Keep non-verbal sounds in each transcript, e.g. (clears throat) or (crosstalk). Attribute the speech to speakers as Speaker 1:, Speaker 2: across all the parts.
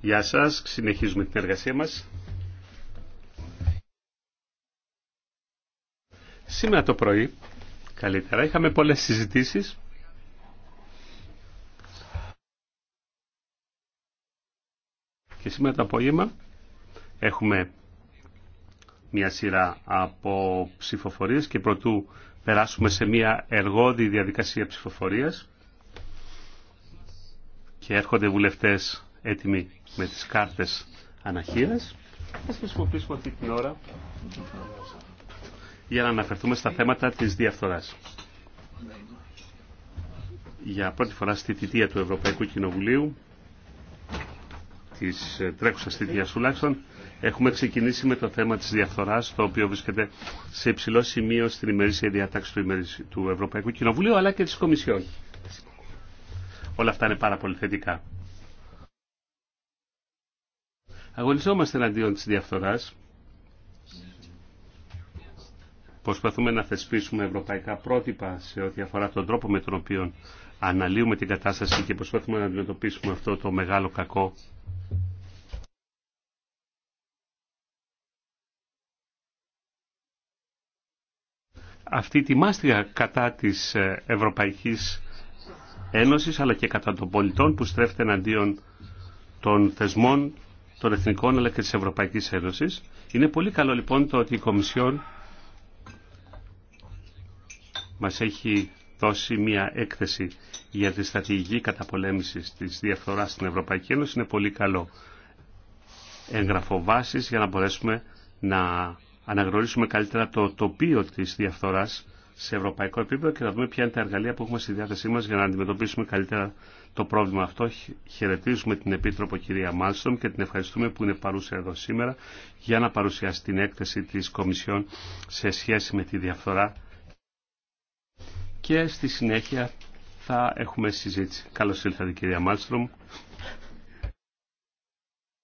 Speaker 1: Γεια σας, συνεχίζουμε την εργασία μα. Σήμερα το πρωί, καλύτερα, είχαμε πολλές συζητήσεις. Και σήμερα το απόγευμα έχουμε μια σειρά από ψηφοφορίες και προτού περάσουμε σε μια εργόδη διαδικασία ψηφοφορίας και έρχονται βουλευτές έτοιμοι με τις κάρτες αναχείρε. Ας χρησιμοποιήσουμε αυτή την ώρα για να αναφερθούμε στα θέματα της διαφθοράς. Για πρώτη φορά στη θητεία του Ευρωπαϊκού Κοινοβουλίου, της ε, τρέχουσας θητείας τουλάχιστον, έχουμε ξεκινήσει με το θέμα της διαφθοράς, το οποίο βρίσκεται σε υψηλό σημείο στην ημερήσια διατάξη του Ευρωπαϊκού Κοινοβουλίου, αλλά και της Κομισιόν. Όλα αυτά είναι πάρα πολύ θετικά. Αγωνιζόμαστε εναντίον της διαφθοράς. Προσπαθούμε να θεσπίσουμε ευρωπαϊκά πρότυπα σε ό,τι αφορά τον τρόπο με τον οποίο αναλύουμε την κατάσταση και προσπαθούμε να αντιμετωπίσουμε αυτό το μεγάλο κακό. Αυτή τη μάστιγα κατά της ε, ευρωπαϊκής αλλά και κατά των πολιτών που στρέφεται εναντίον των θεσμών των Εθνικών αλλά και της Ευρωπαϊκής Ένωσης. Είναι πολύ καλό λοιπόν το ότι η Κομισιόν μας έχει δώσει μια έκθεση για τη στρατηγική καταπολέμηση της διαφθοράς στην Ευρωπαϊκή Ένωση. Είναι πολύ καλό έγγραφο βάσης για να μπορέσουμε να αναγνωρίσουμε καλύτερα το τοπίο της διαφθοράς σε ευρωπαϊκό επίπεδο και να δούμε ποια είναι τα εργαλεία που έχουμε στη διάθεσή μας για να αντιμετωπίσουμε καλύτερα το πρόβλημα αυτό. Χαιρετίζουμε την Επίτροπο κυρία Μάλστρομ και την ευχαριστούμε που είναι παρούσα εδώ σήμερα για να παρουσιάσει την έκθεση της Κομισιόν σε σχέση με τη διαφθορά και στη συνέχεια θα έχουμε συζήτηση. Καλώς ήλθατε κυρία Μάλστρομ.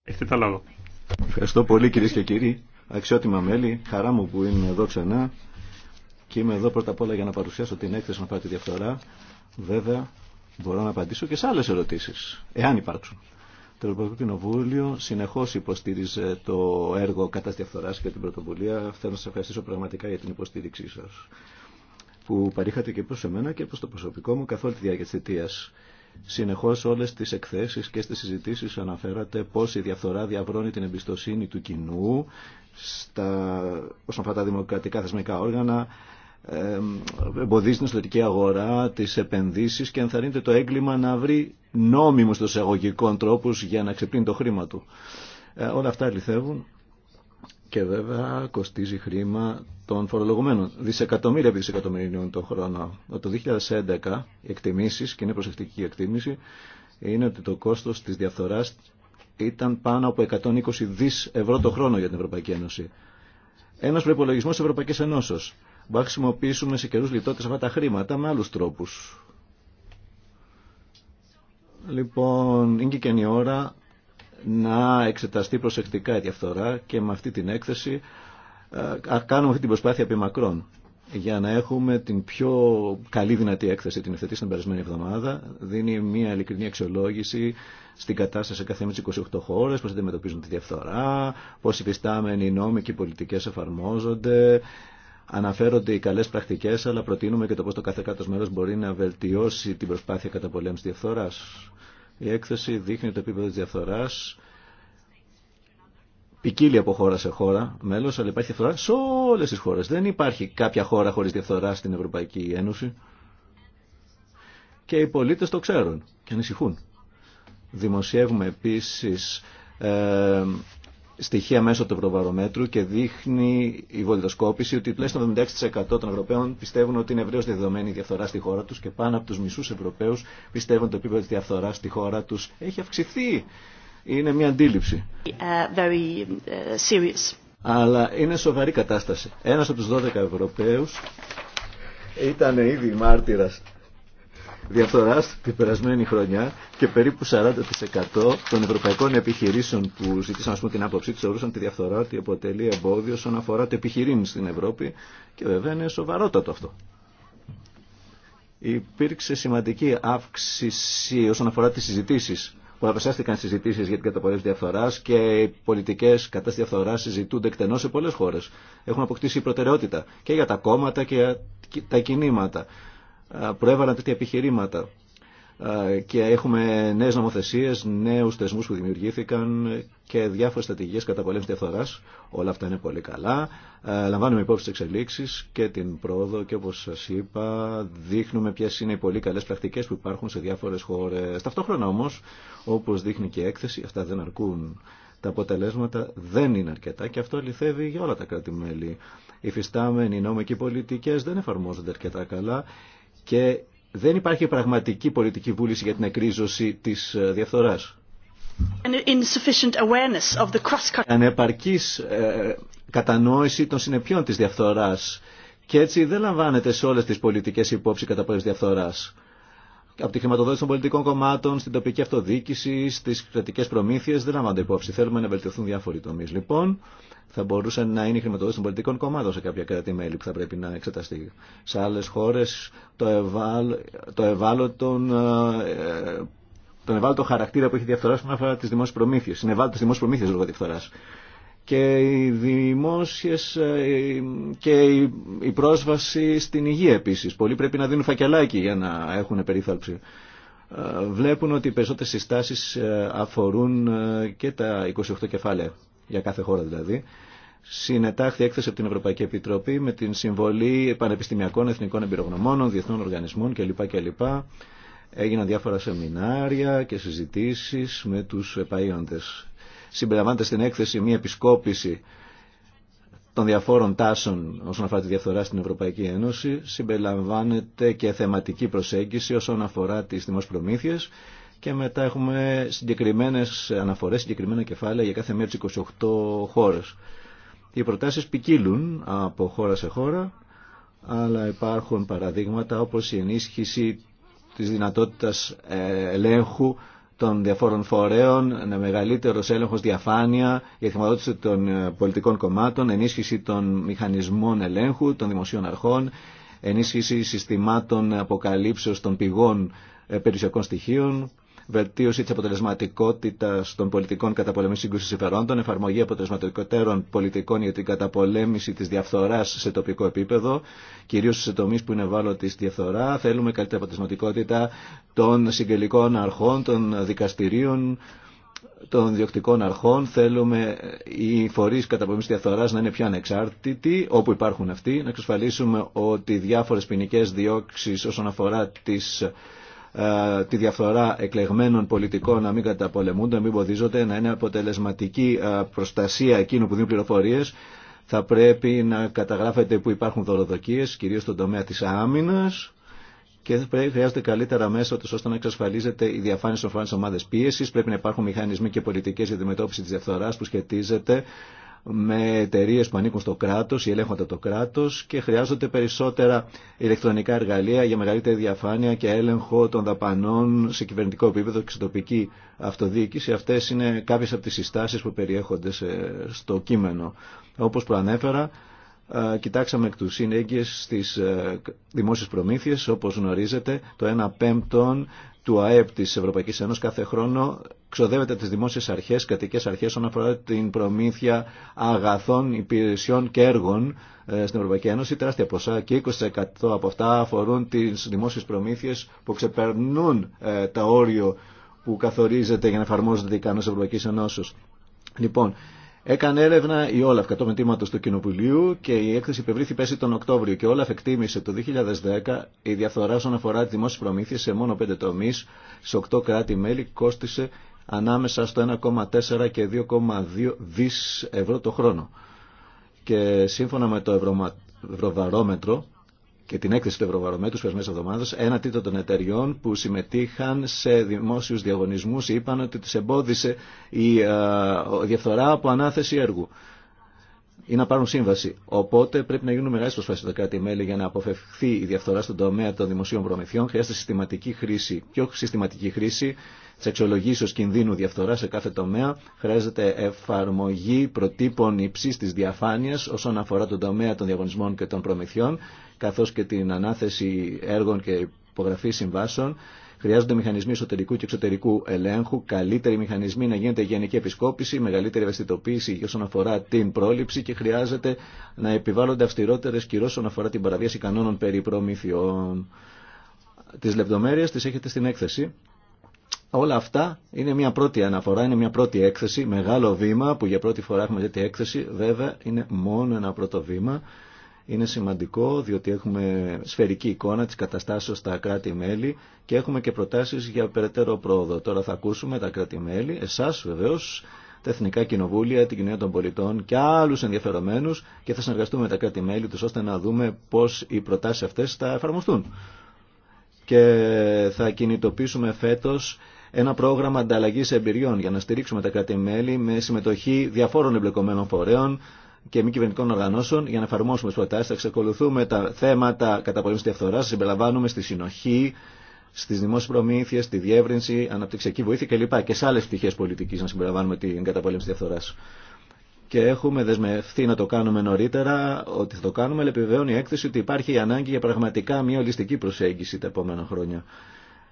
Speaker 1: Έχετε το λόγο.
Speaker 2: Ευχαριστώ πολύ κυρίε και κύριοι. Αξιότιμα μέλη, χαρά μου που είναι εδώ ξανά. Και είμαι εδώ πρώτα απ' όλα για να παρουσιάσω την έκθεση να πάρει τη διαφθορά. Βέβαια, μπορώ να απαντήσω και σε άλλε ερωτήσει, εάν υπάρξουν. Το Ευρωπαϊκό Κοινοβούλιο συνεχώ υποστήριζε το έργο κατά τη διαφθορά και την πρωτοβουλία. Θέλω να σα ευχαριστήσω πραγματικά για την υποστήριξή σα που παρήχατε και προ εμένα και προ το προσωπικό μου καθ' όλη τη διάρκεια τη θητεία. Συνεχώ όλε τι εκθέσει και στι συζητήσει αναφέρατε πώ η διαφθορά διαβρώνει την εμπιστοσύνη του κοινού στα, όσον αφορά τα δημοκρατικά θεσμικά όργανα, εμποδίζει την εσωτερική αγορά, τις επενδύσεις και ενθαρρύνεται το έγκλημα να βρει νόμιμους των εισαγωγικών τρόπους για να ξεπλύνει το χρήμα του. Ε, όλα αυτά αληθεύουν και βέβαια κοστίζει χρήμα των φορολογουμένων. Δισεκατομμύρια επί δισεκατομμυρίων το χρόνο. Το 2011 οι εκτιμήσεις, και είναι προσεκτική η εκτίμηση, είναι ότι το κόστος της διαφθοράς ήταν πάνω από 120 δις ευρώ το χρόνο για την Ευρωπαϊκή Ένωση. Ένας προπολογισμό της Ευρωπαϊκής Ενώσης. Μπορούμε να χρησιμοποιήσουμε σε καιρούς λιτότητες αυτά τα χρήματα με άλλους τρόπους. Λοιπόν, είναι και, καινή η ώρα να εξεταστεί προσεκτικά η διαφθορά και με αυτή την έκθεση ε, κάνουμε αυτή την προσπάθεια επί μακρόν για να έχουμε την πιο καλή δυνατή έκθεση την ευθετή στην περασμένη εβδομάδα. Δίνει μια ειλικρινή αξιολόγηση στην κατάσταση σε κάθε 28 χώρε, πώ αντιμετωπίζουν τη διαφθορά, πώ οι φυστάμενοι νόμοι και οι πολιτικέ εφαρμόζονται, Αναφέρονται οι καλές πρακτικές, αλλά προτείνουμε και το πώς το κάθε κάτω μέλος μπορεί να βελτιώσει την προσπάθεια καταπολέμησης διαφθοράς. Η έκθεση δείχνει το επίπεδο της διαφθοράς, ποικίλει από χώρα σε χώρα μέλος, αλλά υπάρχει διαφθορά σε όλες τις χώρες. Δεν υπάρχει κάποια χώρα χωρίς διαφθορά στην Ευρωπαϊκή Ένωση. Και οι πολίτες το ξέρουν και ανησυχούν. Δημοσιεύουμε επίσης ε, στοιχεία μέσω του Ευρωβαρομέτρου και δείχνει η βολιδοσκόπηση ότι πλέον 76% των Ευρωπαίων πιστεύουν ότι είναι ευρέω διαδεδομένη η διαφθορά στη χώρα του και πάνω από του μισού Ευρωπαίου πιστεύουν ότι το επίπεδο τη διαφθορά στη χώρα του έχει αυξηθεί. Είναι μια αντίληψη.
Speaker 1: Ε, ε,
Speaker 2: Αλλά είναι σοβαρή κατάσταση. Ένα από του 12 Ευρωπαίου ήταν ήδη μάρτυρα διαφθοράς την περασμένη χρονιά και περίπου 40% των ευρωπαϊκών επιχειρήσεων που ζήτησαν πούμε, την άποψή του θεωρούσαν τη διαφθορά ότι αποτελεί εμπόδιο όσον αφορά το επιχειρήν στην Ευρώπη και βέβαια είναι σοβαρότατο αυτό. Υπήρξε σημαντική αύξηση όσον αφορά τις συζητήσεις απεσάστηκαν συζητήσει για την καταπολέμηση διαφθορά και οι πολιτικέ κατά τη διαφθορά συζητούνται εκτενώ σε πολλέ χώρε. Έχουν αποκτήσει προτεραιότητα και για τα κόμματα και για τα κινήματα. Ε, προέβαλαν τέτοια επιχειρήματα ε, και έχουμε νέες νομοθεσίες, νέους θεσμούς που δημιουργήθηκαν και διάφορες στρατηγικές καταπολέμησης διαφθοράς. Όλα αυτά είναι πολύ καλά. Ε, λαμβάνουμε υπόψη τις εξελίξεις και την πρόοδο και όπως σας είπα δείχνουμε ποιες είναι οι πολύ καλές πρακτικές που υπάρχουν σε διάφορες χώρες. Ταυτόχρονα όμως, όπως δείχνει και η έκθεση, αυτά δεν αρκούν. Τα αποτελέσματα δεν είναι αρκετά και αυτό λυθεύει για όλα τα κράτη-μέλη. Οι φυστάμενοι νόμοι και οι πολιτικές δεν εφαρμόζονται αρκετά καλά και δεν υπάρχει πραγματική πολιτική βούληση για την εκρίζωση της ε, διαφθοράς. Ανεπαρκής ε, κατανόηση των συνεπιών της διαφθοράς και έτσι δεν λαμβάνεται σε όλες τις πολιτικές υπόψη κατά τη διαφθοράς από τη χρηματοδότηση των πολιτικών κομμάτων στην τοπική αυτοδιοίκηση, στι κρατικέ προμήθειε, δεν λαμβάνονται υπόψη. Θέλουμε να βελτιωθούν διάφοροι τομεί. Λοιπόν, θα μπορούσαν να είναι η χρηματοδότηση των πολιτικών κομμάτων σε κάποια κράτη-μέλη που θα πρέπει να εξεταστεί. Σε άλλε χώρε το, ευάλ, το ε, ε, τον ευάλωτο χαρακτήρα που έχει διαφθορά όσον αφορά τι δημόσιε προμήθειε. Είναι ευάλωτο δημόσιε προμήθειε λόγω διαφθορά και οι δημόσιες ε, και η πρόσβαση στην υγεία επίσης. Πολλοί πρέπει να δίνουν φακελάκι για να έχουν περίθαλψη. Ε, βλέπουν ότι οι περισσότερες συστάσεις ε, αφορούν και τα 28 κεφάλαια, για κάθε χώρα δηλαδή. Συνετάχθη έκθεση από την Ευρωπαϊκή Επιτροπή με την συμβολή πανεπιστημιακών, εθνικών εμπειρογνωμόνων, διεθνών οργανισμών κλπ. κλπ. Έγιναν διάφορα σεμινάρια και συζητήσεις με τους επαΐοντες συμπεριλαμβάνεται στην έκθεση μια επισκόπηση των διαφόρων τάσεων όσον αφορά τη διαφθορά στην Ευρωπαϊκή Ένωση, συμπεριλαμβάνεται και θεματική προσέγγιση όσον αφορά τις δημόσιες και μετά έχουμε συγκεκριμένες αναφορές, συγκεκριμένα κεφάλαια για κάθε μία από 28 χώρες. Οι προτάσεις ποικίλουν από χώρα σε χώρα, αλλά υπάρχουν παραδείγματα όπως η ενίσχυση της δυνατότητας ε, ελέγχου των διαφόρων φορέων, ένα μεγαλύτερος έλεγχος διαφάνεια, η χρηματοδότηση των ε, πολιτικών κομμάτων, ενίσχυση των μηχανισμών ελέγχου, των δημοσίων αρχών, ενίσχυση συστημάτων αποκαλύψεως των πηγών ε, περιουσιακών στοιχείων, βελτίωση τη αποτελεσματικότητα των πολιτικών καταπολέμηση σύγκρουση συμφερόντων, εφαρμογή αποτελεσματικότερων πολιτικών για την καταπολέμηση τη διαφθορά σε τοπικό επίπεδο, κυρίω σε τομεί που είναι ευάλωτοι στη διαφθορά. Θέλουμε καλύτερη αποτελεσματικότητα των συγκελικών αρχών, των δικαστηρίων, των διοκτικών αρχών. Θέλουμε οι φορεί καταπολέμηση διαφθορά να είναι πιο ανεξάρτητοι, όπου υπάρχουν αυτοί, να εξασφαλίσουμε ότι διάφορε ποινικέ διώξει όσον αφορά τι ε, τη διαφθορά εκλεγμένων πολιτικών να μην καταπολεμούνται, να μην ποδίζονται να είναι αποτελεσματική ε, προστασία εκείνου που δίνουν πληροφορίε. Θα πρέπει να καταγράφεται που υπάρχουν δωροδοκίε, κυρίω στον τομέα τη άμυνα. Και πρέπει, χρειάζεται καλύτερα μέσα του ώστε να εξασφαλίζεται η διαφάνεια φορών ομάδε πίεση. Πρέπει να υπάρχουν μηχανισμοί και πολιτικέ για τη μετώπιση τη διαφθορά που σχετίζεται με εταιρείε που ανήκουν στο κράτο ή ελέγχονται το κράτο και χρειάζονται περισσότερα ηλεκτρονικά εργαλεία για μεγαλύτερη διαφάνεια και έλεγχο των δαπανών σε κυβερνητικό επίπεδο και σε τοπική αυτοδιοίκηση. Αυτέ είναι κάποιε από τι συστάσει που περιέχονται στο κείμενο. Όπω προανέφερα, κοιτάξαμε εκ του συνέγγυε στις ε, δημόσιε προμήθειες, όπω γνωρίζετε, το 1 πέμπτον του ΑΕΠ τη Ευρωπαϊκή Ένωση κάθε χρόνο ξοδεύεται τι δημόσιε αρχέ, κρατικέ αρχέ, όσον αφορά την προμήθεια αγαθών, υπηρεσιών και έργων ε, στην Ευρωπαϊκή Ένωση. Τεράστια ποσά και 20% από αυτά αφορούν τι δημόσιε προμήθειε που ξεπερνούν ε, τα όριο που καθορίζεται για να εφαρμόζονται η κανόνε Ευρωπαϊκή Ένωση. Λοιπόν, Έκανε έρευνα η Όλαφ κατ' ομετήματο του Κοινοβουλίου και η έκθεση υπευρύθη πέσει τον Οκτώβριο και Όλαφ εκτίμησε το 2010 η διαφθορά όσον αφορά τι δημόσιε προμήθειε σε μόνο πέντε τομεί σε 8 κράτη-μέλη κόστησε ανάμεσα στο 1,4 και 2,2 δις ευρώ το χρόνο. Και σύμφωνα με το Ευρωβαρόμετρο, και την έκθεση του Ευρωβαρομέτρου τη περσμένη εβδομάδα, ένα τρίτο των εταιριών που συμμετείχαν σε δημόσιου διαγωνισμού είπαν ότι τι εμπόδισε ε, η διαφθορά από ανάθεση έργου ή να πάρουν σύμβαση. Οπότε πρέπει να γίνουν μεγάλε προσπάθειε στο κράτη-μέλη για να αποφευχθεί η διαφθορά στον τομέα των δημοσίων προμηθειών. Χρειάζεται συστηματική χρήση, πιο συστηματική χρήση τη αξιολογήσεω κινδύνου διαφθορά σε κάθε τομέα. Χρειάζεται εφαρμογή προτύπων υψή τη διαφάνεια όσον αφορά τον τομέα των διαγωνισμών και των προμηθειών καθώς και την ανάθεση έργων και υπογραφή συμβάσεων. Χρειάζονται μηχανισμοί εσωτερικού και εξωτερικού ελέγχου, καλύτεροι μηχανισμοί να γίνεται γενική επισκόπηση, μεγαλύτερη ευαισθητοποίηση όσον αφορά την πρόληψη και χρειάζεται να επιβάλλονται αυστηρότερε κυρώσει όσον αφορά την παραβίαση κανόνων περί προμηθειών. Τι λεπτομέρειε τι έχετε στην έκθεση. Όλα αυτά είναι μια πρώτη αναφορά, είναι μια πρώτη έκθεση, μεγάλο βήμα που για πρώτη φορά έχουμε τέτοια έκθεση. Βέβαια είναι μόνο ένα πρώτο βήμα. Είναι σημαντικό διότι έχουμε σφαιρική εικόνα της καταστάσεως στα κράτη-μέλη και έχουμε και προτάσεις για περαιτέρω πρόοδο. Τώρα θα ακούσουμε τα κράτη-μέλη, εσάς βεβαίως, τα Εθνικά Κοινοβούλια, την Κοινωνία των Πολιτών και άλλους ενδιαφερομένους και θα συνεργαστούμε με τα κράτη-μέλη τους ώστε να δούμε πώς οι προτάσεις αυτές θα εφαρμοστούν. Και θα κινητοποιήσουμε φέτος ένα πρόγραμμα ανταλλαγή εμπειριών για να στηρίξουμε τα κράτη-μέλη με συμμετοχή διαφόρων εμπλεκομένων φορέων, και μη κυβερνητικών οργανώσεων για να εφαρμόσουμε τι προτάσει. Θα εξακολουθούμε τα θέματα καταπολέμηση διαφθορά, συμπεριλαμβάνουμε στη συνοχή, στι δημόσιε προμήθειε, στη διεύρυνση, αναπτυξιακή βοήθεια κλπ. και σε άλλε πτυχέ πολιτική να συμπεριλαμβάνουμε την καταπολέμηση διαφθορά. Και έχουμε δεσμευτεί να το κάνουμε νωρίτερα, ότι θα το κάνουμε, αλλά επιβεβαιώνει η έκθεση ότι υπάρχει η ανάγκη για πραγματικά μια ολιστική προσέγγιση τα επόμενα χρόνια.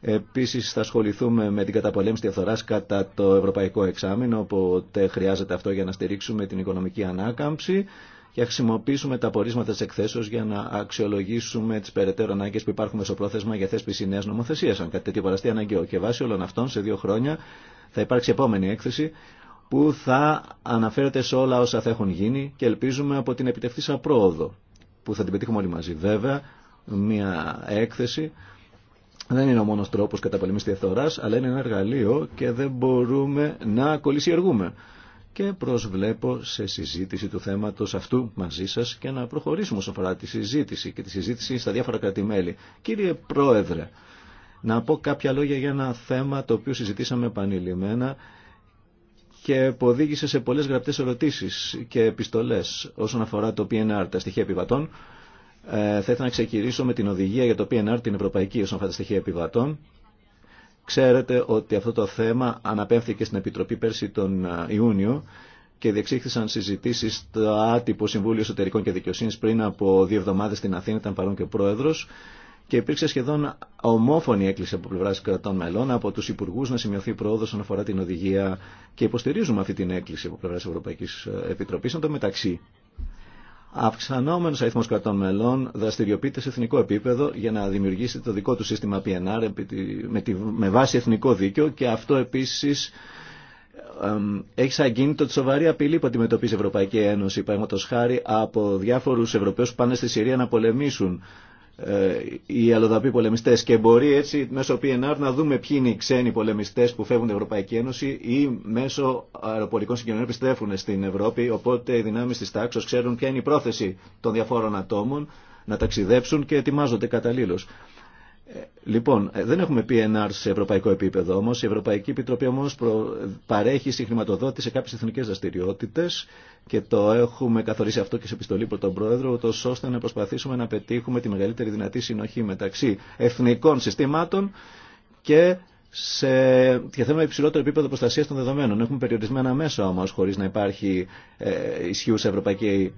Speaker 2: Επίσης θα ασχοληθούμε με την καταπολέμηση διαφθοράς κατά το Ευρωπαϊκό Εξάμεινο, οπότε χρειάζεται αυτό για να στηρίξουμε την οικονομική ανάκαμψη και χρησιμοποιήσουμε τα απορίσματα τη εκθέσεω για να αξιολογήσουμε τι περαιτέρω ανάγκε που υπάρχουν πρόθεσμα για θέσπιση νέα νομοθεσία, αν κάτι τέτοιο παραστεί αναγκαίο. Και βάσει όλων αυτών, σε δύο χρόνια θα υπάρξει επόμενη έκθεση που θα αναφέρεται σε όλα όσα θα έχουν γίνει και ελπίζουμε από την επιτευχθήσα πρόοδο που θα την πετύχουμε όλοι μαζί. Βέβαια, μια έκθεση δεν είναι ο μόνος τρόπος πολεμής διαφθοράς, αλλά είναι ένα εργαλείο και δεν μπορούμε να κολλησιεργούμε. Και προσβλέπω σε συζήτηση του θέματος αυτού μαζί σας και να προχωρήσουμε όσον αφορά τη συζήτηση και τη συζήτηση στα διάφορα κρατημέλη. Κύριε Πρόεδρε, να πω κάποια λόγια για ένα θέμα το οποίο συζητήσαμε επανειλημμένα και που οδήγησε σε πολλές γραπτές ερωτήσεις και επιστολές όσον αφορά το PNR, τα στοιχεία επιβατών. Ε, θα ήθελα να ξεκινήσω με την οδηγία για το PNR, την Ευρωπαϊκή όσον αφορά τα στοιχεία επιβατών. Ξέρετε ότι αυτό το θέμα αναπέμφθηκε στην Επιτροπή πέρσι τον ε, Ιούνιο και διεξήχθησαν συζητήσει στο άτυπο Συμβούλιο Εσωτερικών και Δικαιοσύνη πριν από δύο εβδομάδε στην Αθήνα, ήταν παρόν και ο Πρόεδρος και υπήρξε σχεδόν ομόφωνη έκκληση από πλευρά κρατών μελών από του υπουργού να σημειωθεί πρόοδο όσον αφορά την οδηγία και υποστηρίζουμε αυτή την έκκληση από πλευρά Ευρωπαϊκή ε, Επιτροπή. Εν τω μεταξύ, Αυξανόμενο αριθμό κρατών μελών δραστηριοποιείται σε εθνικό επίπεδο για να δημιουργήσει το δικό του σύστημα PNR με βάση εθνικό δίκαιο και αυτό επίση έχει σαν κίνητο τη σοβαρή απειλή που αντιμετωπίζει η Ευρωπαϊκή Ένωση, παραδείγματο χάρη από διάφορου Ευρωπαίου που πάνε στη Συρία να πολεμήσουν ε, οι αλλοδαποί πολεμιστέ και μπορεί έτσι μέσω PNR να δούμε ποιοι είναι οι ξένοι πολεμιστέ που φεύγουν την Ευρωπαϊκή Ένωση ή μέσω αεροπορικών συγκοινωνιών επιστρέφουν στην Ευρώπη οπότε οι δυνάμεις της τάξης ξέρουν ποια είναι η μεσω αεροπορικων συγκοινωνιων επιστρεφουν στην ευρωπη οποτε οι δυναμεις τη ταξης ξερουν ποια ειναι η προθεση των διαφόρων ατόμων να ταξιδέψουν και ετοιμάζονται καταλήλω. Λοιπόν, ε, δεν έχουμε PNR σε ευρωπαϊκό επίπεδο όμω. Η Ευρωπαϊκή Επιτροπή όμω παρέχει συγχρηματοδότηση σε κάποιε εθνικέ δραστηριότητε και το έχουμε καθορίσει αυτό και σε επιστολή προ τον Πρόεδρο, ούτω ώστε να προσπαθήσουμε να πετύχουμε τη μεγαλύτερη δυνατή συνοχή μεταξύ εθνικών συστήματων και σε και θέμα υψηλότερο επίπεδο προστασία των δεδομένων. Έχουμε περιορισμένα μέσα όμω, χωρί να υπάρχει ε, ισχύουσα ευρωπαϊκή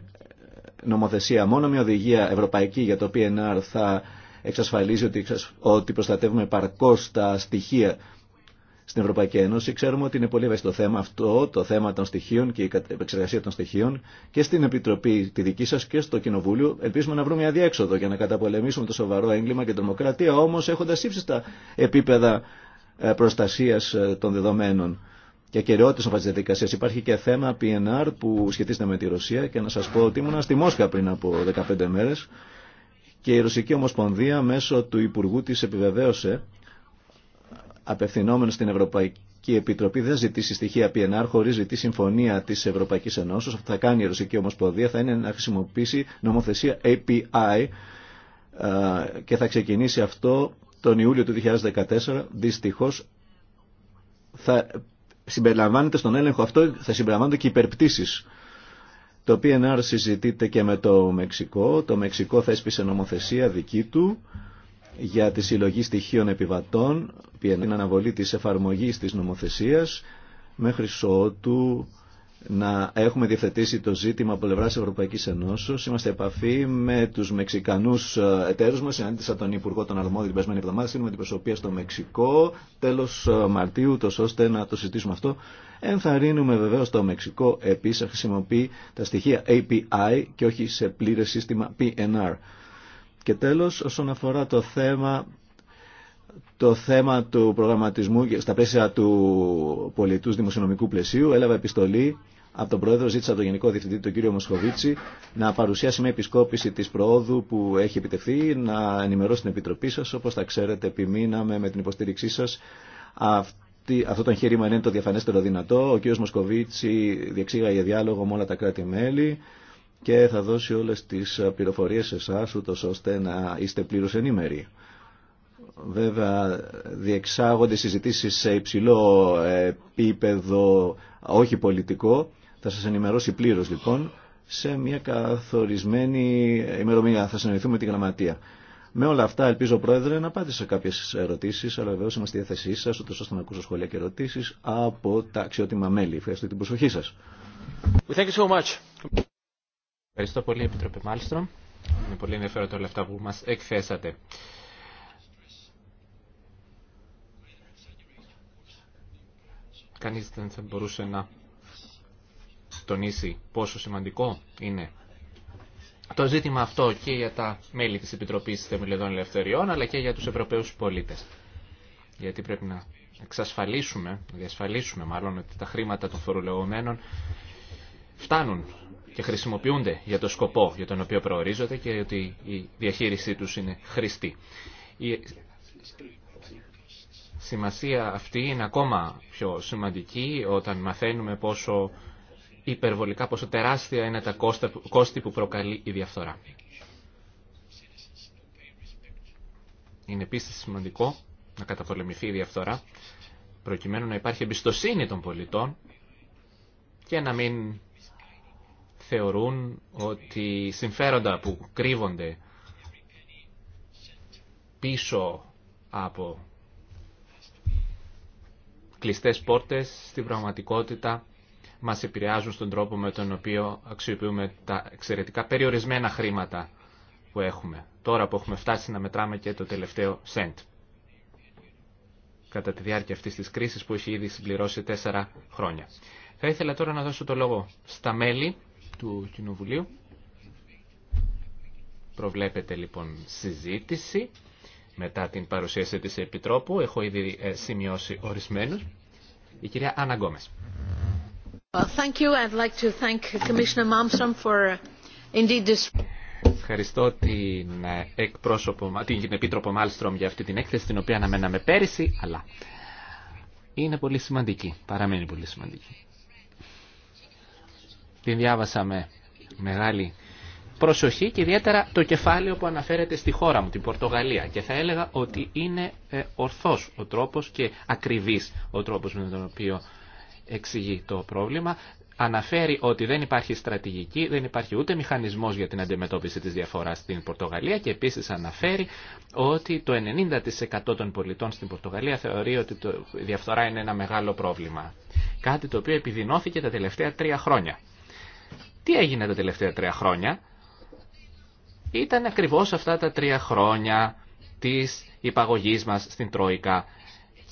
Speaker 2: νομοθεσία. Μόνο μια οδηγία ευρωπαϊκή για το PNR θα εξασφαλίζει ότι, ότι προστατεύουμε παρκώς τα στοιχεία στην Ευρωπαϊκή Ένωση. Ξέρουμε ότι είναι πολύ ευαίσθητο θέμα αυτό, το θέμα των στοιχείων και η επεξεργασία των στοιχείων και στην Επιτροπή τη δική σα και στο Κοινοβούλιο. Ελπίζουμε να βρούμε μια διέξοδο για να καταπολεμήσουμε το σοβαρό έγκλημα και τρομοκρατία, όμω έχοντα ύψιστα επίπεδα ε, προστασία ε, των δεδομένων και ακαιρεότητα αυτή τη διαδικασία. Υπάρχει και θέμα PNR που σχετίζεται με τη Ρωσία και να σα πω ότι ήμουν στη Μόσχα πριν από 15 μέρε και η Ρωσική Ομοσπονδία μέσω του Υπουργού της επιβεβαίωσε απευθυνόμενο στην Ευρωπαϊκή Επιτροπή δεν ζητήσει στοιχεία PNR χωρίς ζητή συμφωνία της Ευρωπαϊκής Ενώσεως. Αυτό θα κάνει η Ρωσική Ομοσπονδία θα είναι να χρησιμοποιήσει νομοθεσία API και θα ξεκινήσει αυτό τον Ιούλιο του 2014. Δυστυχώς θα συμπεριλαμβάνεται στον έλεγχο αυτό, θα συμπεριλαμβάνονται και υπερπτήσεις το PNR συζητείται και με το Μεξικό. Το Μεξικό θέσπισε νομοθεσία δική του για τη συλλογή στοιχείων επιβατών, την αναβολή της εφαρμογής της νομοθεσίας, μέχρι ότου να έχουμε διευθετήσει το ζήτημα από πλευρά Ευρωπαϊκής Ενώσεω. Είμαστε επαφή με τους Μεξικανούς ε, εταίρους μας. Συνάντησα τον Υπουργό των Αρμόδιων την περασμένη εβδομάδα. με την προσωπία στο Μεξικό τέλος ε, Μαρτίου, τόσο ώστε να το συζητήσουμε αυτό Ενθαρρύνουμε βεβαίως το Μεξικό επίσης να χρησιμοποιεί τα στοιχεία API και όχι σε πλήρες σύστημα PNR. Και τέλος, όσον αφορά το θέμα το θέμα του προγραμματισμού στα πλαίσια του πολιτού δημοσιονομικού πλαισίου έλαβα επιστολή από τον Πρόεδρο ζήτησα τον Γενικό Διευθυντή, τον κύριο Μοσχοβίτση, να παρουσιάσει μια επισκόπηση τη προόδου που έχει επιτευχθεί, να ενημερώσει την Επιτροπή σα. Όπω θα ξέρετε, επιμείναμε με την υποστήριξή σα αυτό το εγχείρημα είναι το διαφανέστερο δυνατό. Ο κ. Μοσκοβίτσι διεξήγαγε διάλογο με όλα τα κράτη-μέλη και θα δώσει όλες τις πληροφορίες σε εσά ούτως ώστε να είστε πλήρως ενήμεροι. Βέβαια διεξάγονται συζητήσεις σε υψηλό επίπεδο όχι πολιτικό. Θα σας ενημερώσει πλήρως λοιπόν σε μια καθορισμένη ημερομηνία. Θα συναντηθούμε με τη γραμματεία. Με όλα αυτά, ελπίζω, Πρόεδρε, να πάτε σε κάποιε ερωτήσει, αλλά βεβαίω είμαστε στη διάθεσή σα, ούτω ώστε να ακούσω σχόλια και ερωτήσει από τα αξιότιμα μέλη. Ευχαριστώ την προσοχή σα.
Speaker 3: Ευχαριστώ πολύ, Επιτροπή Μάλστρομ. Είναι πολύ ενδιαφέροντα όλα αυτά που μα εκθέσατε. Κανείς δεν θα μπορούσε να τονίσει πόσο σημαντικό είναι το ζήτημα αυτό και για τα μέλη της Επιτροπής Θεμελιωδών Ελευθεριών αλλά και για τους Ευρωπαίους πολίτες. Γιατί πρέπει να εξασφαλίσουμε, να διασφαλίσουμε μάλλον ότι τα χρήματα των φορολογωμένων φτάνουν και χρησιμοποιούνται για το σκοπό για τον οποίο προορίζονται και ότι η διαχείρισή τους είναι χρηστή. Η σημασία αυτή είναι ακόμα πιο σημαντική όταν μαθαίνουμε πόσο υπερβολικά, πόσο τεράστια είναι τα κόστη που προκαλεί η διαφθορά. Είναι επίσης σημαντικό να καταπολεμηθεί η διαφθορά, προκειμένου να υπάρχει εμπιστοσύνη των πολιτών και να μην θεωρούν ότι συμφέροντα που κρύβονται πίσω από κλειστές πόρτες στην πραγματικότητα μας επηρεάζουν στον τρόπο με τον οποίο αξιοποιούμε τα εξαιρετικά περιορισμένα χρήματα που έχουμε. Τώρα που έχουμε φτάσει να μετράμε και το τελευταίο σεντ. Κατά τη διάρκεια αυτής της κρίσης που έχει ήδη συμπληρώσει τέσσερα χρόνια. Θα ήθελα τώρα να δώσω το λόγο στα μέλη του Κοινοβουλίου. Προβλέπεται λοιπόν συζήτηση μετά την παρουσίαση της Επιτρόπου. Έχω ήδη ε, σημειώσει ορισμένους. Η κυρία Άννα Ευχαριστώ την, ε, εκπρόσωπο, την Επίτροπο Μάλστρομ για αυτή την έκθεση την οποία αναμέναμε πέρυσι, αλλά είναι πολύ σημαντική, παραμένει πολύ σημαντική. Την διάβασα με μεγάλη προσοχή και ιδιαίτερα το κεφάλαιο που αναφέρεται στη χώρα μου, την Πορτογαλία. Και θα έλεγα ότι είναι ε, ορθός ο τρόπος και ακριβής ο τρόπος με τον οποίο εξηγεί το πρόβλημα. Αναφέρει ότι δεν υπάρχει στρατηγική, δεν υπάρχει ούτε μηχανισμός για την αντιμετώπιση της διαφοράς στην Πορτογαλία και επίσης αναφέρει ότι το 90% των πολιτών στην Πορτογαλία θεωρεί ότι η διαφθορά είναι ένα μεγάλο πρόβλημα. Κάτι το οποίο επιδεινώθηκε τα τελευταία τρία χρόνια. Τι έγινε τα τελευταία τρία χρόνια? Ήταν ακριβώς αυτά τα τρία χρόνια της υπαγωγής μας στην Τρόικα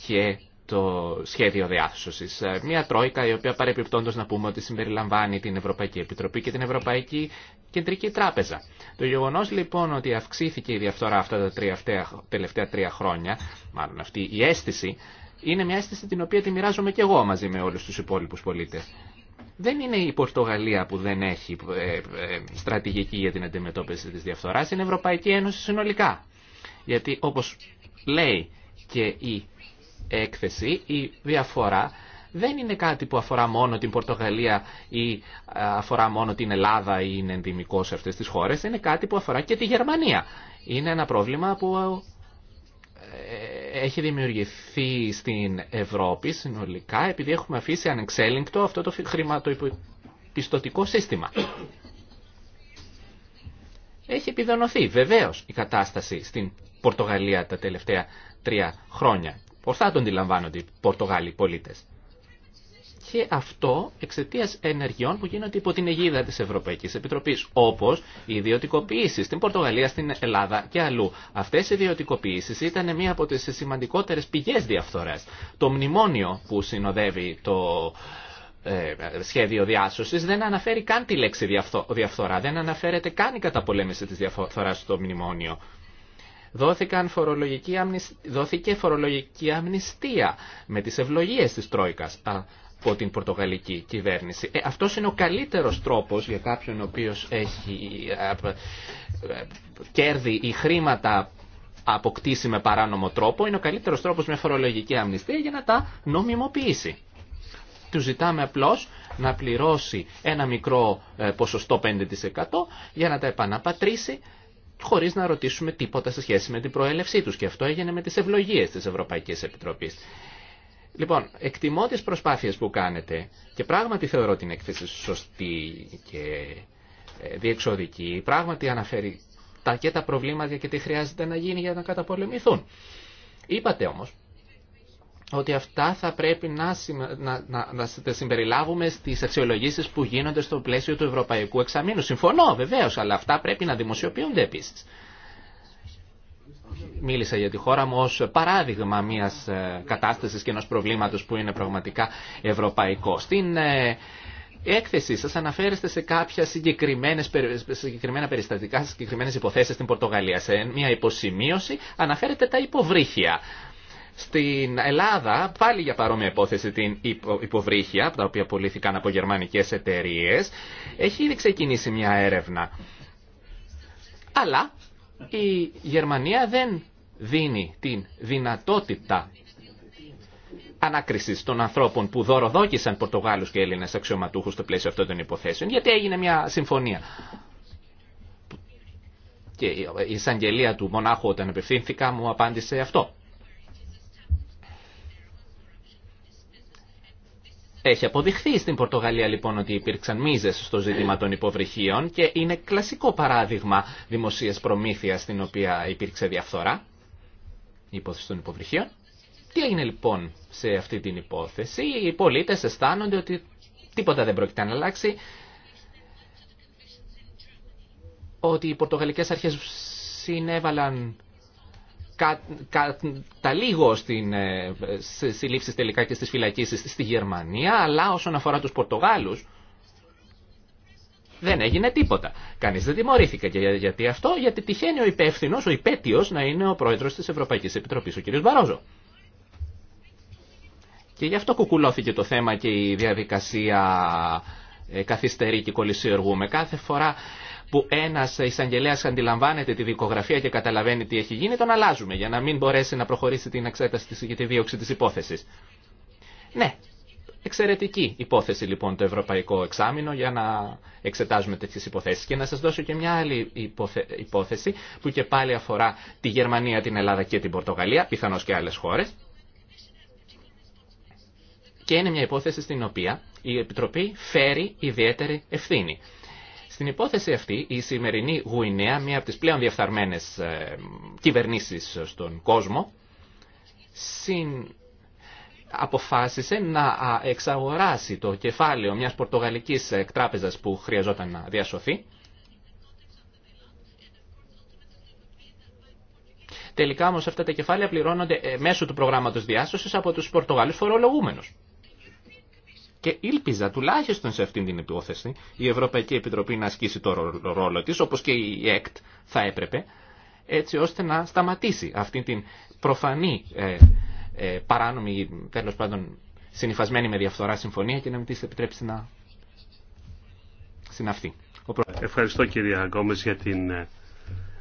Speaker 3: και το σχέδιο διάσωση. Ε, μια τρόικα η οποία παρεπιπτόντως να πούμε ότι συμπεριλαμβάνει την Ευρωπαϊκή Επιτροπή και την Ευρωπαϊκή Κεντρική Τράπεζα. Το γεγονό λοιπόν ότι αυξήθηκε η διαφθορά αυτά τα τρία, τελευταία τρία χρόνια, μάλλον αυτή η αίσθηση, είναι μια αίσθηση την οποία τη μοιράζομαι και εγώ μαζί με όλου του υπόλοιπου πολίτες. Δεν είναι η Πορτογαλία που δεν έχει ε, ε, στρατηγική για την αντιμετώπιση της διαφθοράς, είναι η Ευρωπαϊκή Ένωση συνολικά. Γιατί όπως λέει και η έκθεση η διαφορά δεν είναι κάτι που αφορά μόνο την Πορτογαλία ή ε, αφορά μόνο την Ελλάδα ή είναι ενδυμικό σε αυτές τις χώρες, είναι κάτι που αφορά και τη Γερμανία. Είναι ένα πρόβλημα που ε, έχει δημιουργηθεί στην Ευρώπη συνολικά επειδή έχουμε αφήσει ανεξέλεγκτο αυτό το χρηματοπιστωτικό σύστημα. Έχει επιδονωθεί βεβαίως η κατάσταση στην Πορτογαλία τα τελευταία τρία χρόνια. Πώς θα τον αντιλαμβάνονται οι Πορτογάλοι πολίτε. Και αυτό εξαιτία ενεργειών που γίνονται υπό την αιγίδα τη Ευρωπαϊκή Επιτροπή, όπω οι ιδιωτικοποιήσει στην Πορτογαλία, στην Ελλάδα και αλλού. Αυτέ οι ιδιωτικοποιήσει ήταν μία από τι σημαντικότερε πηγέ διαφθορά. Το μνημόνιο που συνοδεύει το ε, σχέδιο διάσωση δεν αναφέρει καν τη λέξη διαφθορά, δεν αναφέρεται καν η καταπολέμηση τη διαφθορά στο μνημόνιο δόθηκαν φορολογική δόθηκε φορολογική αμνηστία με τις ευλογίες της Τρόικας από την Πορτογαλική κυβέρνηση. Ε, αυτός είναι ο καλύτερος τρόπος για κάποιον ο οποίος έχει ε, ε, κέρδη ή χρήματα αποκτήσει με παράνομο τρόπο, είναι ο καλύτερος τρόπος με φορολογική αμνηστία για να τα νομιμοποιήσει. Του ζητάμε απλώς να πληρώσει ένα μικρό ε, ποσοστό 5% για να τα επαναπατρίσει χωρίς να ρωτήσουμε τίποτα σε σχέση με την προέλευσή του, Και αυτό έγινε με τις ευλογίες της Ευρωπαϊκής Επιτροπής. Λοιπόν, εκτιμώ τι προσπάθειες που κάνετε και πράγματι θεωρώ την έκθεση σωστή και ε, διεξοδική. Πράγματι αναφέρει τα και τα προβλήματα και τι χρειάζεται να γίνει για να καταπολεμηθούν. Είπατε όμως ότι αυτά θα πρέπει να, να, να, να συμπεριλάβουμε στι αξιολογήσει που γίνονται στο πλαίσιο του Ευρωπαϊκού Εξαμήνου. Συμφωνώ βεβαίω, αλλά αυτά πρέπει να δημοσιοποιούνται επίση. Μίλησα για τη χώρα μου ω παράδειγμα μιας ε, κατάσταση και ενό προβλήματο που είναι πραγματικά ευρωπαϊκό. Στην ε, έκθεση σα αναφέρεστε σε κάποια συγκεκριμένες, συγκεκριμένα περιστατικά, συγκεκριμένες υποθέσεις στην Πορτογαλία. Σε μια υποσημείωση αναφέρετε τα υποβρύχια. Στην Ελλάδα, πάλι για παρόμοια υπόθεση, την υποβρύχια, από τα οποία πουλήθηκαν από γερμανικές εταιρείες, έχει ήδη ξεκινήσει μια έρευνα. Αλλά η Γερμανία δεν δίνει την δυνατότητα ανάκριση των ανθρώπων που δωροδόκησαν Πορτογάλους και Έλληνε αξιωματούχου στο πλαίσιο αυτών των υποθέσεων, γιατί έγινε μια συμφωνία. Και η εισαγγελία του μονάχου όταν απευθύνθηκα μου απάντησε αυτό. Έχει αποδειχθεί στην Πορτογαλία λοιπόν ότι υπήρξαν μίζες στο ζήτημα των υποβρυχίων και είναι κλασικό παράδειγμα δημοσίας προμήθειας στην οποία υπήρξε διαφθορά, η υπόθεση των υποβρυχίων. Τι έγινε λοιπόν σε αυτή την υπόθεση, οι πολίτες αισθάνονται ότι τίποτα δεν πρόκειται να αλλάξει, ότι οι πορτογαλικές αρχές συνέβαλαν καταλήγω στην, ε, στις συλλήψεις τελικά και στις φυλακίσεις στη Γερμανία, αλλά όσον αφορά τους Πορτογάλους δεν έγινε τίποτα. Κανείς δεν τιμωρήθηκε. Και γιατί αυτό, γιατί τυχαίνει ο υπεύθυνο, ο υπέτειος να είναι ο πρόεδρος της Ευρωπαϊκής Επιτροπής, ο κ. Μπαρόζο. Και γι' αυτό κουκουλώθηκε το θέμα και η διαδικασία ε, καθυστερεί και κολλησιεργούμε. Κάθε φορά που ένα εισαγγελέα αντιλαμβάνεται τη δικογραφία και καταλαβαίνει τι έχει γίνει, τον αλλάζουμε για να μην μπορέσει να προχωρήσει την εξέταση και τη δίωξη τη υπόθεση. Ναι, εξαιρετική υπόθεση λοιπόν το Ευρωπαϊκό Εξάμεινο για να εξετάζουμε τέτοιες υποθέσεις. Και να σας δώσω και μια άλλη υπόθεση που και πάλι αφορά τη Γερμανία, την Ελλάδα και την Πορτογαλία, πιθανώς και άλλες χώρες. Και είναι μια υπόθεση στην οποία η Επιτροπή φέρει ιδιαίτερη ευθύνη. Στην υπόθεση αυτή, η σημερινή Γουινέα, μία από τις πλέον διεφθαρμένες ε, κυβερνήσεις στον κόσμο, συν αποφάσισε να εξαγοράσει το κεφάλαιο μιας πορτογαλικής ε, τράπεζας που χρειαζόταν να διασωθεί. Τελικά όμως αυτά τα κεφάλαια πληρώνονται ε, μέσω του προγράμματος διάσωσης από τους Πορτογάλους φορολογούμενους και ήλπιζα τουλάχιστον σε αυτή την υπόθεση η Ευρωπαϊκή Επιτροπή να ασκήσει το ρόλο της, όπως και η ΕΚΤ θα έπρεπε, έτσι ώστε να σταματήσει αυτή την προφανή ε, ε, παράνομη, τέλος πάντων συνειφασμένη με διαφθορά συμφωνία και να μην της επιτρέψει
Speaker 1: να συναυθεί. Ευχαριστώ κυρία Γκόμες για την ε,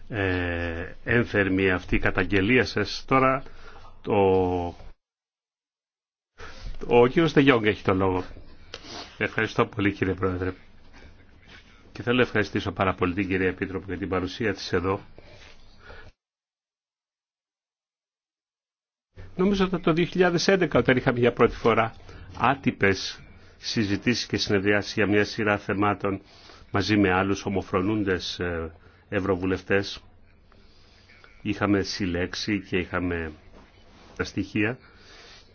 Speaker 1: ε ένθερμη αυτή καταγγελία σας. Τώρα ο κύριο Τεγιόγκ έχει το λόγο. Ευχαριστώ πολύ κύριε Πρόεδρε. Και θέλω να ευχαριστήσω πάρα πολύ την κυρία Επίτροπο για την παρουσία της εδώ. Νομίζω ότι το 2011 όταν είχαμε για πρώτη φορά άτυπες συζητήσεις και συνεδριάσεις για μια σειρά θεμάτων μαζί με άλλους ομοφρονούντες ε, ευρωβουλευτές είχαμε συλλέξει και είχαμε τα στοιχεία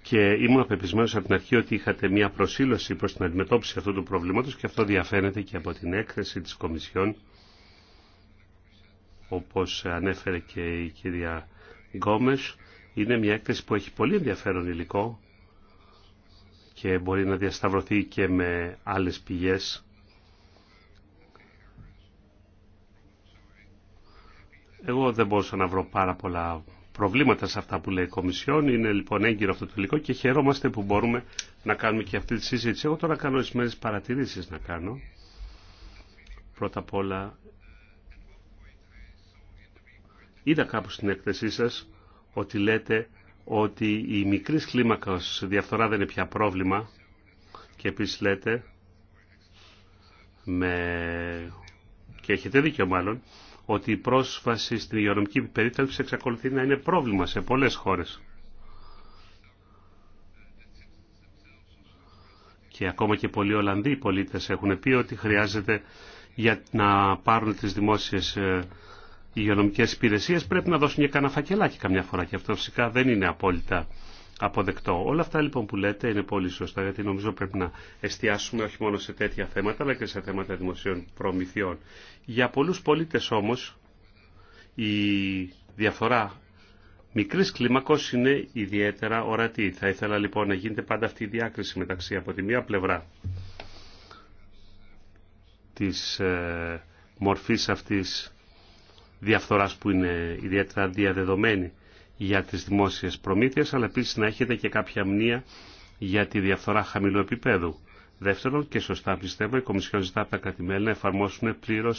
Speaker 1: και ήμουν πεπισμένο από την αρχή ότι είχατε μια προσήλωση προς την αντιμετώπιση αυτού του προβλήματος και αυτό διαφαίνεται και από την έκθεση της Κομισιόν όπως ανέφερε και η κυρία Γκόμες είναι μια έκθεση που έχει πολύ ενδιαφέρον υλικό και μπορεί να διασταυρωθεί και με άλλες πηγές Εγώ δεν μπορούσα να βρω πάρα πολλά προβλήματα σε αυτά που λέει η Κομισιόν. Είναι λοιπόν έγκυρο αυτό το υλικό και χαιρόμαστε που μπορούμε να κάνουμε και αυτή τη συζήτηση. Εγώ τώρα κάνω ορισμένε παρατηρήσει να κάνω. Πρώτα απ' όλα, είδα κάπου στην έκθεσή σας ότι λέτε ότι η μικρή κλίμακα διαφθορά δεν είναι πια πρόβλημα και επίσης λέτε και έχετε δίκιο μάλλον ότι η πρόσβαση στην υγειονομική περίθαλψη εξακολουθεί να είναι πρόβλημα σε πολλές χώρες. Και ακόμα και πολλοί Ολλανδοί πολίτες έχουν πει ότι χρειάζεται για να πάρουν τις δημόσιες ε, υγειονομικές υπηρεσίες πρέπει να δώσουν και κανένα φακελάκι καμιά φορά και αυτό φυσικά δεν είναι απόλυτα αποδεκτό. Όλα αυτά λοιπόν που λέτε είναι πολύ σωστά, γιατί νομίζω πρέπει να εστιάσουμε όχι μόνο σε τέτοια θέματα, αλλά και σε θέματα δημοσίων προμηθειών. Για πολλούς πολίτες όμως, η διαφορά μικρής κλίμακος είναι ιδιαίτερα ορατή. Θα ήθελα λοιπόν να γίνεται πάντα αυτή η διάκριση μεταξύ από τη μία πλευρά της ε, μορφής αυτής διαφθοράς που είναι ιδιαίτερα διαδεδομένη για τις δημόσιες προμήθειες, αλλά επίσης να έχετε και κάποια μνήμα για τη διαφθορά χαμηλού επίπεδου. Δεύτερον, και σωστά πιστεύω, η Κομισιόν ζητά από τα κρατημέλη να εφαρμόσουν πλήρω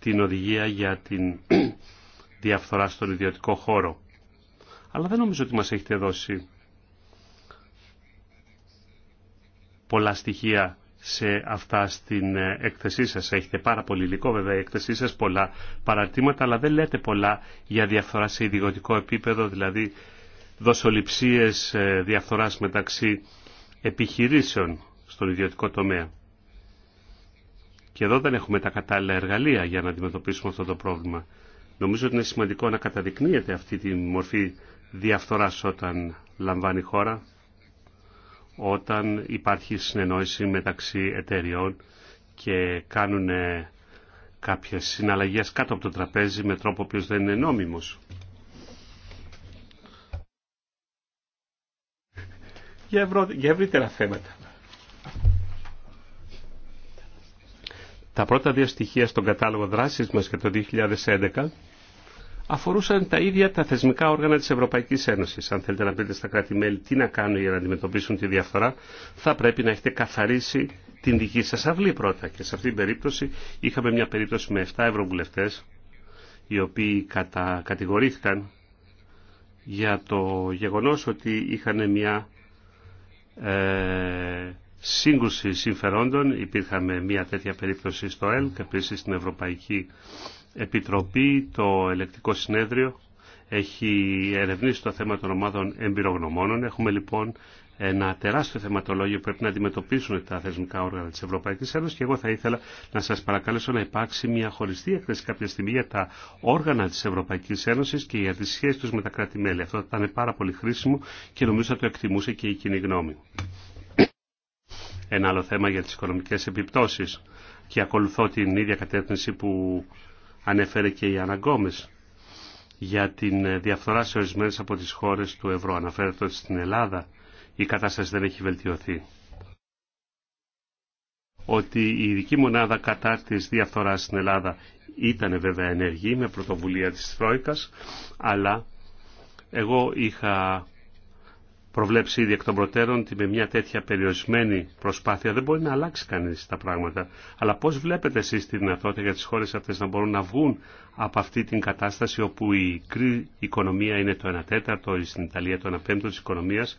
Speaker 1: την οδηγία για την (clears throat) διαφθορά στον ιδιωτικό χώρο. Αλλά δεν νομίζω ότι μας έχετε δώσει πολλά στοιχεία σε αυτά στην ε, έκθεσή σας. Έχετε πάρα πολύ υλικό βέβαια η έκθεσή σας, πολλά παρατήματα, αλλά δεν λέτε πολλά για διαφθορά σε ιδιωτικό επίπεδο, δηλαδή δοσοληψίες ε, διαφθοράς μεταξύ επιχειρήσεων στον ιδιωτικό τομέα. Και εδώ δεν έχουμε τα κατάλληλα εργαλεία για να αντιμετωπίσουμε αυτό το πρόβλημα. Νομίζω ότι είναι σημαντικό να καταδεικνύεται αυτή τη μορφή διαφθοράς όταν λαμβάνει η χώρα όταν υπάρχει συνεννόηση μεταξύ εταιριών και κάνουν κάποιες συναλλαγές κάτω από το τραπέζι με τρόπο ο δεν είναι νόμιμος. Για, ευρύτερα θέματα. Τα πρώτα δύο στοιχεία στον κατάλογο δράσης μας για το 2011 αφορούσαν τα ίδια τα θεσμικά όργανα της Ευρωπαϊκής Ένωσης. Αν θέλετε να πείτε στα κράτη-μέλη τι να κάνουν για να αντιμετωπίσουν τη διαφθορά, θα πρέπει να έχετε καθαρίσει την δική σας αυλή πρώτα. Και σε αυτή την περίπτωση είχαμε μια περίπτωση με 7 ευρωβουλευτές, οι οποίοι κατα... κατηγορήθηκαν για το γεγονός ότι είχαν μια ε, σύγκρουση συμφερόντων. Υπήρχαμε μια τέτοια περίπτωση στο και επίση στην Ευρωπαϊκή Επιτροπή, το Ελεκτικό Συνέδριο έχει ερευνήσει το θέμα των ομάδων εμπειρογνωμόνων. Έχουμε λοιπόν ένα τεράστιο θεματολόγιο που πρέπει να αντιμετωπίσουν τα θεσμικά όργανα τη Ευρωπαϊκή Ένωση και εγώ θα ήθελα να σα παρακαλέσω να υπάρξει μια χωριστή έκθεση κάποια στιγμή για τα όργανα τη Ευρωπαϊκή Ένωση και για τι σχέσει του με τα κράτη-μέλη. Αυτό θα ήταν πάρα πολύ χρήσιμο και νομίζω θα το εκτιμούσε και η κοινή γνώμη. Ένα άλλο θέμα για τι οικονομικέ επιπτώσει και ακολουθώ την ίδια κατεύθυνση που ανέφερε και η Αναγκόμε για την ε, διαφθορά σε ορισμένε από τις χώρες του ευρώ. Αναφέρεται ότι στην Ελλάδα η κατάσταση δεν έχει βελτιωθεί. Ότι η ειδική μονάδα κατά της διαφθοράς στην Ελλάδα ήταν βέβαια ενεργή με πρωτοβουλία της Τρόικας, αλλά εγώ είχα προβλέψει ήδη εκ των προτέρων ότι με μια τέτοια περιορισμένη προσπάθεια δεν μπορεί να αλλάξει κανείς τα πράγματα. Αλλά πώς βλέπετε εσείς τη δυνατότητα για τις χώρες αυτές να μπορούν να βγουν από αυτή την κατάσταση όπου η κρή οικονομία είναι το 1 τέταρτο, ή στην Ιταλία το 1 πέμπτο της οικονομίας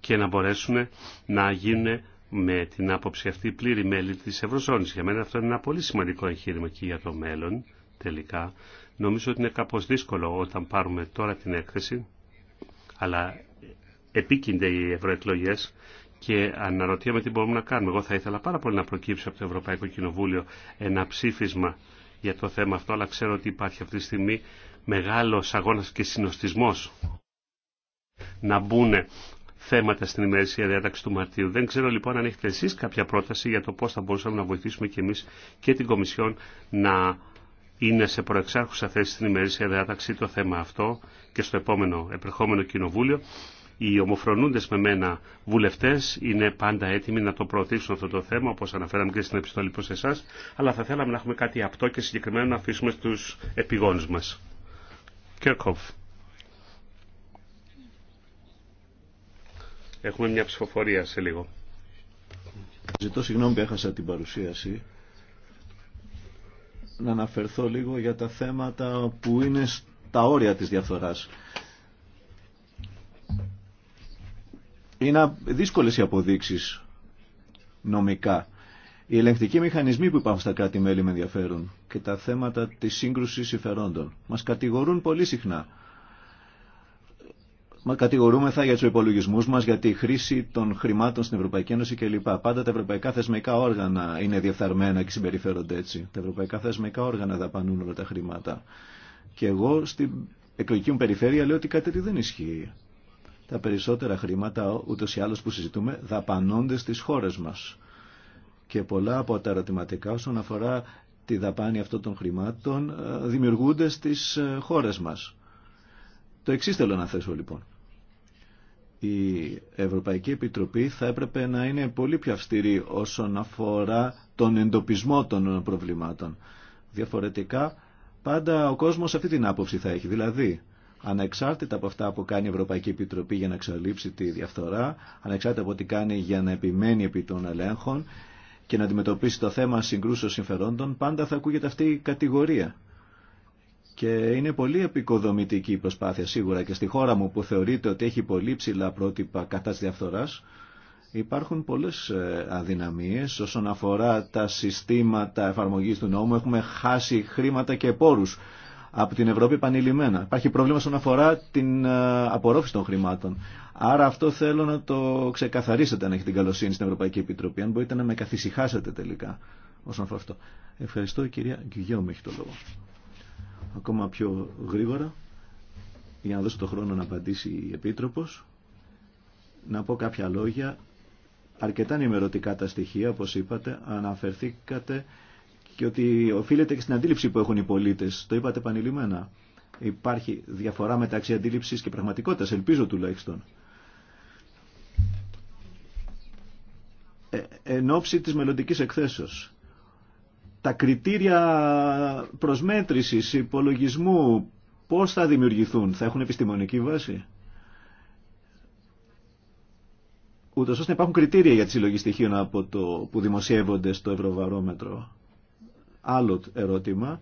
Speaker 1: και να μπορέσουν να γίνουν με την άποψη αυτή πλήρη μέλη της Ευρωζώνης. Για μένα αυτό είναι ένα πολύ σημαντικό εγχείρημα και για το μέλλον τελικά. Νομίζω ότι είναι κάπως δύσκολο όταν πάρουμε τώρα την έκθεση, αλλά επίκυνται οι ευρωεκλογέ και αναρωτιέμαι τι μπορούμε να κάνουμε. Εγώ θα ήθελα πάρα πολύ να προκύψει από το Ευρωπαϊκό Κοινοβούλιο ένα ψήφισμα για το θέμα αυτό, αλλά ξέρω ότι υπάρχει αυτή τη στιγμή μεγάλο αγώνα και συνοστισμό να μπουν θέματα στην ημερήσια διάταξη του Μαρτίου. Δεν ξέρω λοιπόν αν έχετε εσεί κάποια πρόταση για το πώ θα μπορούσαμε να βοηθήσουμε κι εμεί και την Κομισιόν να είναι σε προεξάρχουσα θέση στην ημερήσια διάταξη το θέμα αυτό και στο επόμενο επερχόμενο κοινοβούλιο οι ομοφρονούντες με μένα βουλευτές είναι πάντα έτοιμοι να το προωθήσουν αυτό το θέμα, όπως αναφέραμε και στην επιστολή προς εσάς, αλλά θα θέλαμε να έχουμε κάτι απτό και συγκεκριμένο να αφήσουμε στους επιγόνους μας. Κέρκοφ. Έχουμε μια ψηφοφορία σε λίγο. Ζητώ συγγνώμη που έχασα
Speaker 2: την παρουσίαση. Να αναφερθώ λίγο για τα θέματα που είναι στα όρια της διαφθοράς. Είναι δύσκολες οι αποδείξεις νομικά. Οι ελεγκτικοί μηχανισμοί που υπάρχουν στα κράτη-μέλη με ενδιαφέρουν και τα θέματα της σύγκρουσης συμφερόντων. Μας κατηγορούν πολύ συχνά. Μα κατηγορούμεθα για του υπολογισμού μα, για τη χρήση των χρημάτων στην Ευρωπαϊκή Ένωση κλπ. Πάντα τα ευρωπαϊκά θεσμικά όργανα είναι διεφθαρμένα και συμπεριφέρονται έτσι. Τα ευρωπαϊκά θεσμικά όργανα δαπανούν όλα τα χρήματα. Και εγώ στην εκλογική μου περιφέρεια λέω ότι κάτι δεν ισχύει. Τα περισσότερα χρήματα ούτως ή άλλως που συζητούμε δαπανώνται στις χώρες μας. Και πολλά από τα ερωτηματικά όσον αφορά τη δαπάνη αυτών των χρημάτων ε, δημιουργούνται στις ε, χώρες μας. Το εξής θέλω να θέσω λοιπόν. Η Ευρωπαϊκή Επιτροπή θα έπρεπε να είναι πολύ πιο αυστηρή όσον αφορά τον εντοπισμό των προβλημάτων. Διαφορετικά πάντα ο κόσμος αυτή την άποψη θα έχει. Δηλαδή ανεξάρτητα από αυτά που κάνει η Ευρωπαϊκή Επιτροπή για να εξαλείψει τη διαφθορά, ανεξάρτητα από τι κάνει για να επιμένει επί των ελέγχων και να αντιμετωπίσει το θέμα συγκρούσεων συμφερόντων, πάντα θα ακούγεται αυτή η κατηγορία. Και είναι πολύ επικοδομητική η προσπάθεια σίγουρα και στη χώρα μου που θεωρείται ότι έχει πολύ ψηλά πρότυπα κατά τη διαφθορά. υπάρχουν πολλές ε, αδυναμίες όσον αφορά τα συστήματα εφαρμογής του νόμου. Έχουμε χάσει χρήματα και πόρους από την Ευρώπη επανειλημμένα. Υπάρχει πρόβλημα στον αφορά την ε, απορρόφηση των χρημάτων. Άρα αυτό θέλω να το ξεκαθαρίσετε αν έχει την καλοσύνη στην Ευρωπαϊκή Επιτροπή, αν μπορείτε να με καθησυχάσετε τελικά όσον αφορά αυτό. Ευχαριστώ η κυρία Γκυγιώμη έχει το λόγο. Ακόμα πιο γρήγορα, για να δώσω το χρόνο να απαντήσει η Επίτροπος, να πω κάποια λόγια. Αρκετά ενημερωτικά τα στοιχεία, όπως είπατε, αναφερθήκατε και ότι οφείλεται και στην αντίληψη που έχουν οι πολίτες. Το είπατε επανειλημμένα. Υπάρχει διαφορά μεταξύ αντίληψη και πραγματικότητας, ελπίζω τουλάχιστον. Ε, εν ώψη της μελλοντικής εκθέσεως. Τα κριτήρια προσμέτρησης, υπολογισμού, πώς θα δημιουργηθούν, θα έχουν επιστημονική βάση. Ούτω ώστε να υπάρχουν κριτήρια για τη συλλογή στοιχείων από το, που δημοσιεύονται στο ευρωβαρόμετρο άλλο ερώτημα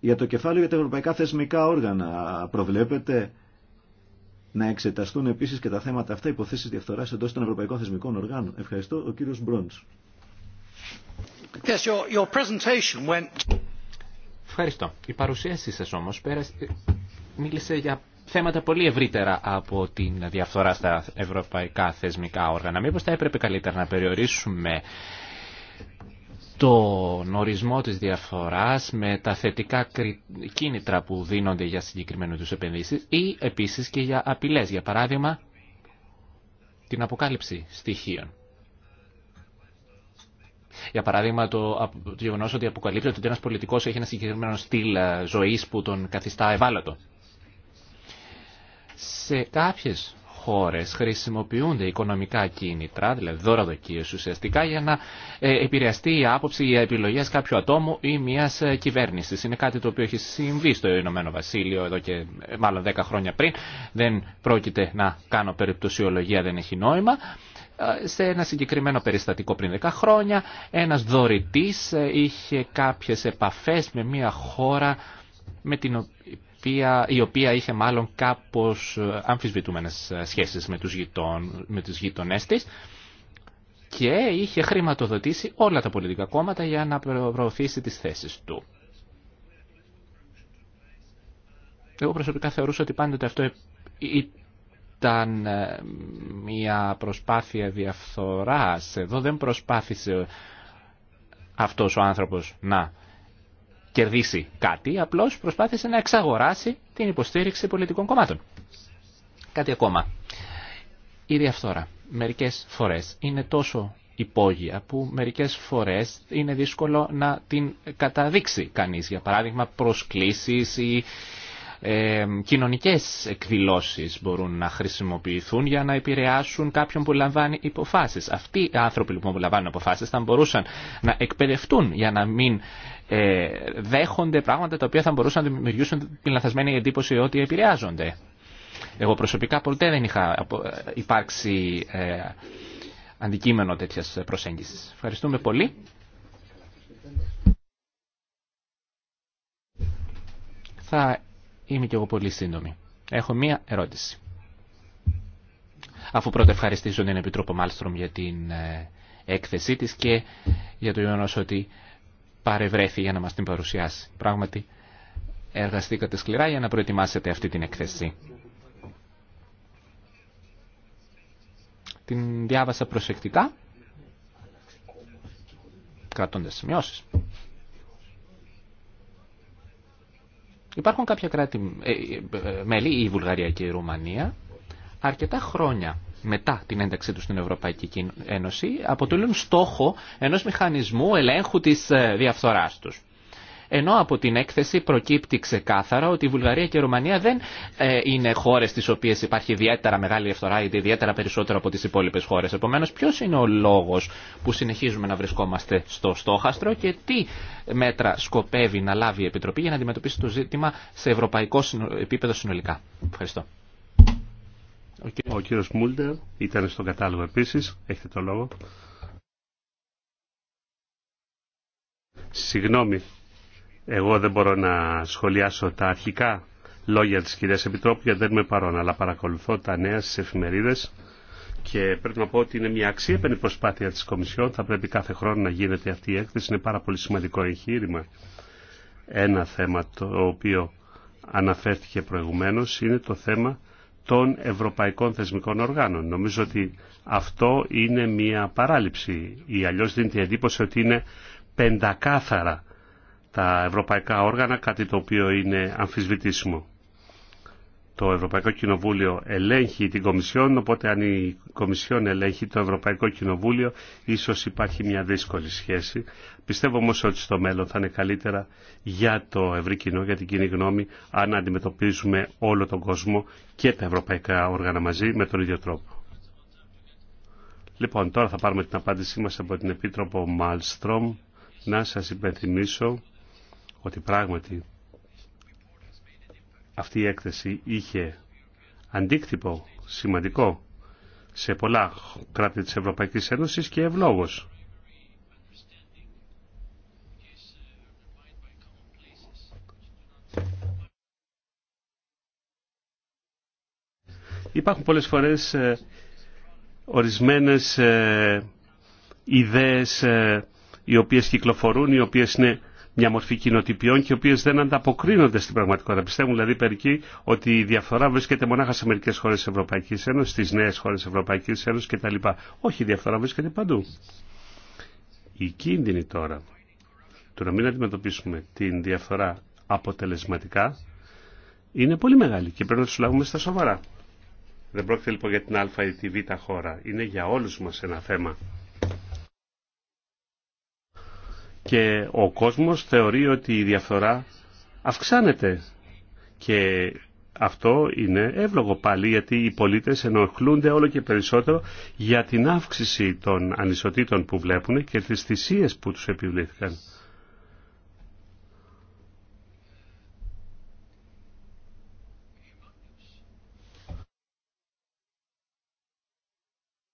Speaker 2: για το κεφάλαιο για τα ευρωπαϊκά θεσμικά όργανα προβλέπετε να εξεταστούν επίσης και τα θέματα αυτά υποθέσεις διαφθοράς εντός των ευρωπαϊκών θεσμικών οργάνων. Ευχαριστώ. Ο κύριος Μπρόντς.
Speaker 3: Ευχαριστώ. Η παρουσίασή σας όμως πέρασε, μίλησε για θέματα πολύ ευρύτερα από την διαφθορά στα ευρωπαϊκά θεσμικά όργανα. Μήπως θα έπρεπε καλύτερα να περιορίσουμε τον ορισμό της διαφοράς με τα θετικά κίνητρα που δίνονται για συγκεκριμένου τους επενδύσεις ή επίσης και για απειλές, για παράδειγμα την αποκάλυψη στοιχείων. Για παράδειγμα, το, το γεγονό ότι αποκαλύπτει ότι ένα πολιτικό έχει ένα συγκεκριμένο στυλ ε, ζωή που τον καθιστά ευάλωτο. Σε κάποιες χώρες χρησιμοποιούνται οικονομικά κίνητρα, δηλαδή δωροδοκίες ουσιαστικά, για να ε, επηρεαστεί η άποψη επιλογή κάποιου ατόμου ή μιας ε, κυβέρνησης. Είναι κάτι το οποίο έχει συμβεί στο Ηνωμένο Βασίλειο εδώ και ε, μάλλον 10 χρόνια πριν. Δεν πρόκειται να κάνω περιπτωσιολογία, δεν έχει νόημα σε ένα συγκεκριμένο περιστατικό πριν 10 χρόνια ένας δωρητής είχε κάποιες επαφές με μια χώρα με την οποία, η οποία είχε μάλλον κάπως ε, αμφισβητούμενες ε, σχέσεις με τους, γειτον, με τους γειτονές της και είχε χρηματοδοτήσει όλα τα πολιτικά κόμματα για να προωθήσει τις θέσεις του. Εγώ προσωπικά θεωρούσα ότι πάντοτε αυτό ήταν ε, μια προσπάθεια διαφθοράς. Εδώ δεν προσπάθησε αυτός ο άνθρωπος να κερδίσει κάτι, απλώς προσπάθησε να εξαγοράσει την υποστήριξη πολιτικών κομμάτων. Κάτι ακόμα. Η διαφθόρα μερικές φορές είναι τόσο υπόγεια που μερικές φορές είναι δύσκολο να την καταδείξει κανείς. Για παράδειγμα προσκλήσεις ή ε, κοινωνικές εκδηλώσεις μπορούν να χρησιμοποιηθούν για να επηρεάσουν κάποιον που λαμβάνει υποφάσεις. Αυτοί οι άνθρωποι λοιπόν που λαμβάνουν αποφάσεις θα μπορούσαν να εκπαιδευτούν για να μην ε, δέχονται πράγματα τα οποία θα μπορούσαν να δημιουργήσουν την λαθασμένη εντύπωση ότι επηρεάζονται. Εγώ προσωπικά ποτέ δεν είχα υπάρξει ε, αντικείμενο τέτοια προσέγγισης. Ευχαριστούμε πολύ. Θα είμαι και εγώ πολύ σύντομη. Έχω μία ερώτηση. Αφού πρώτα ευχαριστήσω την Επιτρόπο Μάλστρομ για την ε, έκθεσή της και για το γεγονό ότι παρευρέθη για να μας την παρουσιάσει. Πράγματι, εργαστήκατε σκληρά για να προετοιμάσετε αυτή την εκθέση. Την διάβασα προσεκτικά, κρατώντας σημειώσεις. Υπάρχουν κάποια κράτη, ε, ε, ε, μέλη, η Βουλγαρία και η Ρουμανία, αρκετά χρόνια μετά την ένταξή του στην Ευρωπαϊκή Ένωση αποτελούν στόχο ενός μηχανισμού ελέγχου της ε, διαφθοράς τους. Ενώ από την έκθεση προκύπτει ξεκάθαρα ότι η Βουλγαρία και η Ρουμανία δεν ε, είναι χώρες στις οποίες υπάρχει ιδιαίτερα μεγάλη διαφθορά ή ιδιαίτερα περισσότερο από τις υπόλοιπες χώρες. Επομένως, ποιος είναι ο λόγος που συνεχίζουμε να βρισκόμαστε στο στόχαστρο και τι μέτρα σκοπεύει να λάβει η Επιτροπή για να αντιμετωπίσει το ζήτημα σε ευρωπαϊκό επίπεδο συνολικά. Ευχαριστώ.
Speaker 1: Ο κύριος, ο Μούλτερ ήταν στον κατάλογο επίσης. Έχετε το λόγο. Συγγνώμη, εγώ δεν μπορώ να σχολιάσω τα αρχικά λόγια της κυρίας Επιτρόπου γιατί δεν είμαι παρόν, αλλά παρακολουθώ τα νέα στις εφημερίδες και πρέπει να πω ότι είναι μια αξίεπαινη προσπάθεια της Κομισιόν. Θα πρέπει κάθε χρόνο να γίνεται αυτή η έκθεση. Είναι πάρα πολύ σημαντικό εγχείρημα. Ένα θέμα το οποίο αναφέρθηκε προηγουμένως είναι το θέμα των ευρωπαϊκών θεσμικών οργάνων. Νομίζω ότι αυτό είναι μια παράληψη ή αλλιώς την εντύπωση ότι είναι πεντακάθαρα τα ευρωπαϊκά όργανα, κάτι το οποίο είναι αμφισβητήσιμο το Ευρωπαϊκό Κοινοβούλιο ελέγχει την Κομισιόν, οπότε αν η Κομισιόν ελέγχει το Ευρωπαϊκό Κοινοβούλιο, ίσως υπάρχει μια δύσκολη σχέση. Πιστεύω όμως ότι στο μέλλον θα είναι καλύτερα για το ευρύ κοινό, για την κοινή γνώμη, αν αντιμετωπίζουμε όλο τον κόσμο και τα ευρωπαϊκά όργανα μαζί με τον ίδιο τρόπο. Λοιπόν, τώρα θα πάρουμε την απάντησή μας από την Επίτροπο Μάλστρομ. Να σας υπενθυμίσω ότι πράγματι αυτή η έκθεση είχε αντίκτυπο σημαντικό σε πολλά κράτη της Ευρωπαϊκής Ένωσης και ευλόγως. Υπάρχουν πολλές φορές ε, ορισμένες ε, ιδέες ε, οι οποίες κυκλοφορούν, οι οποίες είναι μια μορφή κοινοτυπιών και οι οποίε δεν ανταποκρίνονται στην πραγματικότητα. Πιστεύουν δηλαδή περικοί ότι η διαφθορά βρίσκεται μονάχα σε μερικέ χώρε τη Ευρωπαϊκή Ένωση, στι νέε χώρε τη Ευρωπαϊκή Ένωση κτλ. Όχι, η διαφθορά βρίσκεται παντού. Η κίνδυνη τώρα του να μην αντιμετωπίσουμε την διαφθορά αποτελεσματικά είναι πολύ μεγάλη και πρέπει να του λάβουμε στα σοβαρά. Δεν πρόκειται λοιπόν για την Α ή τη Β χώρα. Είναι για όλου μα ένα θέμα και ο κόσμος θεωρεί ότι η διαφθορά αυξάνεται και αυτό είναι εύλογο πάλι γιατί οι πολίτες ενοχλούνται όλο και περισσότερο για την αύξηση των ανισοτήτων που βλέπουν και τις θυσίες που τους επιβλήθηκαν.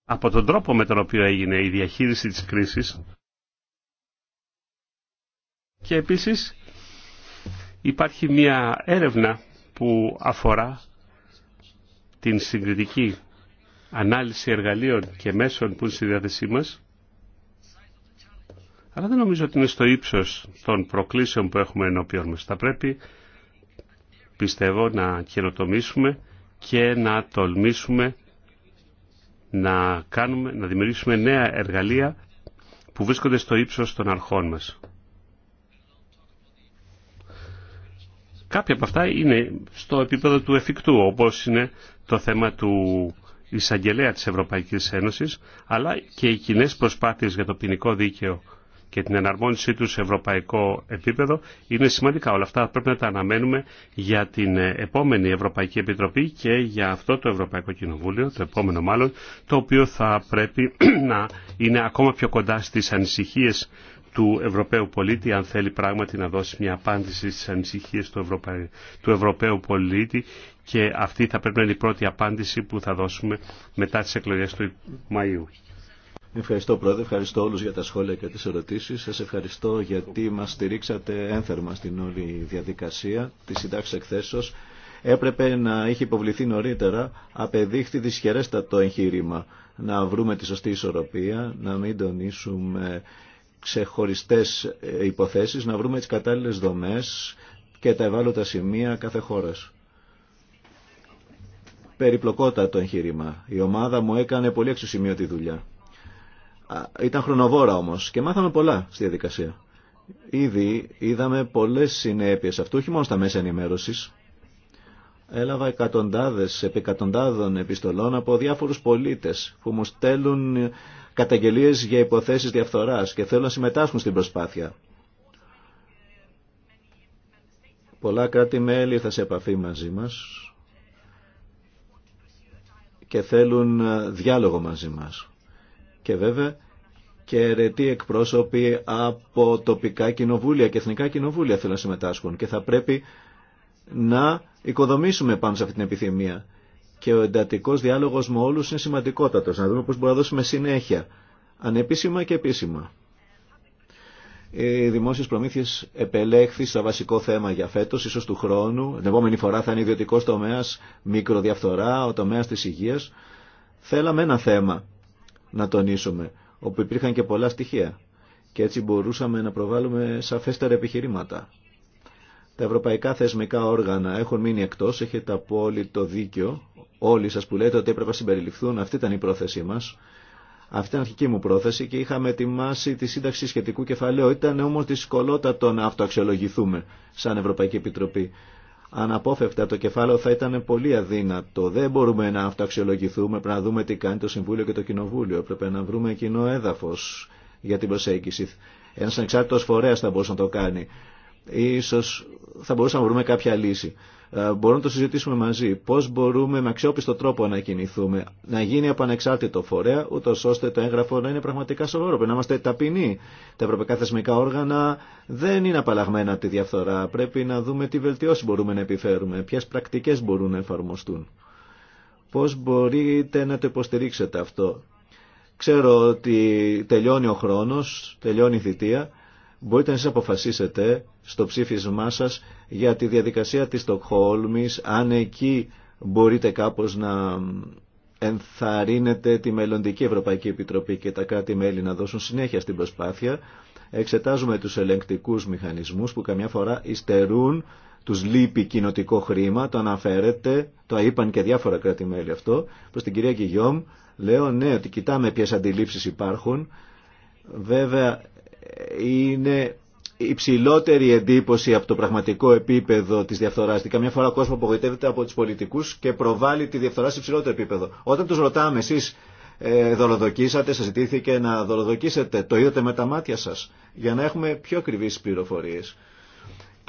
Speaker 1: Από τον τρόπο με τον οποίο έγινε η διαχείριση της κρίσης και επίσης υπάρχει μια έρευνα που αφορά την συγκριτική ανάλυση εργαλείων και μέσων που είναι στη διάθεσή μας αλλά δεν νομίζω ότι είναι στο ύψος των προκλήσεων που έχουμε ενώπιον μας. Θα πρέπει, πιστεύω, να καινοτομήσουμε και να τολμήσουμε να, κάνουμε, να δημιουργήσουμε νέα εργαλεία που βρίσκονται στο ύψος των αρχών μας. Κάποια από αυτά είναι στο επίπεδο του εφικτού, όπως είναι το θέμα του εισαγγελέα της Ευρωπαϊκής Ένωσης, αλλά και οι κοινέ προσπάθειες για το ποινικό δίκαιο και την εναρμόνισή του σε ευρωπαϊκό επίπεδο είναι σημαντικά. Όλα αυτά πρέπει να τα αναμένουμε για την επόμενη Ευρωπαϊκή Επιτροπή και για αυτό το Ευρωπαϊκό Κοινοβούλιο, το επόμενο μάλλον, το οποίο θα πρέπει (clears throat) να είναι ακόμα πιο κοντά στις ανησυχίες του Ευρωπαίου πολίτη αν θέλει πράγματι να δώσει μια απάντηση στις ανησυχίες του, του Ευρωπαίου πολίτη και αυτή θα πρέπει να είναι η πρώτη απάντηση που θα δώσουμε μετά τις εκλογές του Μαΐου.
Speaker 2: Ευχαριστώ Πρόεδρε, ευχαριστώ όλους για τα σχόλια και τις ερωτήσεις. Σας ευχαριστώ γιατί μας στηρίξατε ένθερμα στην όλη διαδικασία της συντάξης εκθέσεως. Έπρεπε να είχε υποβληθεί νωρίτερα, απεδείχθη δυσχερέστατο εγχείρημα να βρούμε τη σωστή ισορροπία, να μην τονίσουμε ξεχωριστές ε, υποθέσεις, να βρούμε τις κατάλληλες δομές και τα ευάλωτα σημεία κάθε χώρας. το εγχείρημα. Η ομάδα μου έκανε πολύ αξιοσημείωτη δουλειά. Ήταν χρονοβόρα όμως και μάθαμε πολλά στη διαδικασία. Ήδη είδαμε πολλές συνέπειες αυτού, όχι μόνο στα μέσα ενημέρωσης. Έλαβα εκατοντάδες επί εκατοντάδων επιστολών από διάφορους πολίτες που μου στέλνουν καταγγελίες για υποθέσεις διαφθοράς και θέλουν να συμμετάσχουν στην προσπάθεια. Πολλά κράτη-μέλη θα σε επαφή μαζί μας και θέλουν ε, διάλογο μαζί μας. Και βέβαια και αιρετοί εκπρόσωποι από τοπικά κοινοβούλια και εθνικά κοινοβούλια θέλουν να συμμετάσχουν και θα πρέπει να οικοδομήσουμε πάνω σε αυτή την επιθυμία και ο εντατικό διάλογο με όλου είναι σημαντικότατο. Να δούμε πώ μπορούμε να δώσουμε συνέχεια. Ανεπίσημα και επίσημα. Οι δημόσιε προμήθειε επελέχθη στο βασικό θέμα για φέτο, ίσω του χρόνου. Την επόμενη φορά θα είναι ιδιωτικό τομέα, μικροδιαφθορά, ο τομέα τη υγεία. Θέλαμε ένα θέμα να τονίσουμε, όπου υπήρχαν και πολλά στοιχεία. Και έτσι μπορούσαμε να προβάλλουμε σαφέστερα επιχειρήματα. Τα ευρωπαϊκά θεσμικά όργανα έχουν μείνει εκτός, έχετε απόλυτο δίκιο όλοι σας που λέτε ότι έπρεπε να συμπεριληφθούν. Αυτή ήταν η πρόθεσή μας. Αυτή ήταν η αρχική μου πρόθεση και είχαμε ετοιμάσει τη σύνταξη σχετικού κεφαλαίου. Ήταν όμως δυσκολότατο να αυτοαξιολογηθούμε σαν Ευρωπαϊκή Επιτροπή. Αναπόφευκτα το κεφάλαιο θα ήταν πολύ αδύνατο. Δεν μπορούμε να αυτοαξιολογηθούμε, πρέπει να δούμε τι κάνει το Συμβούλιο και το Κοινοβούλιο. Πρέπει να βρούμε κοινό έδαφος για την προσέγγιση. Ένα ανεξάρτητος φορέα θα μπορούσε να το κάνει. Ίσως θα μπορούσαμε να βρούμε κάποια λύση. Ε, μπορούμε να το συζητήσουμε μαζί. Πώς μπορούμε με αξιόπιστο τρόπο να κινηθούμε, να γίνει από ανεξάρτητο φορέα, ούτω ώστε το έγγραφο να είναι πραγματικά σοβαρό. Πρέπει να είμαστε ταπεινοί. Τα ευρωπαϊκά θεσμικά όργανα δεν είναι απαλλαγμένα από τη διαφθορά. Πρέπει να δούμε τι βελτιώσει μπορούμε να επιφέρουμε, ποιε πρακτικέ μπορούν να εφαρμοστούν. Πώ μπορείτε να το υποστηρίξετε αυτό. Ξέρω ότι τελειώνει ο χρόνο, τελειώνει η θητεία. Μπορείτε να σα αποφασίσετε στο ψήφισμά σας για τη διαδικασία της Στοκχόλμης, αν εκεί μπορείτε κάπως να ενθαρρύνετε τη μελλοντική Ευρωπαϊκή Επιτροπή και τα κράτη-μέλη να δώσουν συνέχεια στην προσπάθεια. Εξετάζουμε τους ελεγκτικούς μηχανισμούς που καμιά φορά υστερούν, τους λείπει κοινοτικό χρήμα, το αναφέρεται, το είπαν και διάφορα κράτη-μέλη αυτό. Προς την κυρία Κιγιόμ λέω ναι ότι κοιτάμε ποιες αντιλήψεις υπάρχουν. Βέβαια είναι υψηλότερη εντύπωση από το πραγματικό επίπεδο τη διαφθορά. Και καμιά φορά ο κόσμο απογοητεύεται από του πολιτικού και προβάλλει τη διαφθορά σε υψηλότερο επίπεδο. Όταν του ρωτάμε, εσεί ε, δολοδοκίσατε, σα ζητήθηκε να δολοδοκίσετε, το είδατε με τα μάτια σα, για να έχουμε πιο ακριβεί πληροφορίε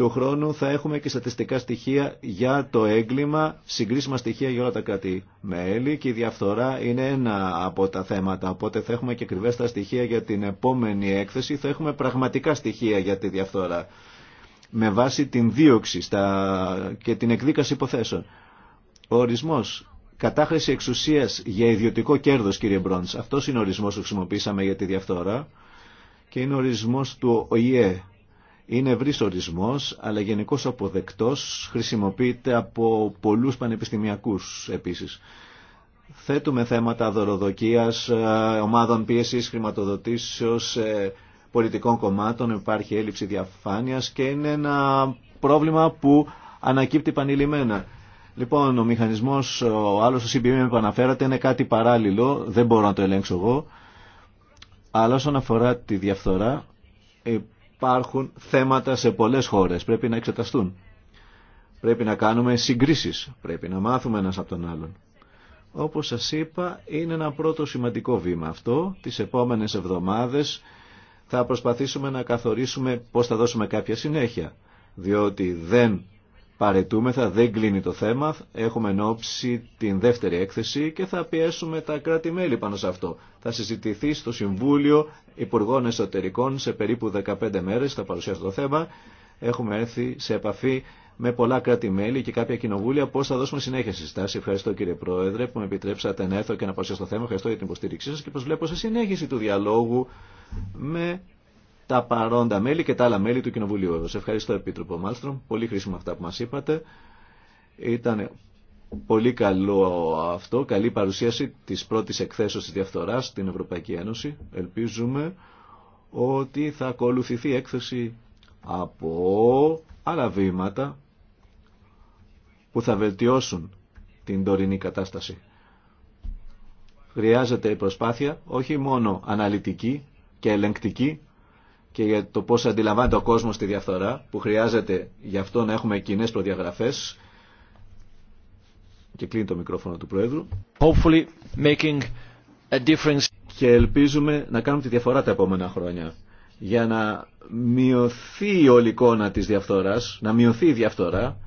Speaker 2: του χρόνου θα έχουμε και στατιστικά στοιχεία για το έγκλημα, συγκρίσιμα στοιχεία για όλα τα κάτι μελη και η διαφθορά είναι ένα από τα θέματα. Οπότε θα έχουμε και τα στοιχεία για την επόμενη έκθεση, θα έχουμε πραγματικά στοιχεία για τη διαφθορά με βάση την δίωξη στα... και την εκδίκαση υποθέσεων. Ο ορισμός κατάχρηση εξουσίας για ιδιωτικό κέρδος, κύριε Μπρόντς, αυτός είναι ο ορισμός που χρησιμοποίησαμε για τη διαφθορά και είναι ο ορισμός του ΟΗΕ είναι ευρύ ορισμός, αλλά γενικώ αποδεκτός, χρησιμοποιείται από πολλούς πανεπιστημιακούς επίσης. Θέτουμε θέματα δωροδοκία, ε, ομάδων πίεσης, χρηματοδοτήσεως, ε, πολιτικών κομμάτων, υπάρχει έλλειψη διαφάνειας και είναι ένα πρόβλημα που ανακύπτει πανηλημμένα. Λοιπόν, ο μηχανισμός, ο άλλο ο CBM που αναφέρατε είναι κάτι παράλληλο, δεν μπορώ να το ελέγξω εγώ. Αλλά όσον αφορά τη διαφθορά, υπάρχουν θέματα σε πολλές χώρες, πρέπει να εξεταστούν. Πρέπει να κάνουμε συγκρίσεις, πρέπει να μάθουμε ένας από τον άλλον. Όπως σας είπα, είναι ένα πρώτο σημαντικό βήμα αυτό. Τις επόμενες εβδομάδες θα προσπαθήσουμε να καθορίσουμε πώς θα δώσουμε κάποια συνέχεια, διότι δεν παρετούμεθα, δεν κλείνει το θέμα, έχουμε ενόψει την δεύτερη έκθεση και θα πιέσουμε τα κράτη-μέλη πάνω σε αυτό. Θα συζητηθεί στο Συμβούλιο Υπουργών Εσωτερικών σε περίπου 15 μέρες, θα παρουσιάσω το θέμα. Έχουμε έρθει σε επαφή με πολλά κράτη-μέλη και κάποια κοινοβούλια πώς θα δώσουμε συνέχεια στη στάση. Ευχαριστώ κύριε Πρόεδρε που με επιτρέψατε να έρθω και να παρουσιάσω το θέμα. Ευχαριστώ για την υποστήριξή σας και προσβλέπω σε συνέχιση του διαλόγου με τα παρόντα μέλη και τα άλλα μέλη του Κοινοβουλίου. Σε ευχαριστώ Επίτροπο Μάλστρομ, πολύ χρήσιμα αυτά που μας είπατε. Ήταν πολύ καλό αυτό, καλή παρουσίαση της πρώτης εκθέσεως της διαφθοράς στην Ευρωπαϊκή Ένωση. Ελπίζουμε ότι θα ακολουθηθεί έκθεση από άλλα βήματα που θα βελτιώσουν την τωρινή κατάσταση. Χρειάζεται η προσπάθεια όχι μόνο αναλυτική και ελεγκτική, και για το πώς αντιλαμβάνεται ο κόσμος τη διαφθορά που χρειάζεται γι' αυτό να έχουμε κοινέ προδιαγραφές και κλείνει το μικρόφωνο του Πρόεδρου Hopefully making a difference. και ελπίζουμε να κάνουμε τη διαφορά τα επόμενα χρόνια για να μειωθεί η όλη εικόνα της διαφθοράς να μειωθεί η διαφθορά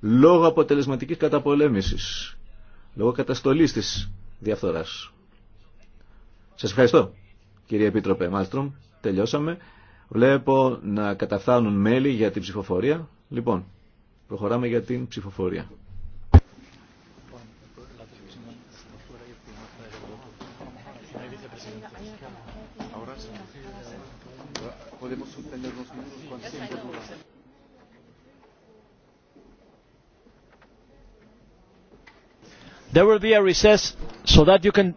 Speaker 2: λόγω αποτελεσματικής καταπολέμησης λόγω καταστολής της διαφθοράς Σας ευχαριστώ κύριε Επίτροπε Μάλστρομ τελειώσαμε Βλέπω να καταφθάνουν μέλη για την ψηφοφορία. Λοιπόν, προχωράμε για την ψηφοφορία.
Speaker 1: There
Speaker 3: will be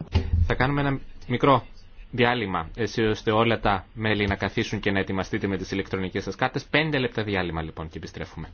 Speaker 3: Θα κάνουμε ένα μικρό διάλειμμα, έτσι ώστε όλα τα μέλη να καθίσουν και να ετοιμαστείτε με τις ηλεκτρονικές σας κάρτες. Πέντε λεπτά διάλειμμα λοιπόν και επιστρέφουμε.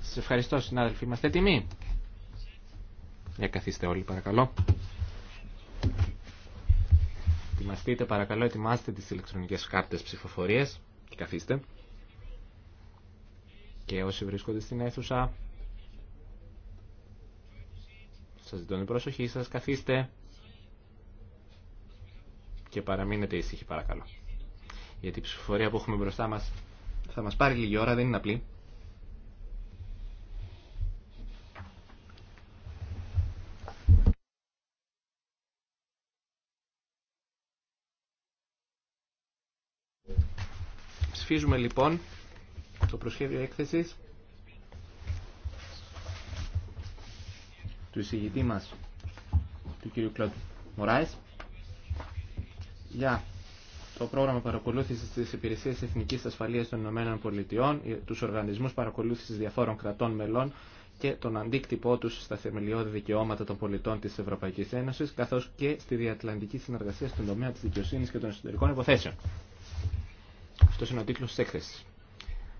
Speaker 3: Σας ευχαριστώ συνάδελφοι. Είμαστε έτοιμοι. Για καθίστε όλοι παρακαλώ. Ετοιμαστείτε παρακαλώ, ετοιμάστε τις ηλεκτρονικές κάρτες ψηφοφορίες και καθίστε. Και όσοι βρίσκονται στην αίθουσα, σας ζητώ την προσοχή σας, καθίστε και παραμείνετε ήσυχοι παρακαλώ γιατί η ψηφοφορία που έχουμε μπροστά μας θα μας πάρει λίγη ώρα, δεν είναι απλή. Ψηφίζουμε λοιπόν το προσχέδιο έκθεσης του εισηγητή μας, του κ. Κλοντ Μωράης, για το πρόγραμμα παρακολούθησης τη Υπηρεσία Εθνική Ασφαλεία των Ηνωμένων Πολιτειών, ε, του οργανισμούς παρακολούθησης διαφόρων κρατών μελών και τον αντίκτυπό του στα θεμελιώδη δικαιώματα των πολιτών τη Ευρωπαϊκή Ένωση, καθώ και στη διατλαντική συνεργασία στον τομέα τη δικαιοσύνης και των εσωτερικών υποθέσεων. αυτό είναι ο τίτλο τη έκθεση.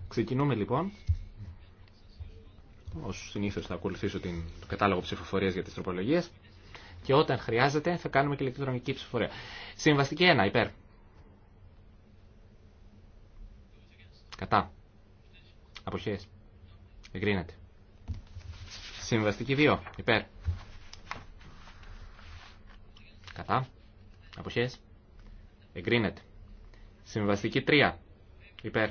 Speaker 3: Ξεκινούμε λοιπόν. Ω συνήθω θα ακολουθήσω την, το κατάλογο ψηφοφορία για τι τροπολογίε, Και όταν χρειάζεται θα κάνουμε και ηλεκτρονική ψηφοφορία. Συμβαστική 1 υπέρ. Κατά. Αποχές. Εγκρίνεται. Συμβαστική 2. Υπέρ. Κατά. Αποχές. Εγκρίνεται. Συμβαστική 3. Υπέρ.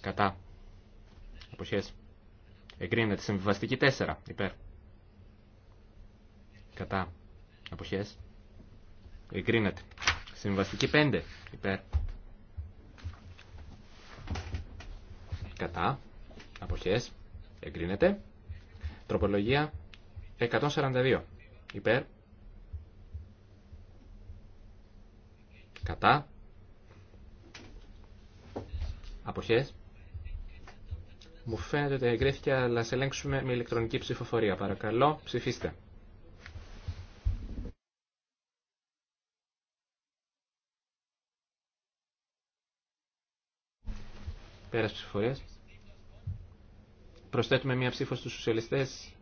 Speaker 3: Κατά. Αποχές. Εγκρίνεται. Συμβαστική 4. Υπέρ. Κατά. Αποχές. Εγκρίνεται. Συμβαστική 5. Υπέρ. κατά, αποχές, εγκρίνεται. Τροπολογία 142, υπέρ, κατά, αποχές. Μου φαίνεται ότι εγκρίθηκε, αλλά σε ελέγξουμε με ηλεκτρονική ψηφοφορία. Παρακαλώ, ψηφίστε. Πέρας ψηφοφορίας. Προσθέτουμε μία ψήφο στους σοσιαλιστές.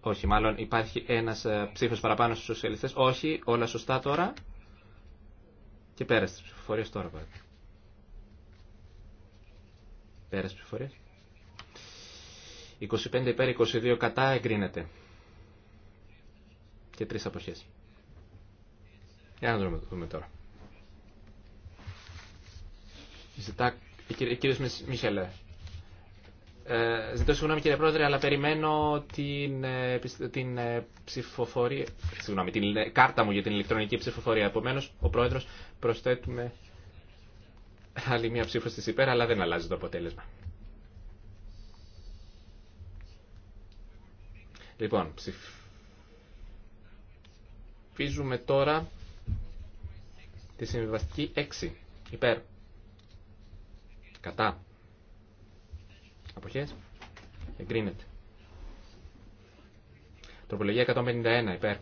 Speaker 3: Όχι, μάλλον υπάρχει ένας ε, ψήφος παραπάνω στους σοσιαλιστές. Όχι, όλα σωστά τώρα. Και πέρας τις τώρα πάτε. Πέρας 25 υπέρ, 22 κατά, εγκρίνεται. Και τρεις αποχές. Για να το δούμε τώρα. Ζητά ε, κύριος Μιχέλε, ε, Ζητώ συγγνώμη κύριε Πρόεδρε, αλλά περιμένω την, ε, ψηφοφορία, συγγνώμη, την κάρτα μου για την ηλεκτρονική ψηφοφορία. Επομένως, ο Πρόεδρος προσθέτουμε άλλη μία ψήφο στις υπέρ, αλλά δεν αλλάζει το αποτέλεσμα. Λοιπόν, ψηφίζουμε τώρα τη συμβιβαστική 6 υπέρ Κατά. Αποχές. Εγκρίνεται. Τροπολογία 151 υπέρ.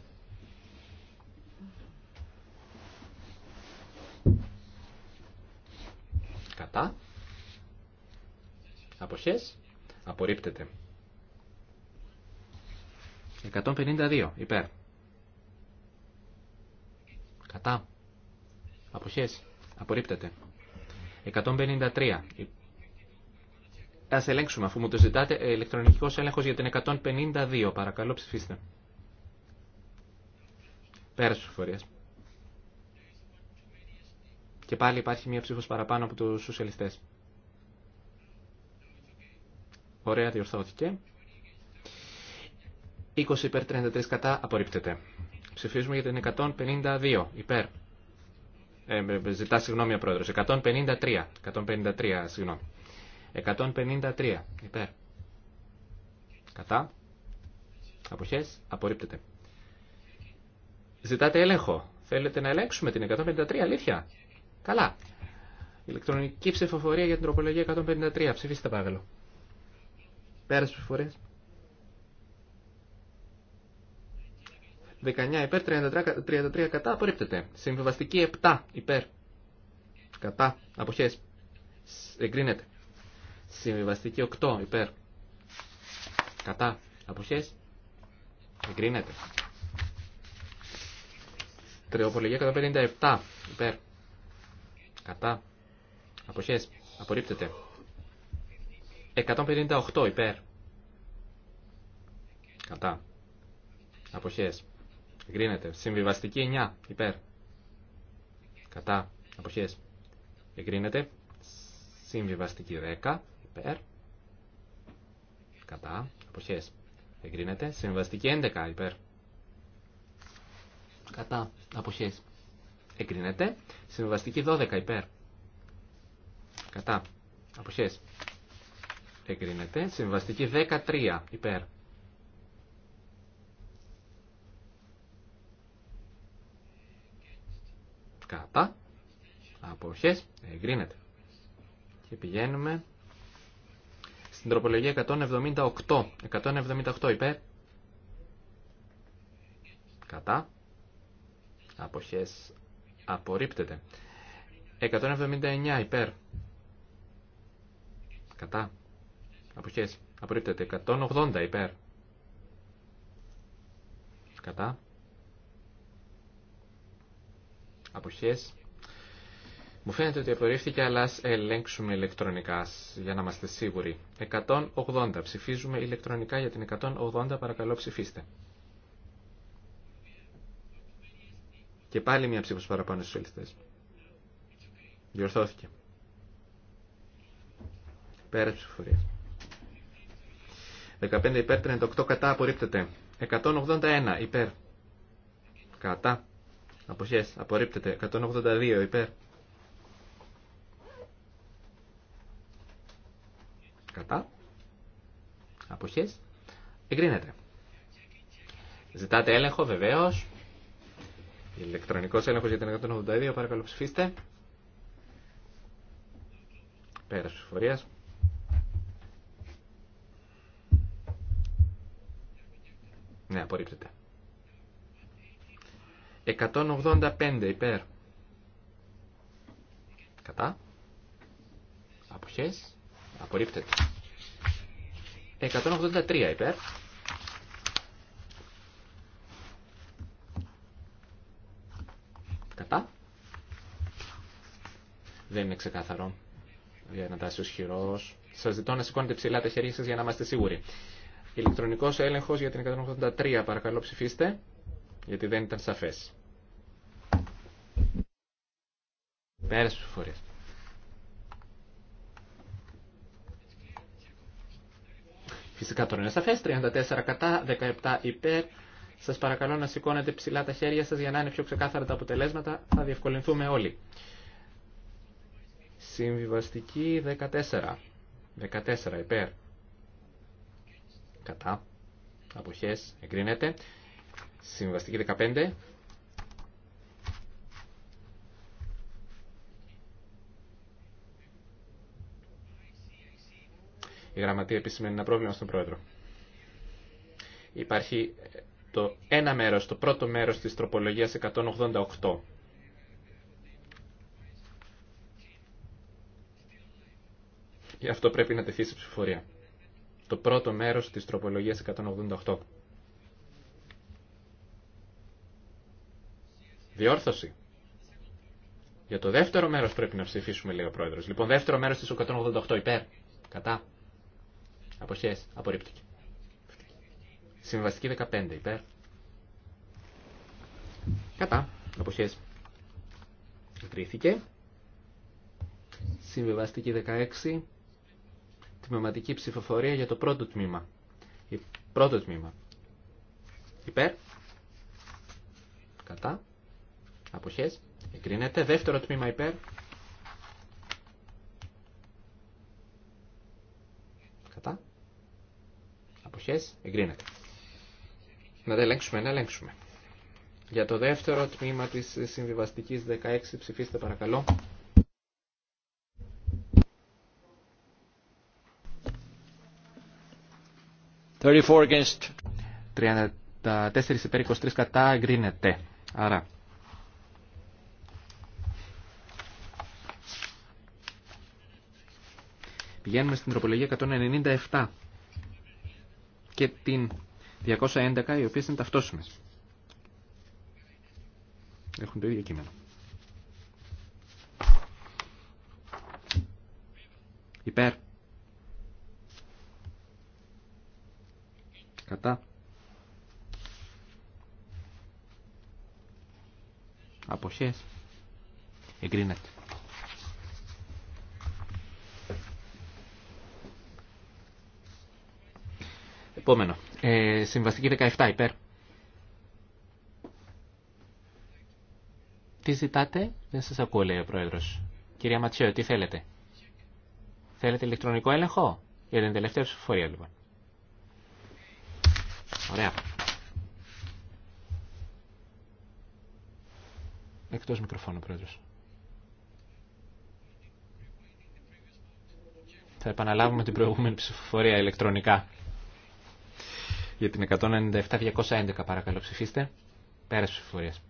Speaker 3: Κατά. Αποχές. Απορρίπτεται. 152 υπέρ. Κατά. Αποχές. Απορρίπτεται. 153. Ας ελέγξουμε αφού μου το ζητάτε. Ηλεκτρονικός έλεγχος για την 152. Παρακαλώ ψηφίστε. Πέρασε ψηφορίας. Και πάλι υπάρχει μία ψήφος παραπάνω από τους σοσιαλιστές. Ωραία, διορθώθηκε. 20 υπέρ 33 κατά απορρίπτεται. Ψηφίζουμε για την 152 υπέρ ε, ε, ζητά συγγνώμη ο πρόεδρος. 153. 153, συγγνώμη. 153. Υπέρ. Κατά. Αποχές. Απορρίπτεται. Ζητάτε έλεγχο. Θέλετε να ελέγξουμε την 153, αλήθεια. Καλά. Ηλεκτρονική ψηφοφορία για την τροπολογία 153. Ψηφίστε παρακαλώ. Πέρασε ψηφοφορίας. 19 υπέρ, 33, 33 κατά, απορρίπτεται. Συμβιβαστική 7 υπέρ, κατά, αποχέ. εγκρίνεται. Συμβιβαστική 8 υπέρ, κατά, αποχές, εγκρίνεται. Τρεοπολογία 157 υπέρ, κατά, αποχές, απορρίπτεται. 158 υπέρ, κατά, αποχές, εγκρίνεται. Συμβιβαστική 9 υπέρ. Κατά αποχές εγκρίνεται. Συμβιβαστική 10 υπέρ. Κατά αποχές εγκρίνεται. Συμβιβαστική 11 υπέρ. Κατά αποχές εγκρίνεται. Συμβιβαστική 12 υπέρ. Κατά αποχές εγκρίνεται. συμβιβαστική 13 υπέρ. Κατά. Αποχές. Εγκρίνεται. Και πηγαίνουμε στην τροπολογία 178. 178 υπέρ. Κατά. Αποχές. Απορρίπτεται. 179 υπέρ. Κατά. Αποχές. Απορρίπτεται. 180 υπέρ. Κατά. αποχές. Μου φαίνεται ότι απορρίφθηκε, αλλά ας ελέγξουμε ηλεκτρονικά για να είμαστε σίγουροι. 180. Ψηφίζουμε ηλεκτρονικά για την 180. Παρακαλώ ψηφίστε. Και πάλι μια ψήφος παραπάνω στους ελιστές. Διορθώθηκε. Πέρα ψηφοφορία. 15 υπέρ, 38 κατά απορρίπτεται. 181 υπέρ. Κατά. Αποχές. Απορρίπτεται. 182 υπέρ. Κατά. Αποχές. Εγκρίνεται. Ζητάτε έλεγχο βεβαίως. Ηλεκτρονικός έλεγχος για την 182. Παρακαλώ ψηφίστε. Πέρας ψηφορίας. Ναι, απορρίπτεται. 185 υπέρ. Κατά. Αποχές. Απορρίπτεται. 183 υπέρ. Κατά. Δεν είναι ξεκάθαρο. Διανατάσσεω χειρό. Σα ζητώ να σηκώνετε ψηλά τα χέρια σα για να είμαστε σίγουροι. Ηλεκτρονικό έλεγχο για την 183. Παρακαλώ ψηφίστε. Γιατί δεν ήταν σαφές. Πέρας φορές. Φυσικά τώρα είναι σαφές, 34 κατά, 17 υπέρ. Σας παρακαλώ να σηκώνετε ψηλά τα χέρια σας για να είναι πιο ξεκάθαρα τα αποτελέσματα. Θα διευκολυνθούμε όλοι. Συμβιβαστική 14. 14 υπέρ. Κατά. Αποχές. Εγκρίνεται. Συμβαστική 15. Η γραμματεία επισημαίνει ένα πρόβλημα στον πρόεδρο. Υπάρχει το ένα μέρος, το πρώτο μέρος της τροπολογίας 188. Γι' αυτό πρέπει να τεθεί σε ψηφοφορία. Το πρώτο μέρος της τροπολογίας 188. Διόρθωση. Για το δεύτερο μέρος πρέπει να ψηφίσουμε, λέει ο πρόεδρος. Λοιπόν, δεύτερο μέρος της 188 υπέρ. Κατά. Αποχές. Απορρίπτωκε. Συμβαστική 15 υπέρ. Κατά. Αποχές. Σύμβαστική Συμβιβαστική 16. Τμηματική ψηφοφορία για το πρώτο τμήμα. Η πρώτο τμήμα. Υπέρ. Κατά. Αποχές. Εκρίνεται Δεύτερο τμήμα υπέρ. Αποχέ, Εγκρίνεται. Να τα ελέγξουμε, να ελέγξουμε. Για το δεύτερο τμήμα τη συμβιβαστική 16 ψηφίστε παρακαλώ. against. 34 υπέρ 23 κατά εγκρίνεται. Άρα. Πηγαίνουμε στην τροπολογία 197 και την 211, οι οποίες είναι ταυτόσιμες. Έχουν το ίδιο κείμενο. Υπέρ. Κατά. Αποχές. Εγκρίνεται. Επόμενο. Ε, συμβαστική 17 υπέρ. Τι ζητάτε, δεν σας ακούω λέει ο Πρόεδρος. Κυρία Ματσέο, τι θέλετε. Θέλετε ηλεκτρονικό έλεγχο για την τελευταία ψηφοφορία λοιπόν. Ωραία. Εκτός μικροφώνου, πρόεδρος. Θα επαναλάβουμε την προηγούμενη ψηφοφορία ηλεκτρονικά για την 197-211 παρακαλώ ψηφίστε. τη ψηφοφορίας.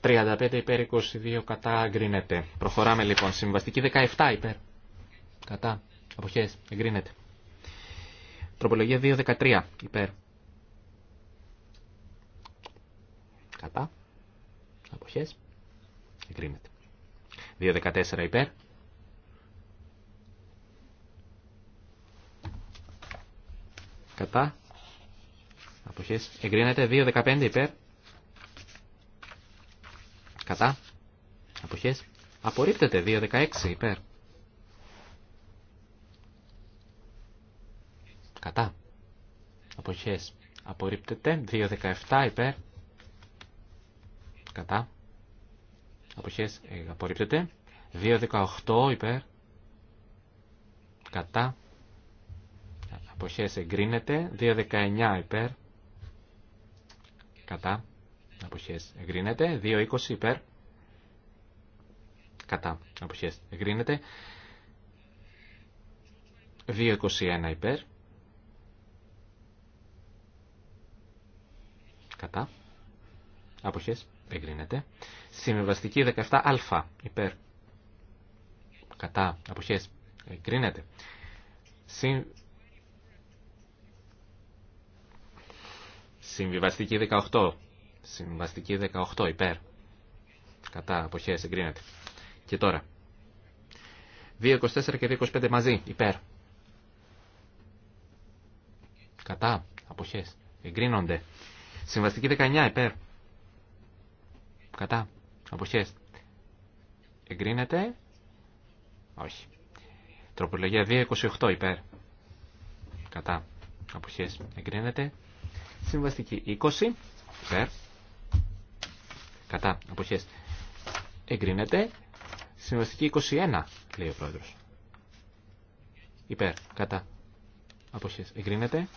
Speaker 3: «35 υπέρ 22 κατά εγκρίνεται». Προχωράμε λοιπόν. Συμβαστική 17 υπέρ. Κατά. Αποχές. Εγκρίνεται. Τροπολογία 2-13 υπέρ. Κατά. Αποχές. Εγκρίνεται. 2.14 υπέρ. Κατά. Αποχές. Εγκρίνεται 2.15 υπέρ. Κατά. Αποχές. Απορρίπτεται 2.16 υπέρ. Κατά. Αποχές. Απορρίπτεται 2.17 υπέρ. Κατά. Αποχές ε, απορρίπτεται. 2.18 υπέρ. Κατά. Αποχές εγκρίνεται. 2.19 υπέρ. Κατά. Αποχές εγκρίνεται. 2.20 υπέρ. Κατά. Αποχές εγκρίνεται. 2.21 υπέρ. Κατά. Αποχές εγκρίνεται. Συμβιβαστική 17α υπέρ. Κατά. Αποχές. Εγκρίνεται. Συμ... Συμβιβαστική 18. Συμβαστική 18 υπέρ. Κατά. Αποχές. Εγκρίνεται. Και τώρα. 2.24 και 2.25 μαζί. Υπέρ. Κατά. Αποχές. Εγκρίνονται. Συμβαστική 19 υπέρ. Κατά. Αποχές. Εγκρίνεται. Όχι. Τροπολογία 2.28 υπέρ. Κατά. Αποχές. Εγκρίνεται. Συμβαστική 20 υπέρ. Κατά. Αποχές. Εγκρίνεται. Συμβαστική 21 λέει ο πρόεδρος. Υπέρ. Κατά. Αποχές. Εγκρίνεται.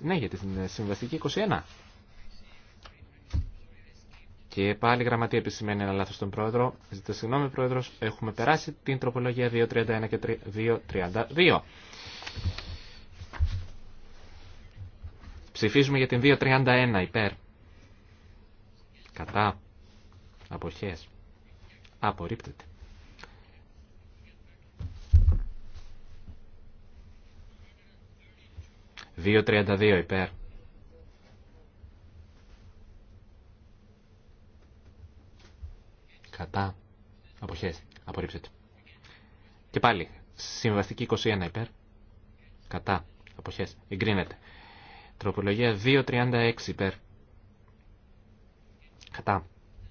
Speaker 3: Ναι, γιατί είναι συμβαστική 21. Και πάλι η γραμματεία επισημαίνει ένα λάθος στον πρόεδρο. Ζητώ συγγνώμη πρόεδρο, έχουμε περάσει την τροπολογία 2.31 και 2.32. Ψηφίζουμε για την 2.31 υπέρ. Κατά. Αποχές. Απορρίπτεται. 2.32 υπέρ. κατά αποχές απορρίψετε. Και πάλι συμβαστική 21 υπέρ κατά αποχές εγκρίνεται. Τροπολογία 2.36 υπέρ κατά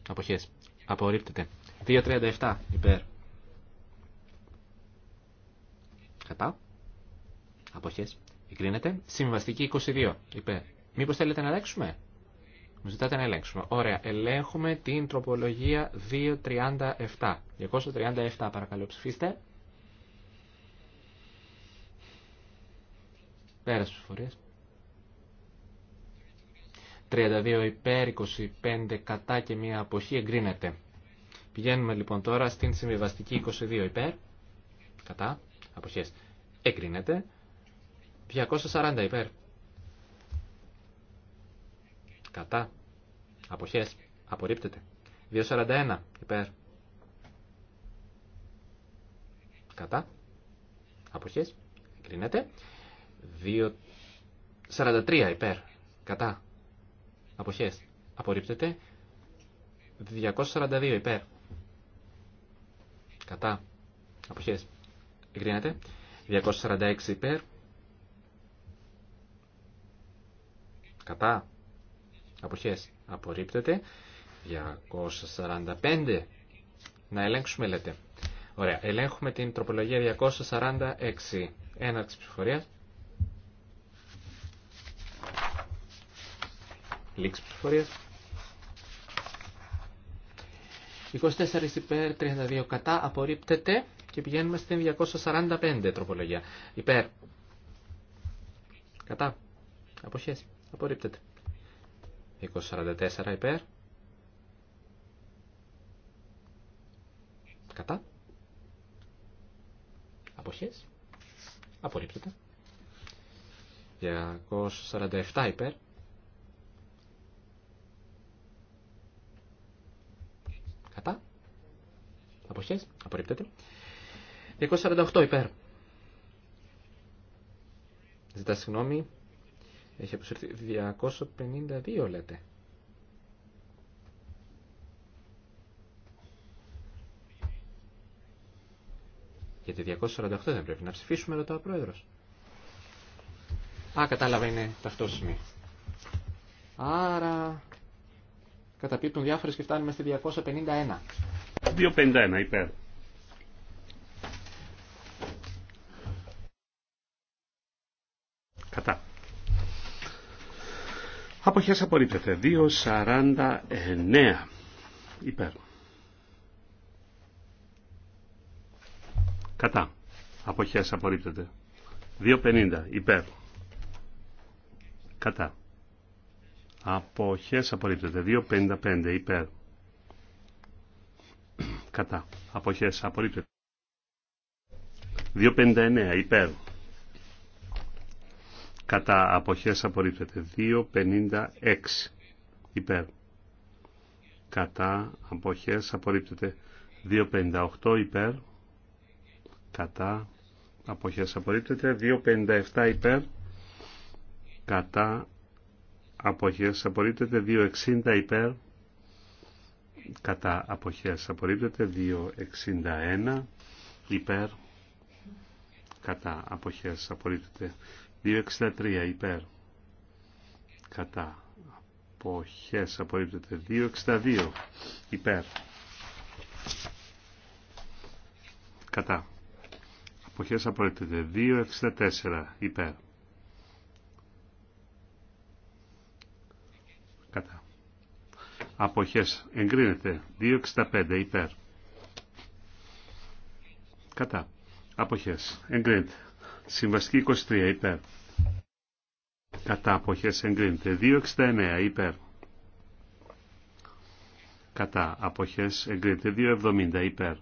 Speaker 3: αποχές απορρίπτεται. 2.37 υπέρ κατά αποχές εγκρίνεται. Συμβαστική 22 υπέρ. Μήπως θέλετε να αλλάξουμε. Μου ζητάτε να ελέγξουμε. Ωραία. Ελέγχουμε την τροπολογία 237. 237 παρακαλώ ψηφίστε. Πέρασε ψηφορίες. 32 υπέρ, 25 κατά και μία αποχή εγκρίνεται. Πηγαίνουμε λοιπόν τώρα στην συμβιβαστική 22 υπέρ, κατά, αποχές εγκρίνεται. 240 υπέρ, Κατά. Αποχές. Απορρίπτεται. 2.41. Υπέρ. Κατά. Αποχές. Εγκρίνεται. 2.43. Υπέρ. Κατά. Αποχές. Απορρίπτεται. 242. Υπέρ. Κατά. Αποχές. Εγκρίνεται. 246 υπέρ. Κατά αποχές απορρίπτεται. 245 να ελέγξουμε λέτε. Ωραία, ελέγχουμε την τροπολογία 246 έναρξη ψηφορίας. Λήξη ψηφορίας. 24 υπέρ, 32 κατά, απορρίπτεται και πηγαίνουμε στην 245 τροπολογία. Υπέρ. Κατά. Αποχές. Απορρίπτεται. 2044 υπέρ. Κατά. Αποχές. Απορρίπτεται. 247 υπέρ. Κατά. Αποχές. Απορρίπτεται. 248 υπέρ. Ζητά συγγνώμη. Έχει αποσυρθεί 252 λέτε. Γιατί 248 δεν πρέπει να ψηφίσουμε, ρωτά ο Πρόεδρος.
Speaker 1: Α, κατάλαβα, είναι ταυτόσιμη.
Speaker 3: Άρα, καταπίπτουν διάφορες και φτάνουμε στη 251.
Speaker 1: 251, υπέρ. Κατά. Αποχές απορρίπτεται. 2.49 υπέρ. Κατά. Αποχές απορρίπτεται. 2.50 υπέρ. Κατά. Αποχές απορρίπτεται. 2.55 υπέρ. Κατά. Αποχές απορρίπτεται. 2.59 υπέρ κατά αποχές απορρίπτεται 2.56 υπέρ κατά αποχές απορρίπτεται 2.58 υπέρ κατά αποχές απορρίπτεται 2.57 υπέρ κατά αποχές απορρίπτεται 2.60 υπέρ κατά αποχές απορρίπτεται 2.61 υπέρ κατά αποχές απορρίπτεται 2.63 υπέρ κατά αποχές απορρίπτεται 2.62 υπέρ κατά αποχές απορρίπτεται 2.64 υπέρ κατά αποχές εγκρίνεται 2.65 υπέρ κατά αποχές εγκρίνεται Συμβαστική 23 υπέρ. Κατά αποχές εγκρίνεται. 269 υπέρ. Κατά αποχές εγκρίνεται. 270 υπέρ.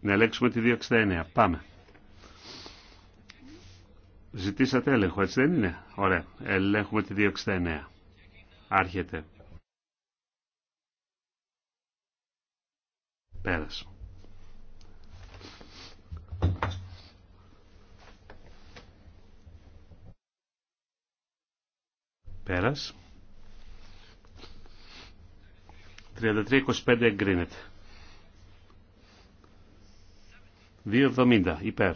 Speaker 1: Να ελέγξουμε τη 269. Πάμε. Ζητήσατε έλεγχο, έτσι δεν είναι. Ωραία. Ελέγχουμε τη 269. Άρχεται. Πέρασε. Πέρας. 33-25 εγκρίνεται. 2,70 υπέρ.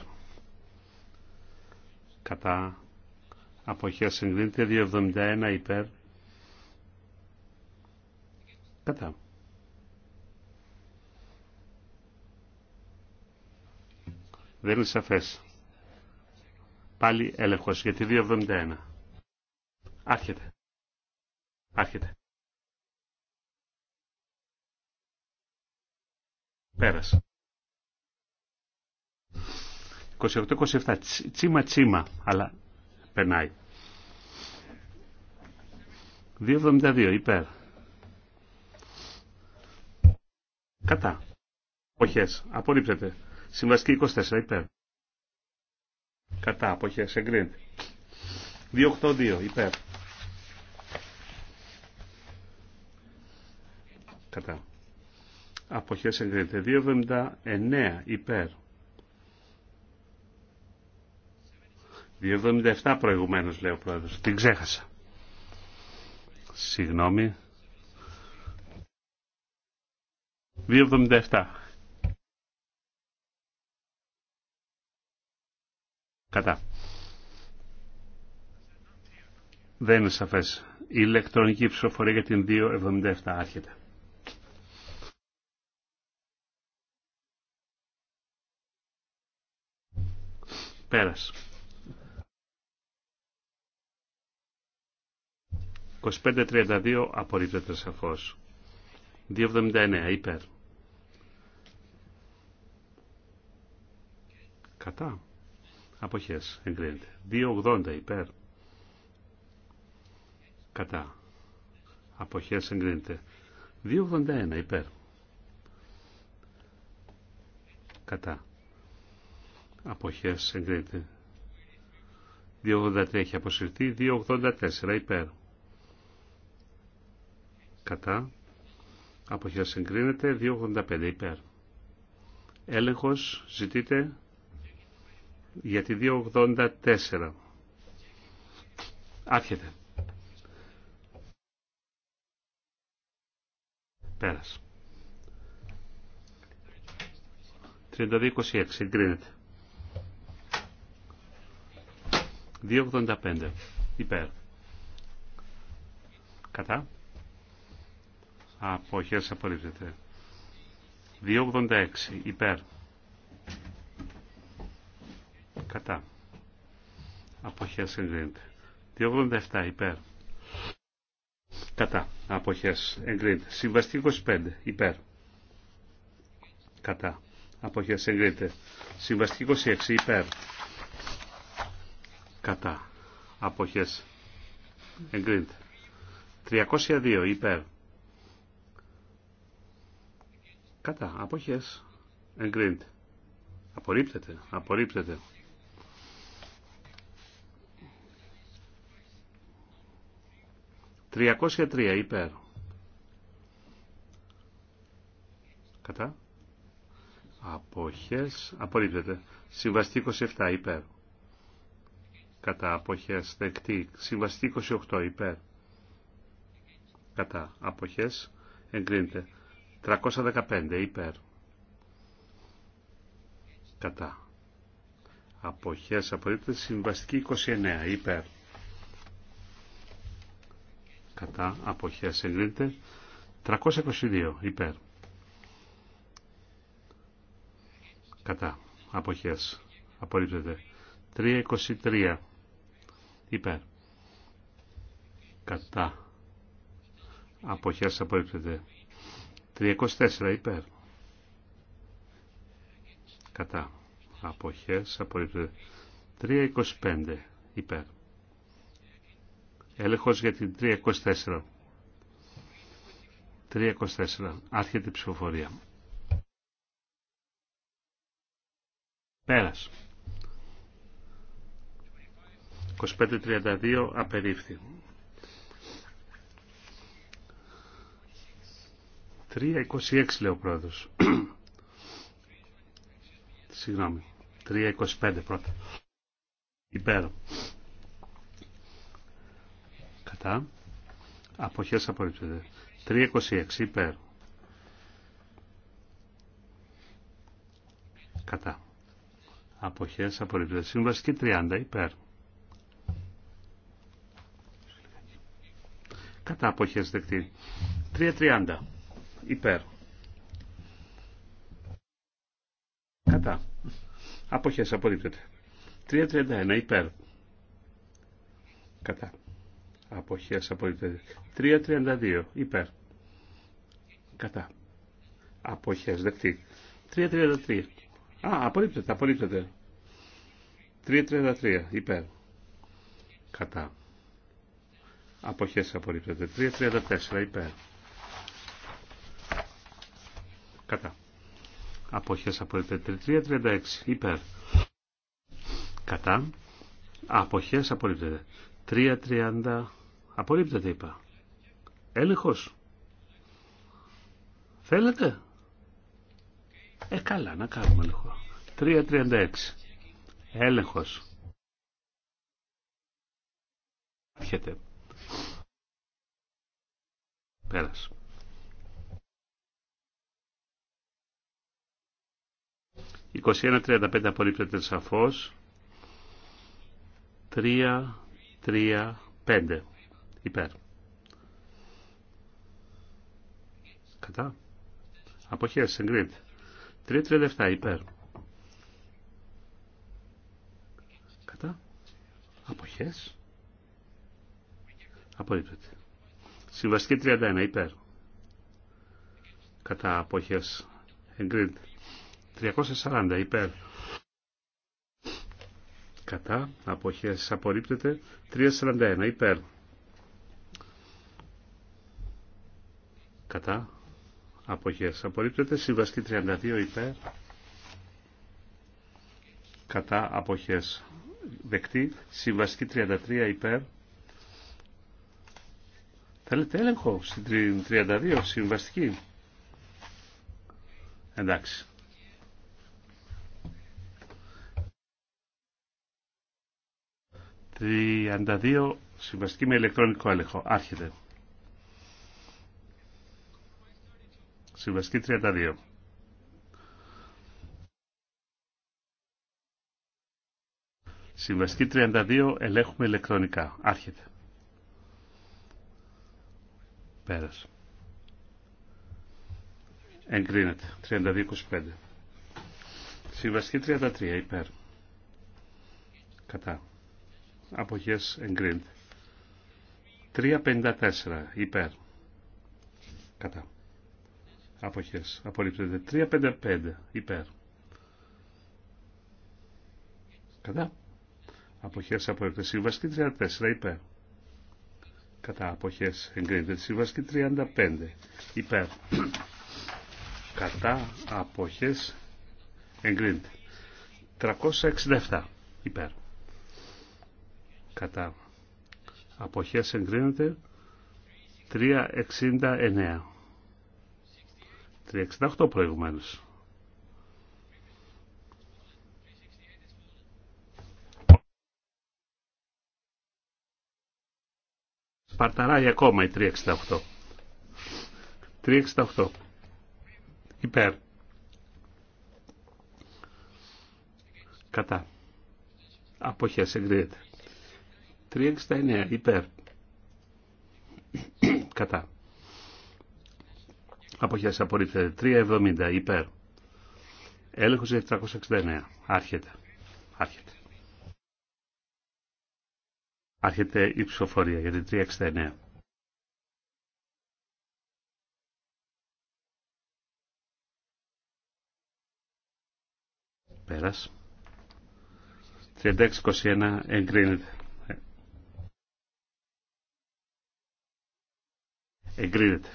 Speaker 1: Κατά αποχές εγκρίνεται 2,71 υπέρ. Κατά. Δεν είναι σαφές. Πάλι έλεγχος γιατί τη 2,71. Άρχεται. Άρχεται. Πέρασε. 28-27. Τσίμα τσίμα. Αλλά περνάει. 2.72. Υπέρ. Κατά. Αποχές. Απορρίπτεται. Συμβαστική 24. Υπέρ. Κατά. Αποχές. Εγκρίνεται. 2.82. Υπέρ. κατά. Αποχές εγκρίνεται. 2,79 υπέρ. 2,77 προηγουμένως λέει ο πρόεδρος. Την ξέχασα. Συγγνώμη. 2,77. Κατά. Δεν είναι σαφές. Η ηλεκτρονική ψηφοφορία για την 2,77 άρχεται. περας 25.32 25-32 απορρίπτεται σαφώ. 2,79 υπέρ. Κατά. Αποχές εγκρίνεται. 2,80 υπέρ. Κατά. Αποχές εγκρίνεται. 2,81 υπέρ. Κατά αποχές εγκρίνεται. 2.83 έχει αποσυρθεί, 2.84 υπέρ. Κατά. Αποχές εγκρίνεται, 2.85 υπέρ. Έλεγχος ζητείτε για τη 2.84. Άρχεται. Πέρας. 32.26 εγκρίνεται. 2.85 υπέρ κατά αποχές απορρίπτεται 2.86 υπέρ κατά αποχές εγκρίνεται 2.87 υπέρ κατά αποχές εγκρίνεται Συμβαστή 25 υπέρ κατά αποχές εγκρίνεται Συμβαστή 26 υπέρ κατά αποχές εγκρίνεται 302 υπέρ κατά αποχές εγκρίνεται απορρίπτεται απορρίπτεται Τριακόσια υπέρ. Κατά. Αποχές. Απορρίπτεται. Συμβαστή 27 υπέρ κατά αποχές δεκτή, συμβαστή 28 υπέρ, κατά αποχές εγκρίνεται, 315 υπέρ, κατά αποχές απορρίπτεται, συμβαστική 29 υπέρ, κατά αποχές εγκρίνεται, 322 υπέρ, κατά αποχές απορρίπτεται, 323 υπέρ κατά αποχές απορρίπτεται 324 υπέρ κατά αποχές απορρίπτεται 325 υπέρ έλεγχος για την 324 324 άρχεται η ψηφοφορία πέρας 2532 απερίφθη. 326 λέει ο πρόεδρος. Συγγνώμη. 325 πρώτα. Υπέρ. Κατά. Αποχές απορρίπτεται. 326 υπέρ. Κατά. Αποχές Σύμβαση και 30 υπέρ. κατά αποχές δεκτή. 3.30 υπέρ. Κατά. Αποχές απορρίπτεται. 3.31 υπέρ. Κατά. Αποχές απορρίπτεται. 3.32 υπέρ. Κατά. Αποχές δεκτή. 3.33. Α, απορρίπτεται, απορρίπτεται. 3.33 υπέρ. Κατά αποχές απορρίπτεται. 3.34 υπέρ. Κατά. Αποχές απορρίπτεται. 3.36 υπέρ. Κατά. Αποχές απορρίπτεται. 3.30 απορρίπτεται είπα. Έλεγχος. Θέλετε. Ε, καλά, να κάνουμε έλεγχο. 3.36. Έλεγχος. Πέρας. 21-35 απορρίπτεται 3-3-5 υπέρ. Κατά. Αποχές εγκρίνεται. 3-37 υπέρ. Κατά. Αποχές. Απορρίπτεται. Συμβαστική 31 υπέρ. Κατά αποχές εγκρίνεται. 340 υπέρ. Κατά αποχές απορρίπτεται. 341 υπέρ. Κατά αποχές απορρίπτεται. Συμβαστική 32 υπέρ. Κατά αποχές δεκτή. Συμβαστική 33 υπέρ Θέλετε έλεγχο στην 32, συμβαστική. Εντάξει. «32 συμβαστική με ηλεκτρονικό έλεγχο. Άρχεται. Συμβαστική 32. Συμβαστική 32 ελέγχουμε ηλεκτρονικά. Άρχεται. Πέρας. Εγκρίνεται. 32-25. 33 υπέρ. Κατά. Αποχές εγκρίνεται. 354 υπέρ. Κατά. Αποχές. 3 355 υπέρ. Κατά. Αποχές απολύπτεται. Συμβαστική 34 υπέρ κατά αποχές εγκρίνεται. τη και 35 υπέρ κατά αποχές εγκρίνεται. 367 υπέρ κατά αποχές εγκρίνεται. 369 368 προηγουμένως Σπαρταράει ακόμα η 368. 368. Υπέρ. Κατά. Αποχέ, εγκρίνεται. 369. Υπέρ. Κατά. Αποχέ, απορρίπτεται. 370. Υπέρ. Έλεγχο για 369. Άρχεται. Άρχεται. Άρχεται η ψηφοφορία για την 369. περας 3621 εγκρίνεται. Εγκρίνεται.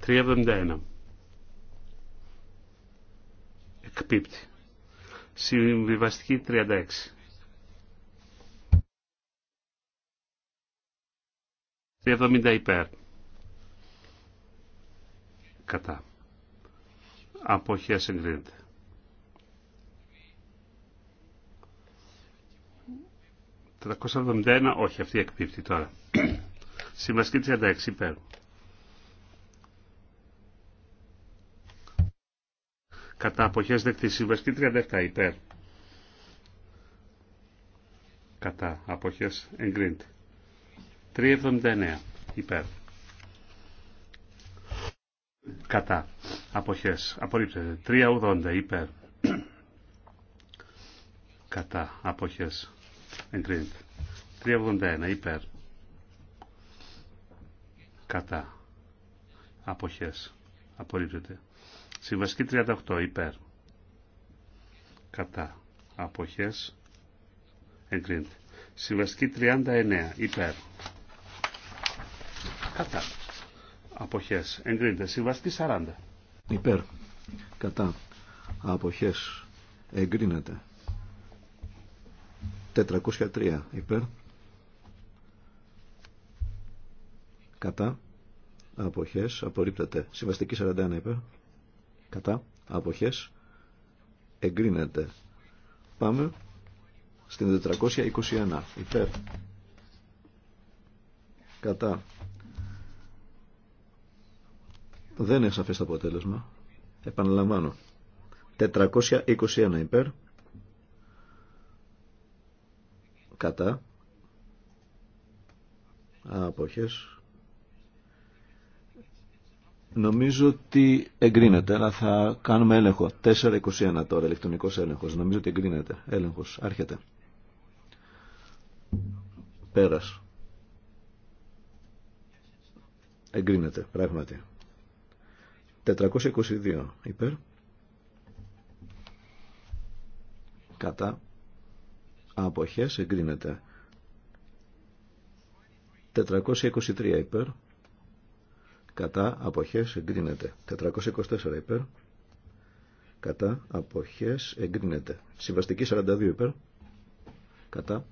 Speaker 1: 371. Εκπίπτει. Συμβιβαστική 36. υπέρ. Κατά. Αποχέ εγκρίνεται. 371, όχι αυτή εκπίπτει τώρα. Συμβαστική 36 υπέρ. κατά αποχές σύμβασης και 37 υπέρ κατά αποχές εγκρίνεται. 379 υπέρ κατά αποχές απορρίπτεται. 380 υπέρ κατά αποχές εγκρίνεται. 381 υπέρ κατά αποχές απορρίπτεται. Συμβαστική 38 υπέρ. Κατά. Αποχές. Εγκρίνεται. Συμβαστική 39 υπέρ. Κατά. Αποχές. Εγκρίνεται. Συμβαστική 40.
Speaker 2: Υπέρ. Κατά. Αποχές. Εγκρίνεται. 403 υπέρ. Κατά. Αποχές. Απορρίπτεται. Συμβαστική 41 υπέρ κατά αποχές εγκρίνεται. Πάμε στην 421 υπέρ κατά δεν είναι σαφές το αποτέλεσμα επαναλαμβάνω 421 υπέρ κατά αποχές Νομίζω ότι εγκρίνεται, αλλά θα κάνουμε έλεγχο. 4.21 τώρα, ηλεκτρονικός έλεγχος. Νομίζω ότι εγκρίνεται. Έλεγχος. Άρχεται. Πέρας. Εγκρίνεται, πράγματι. 422 υπέρ. Κατά. Αποχές εγκρίνεται. 423 υπέρ κατά αποχές εγκρίνεται. 424 υπέρ, κατά αποχές εγκρίνεται. Συμβαστική 42 υπέρ, κατά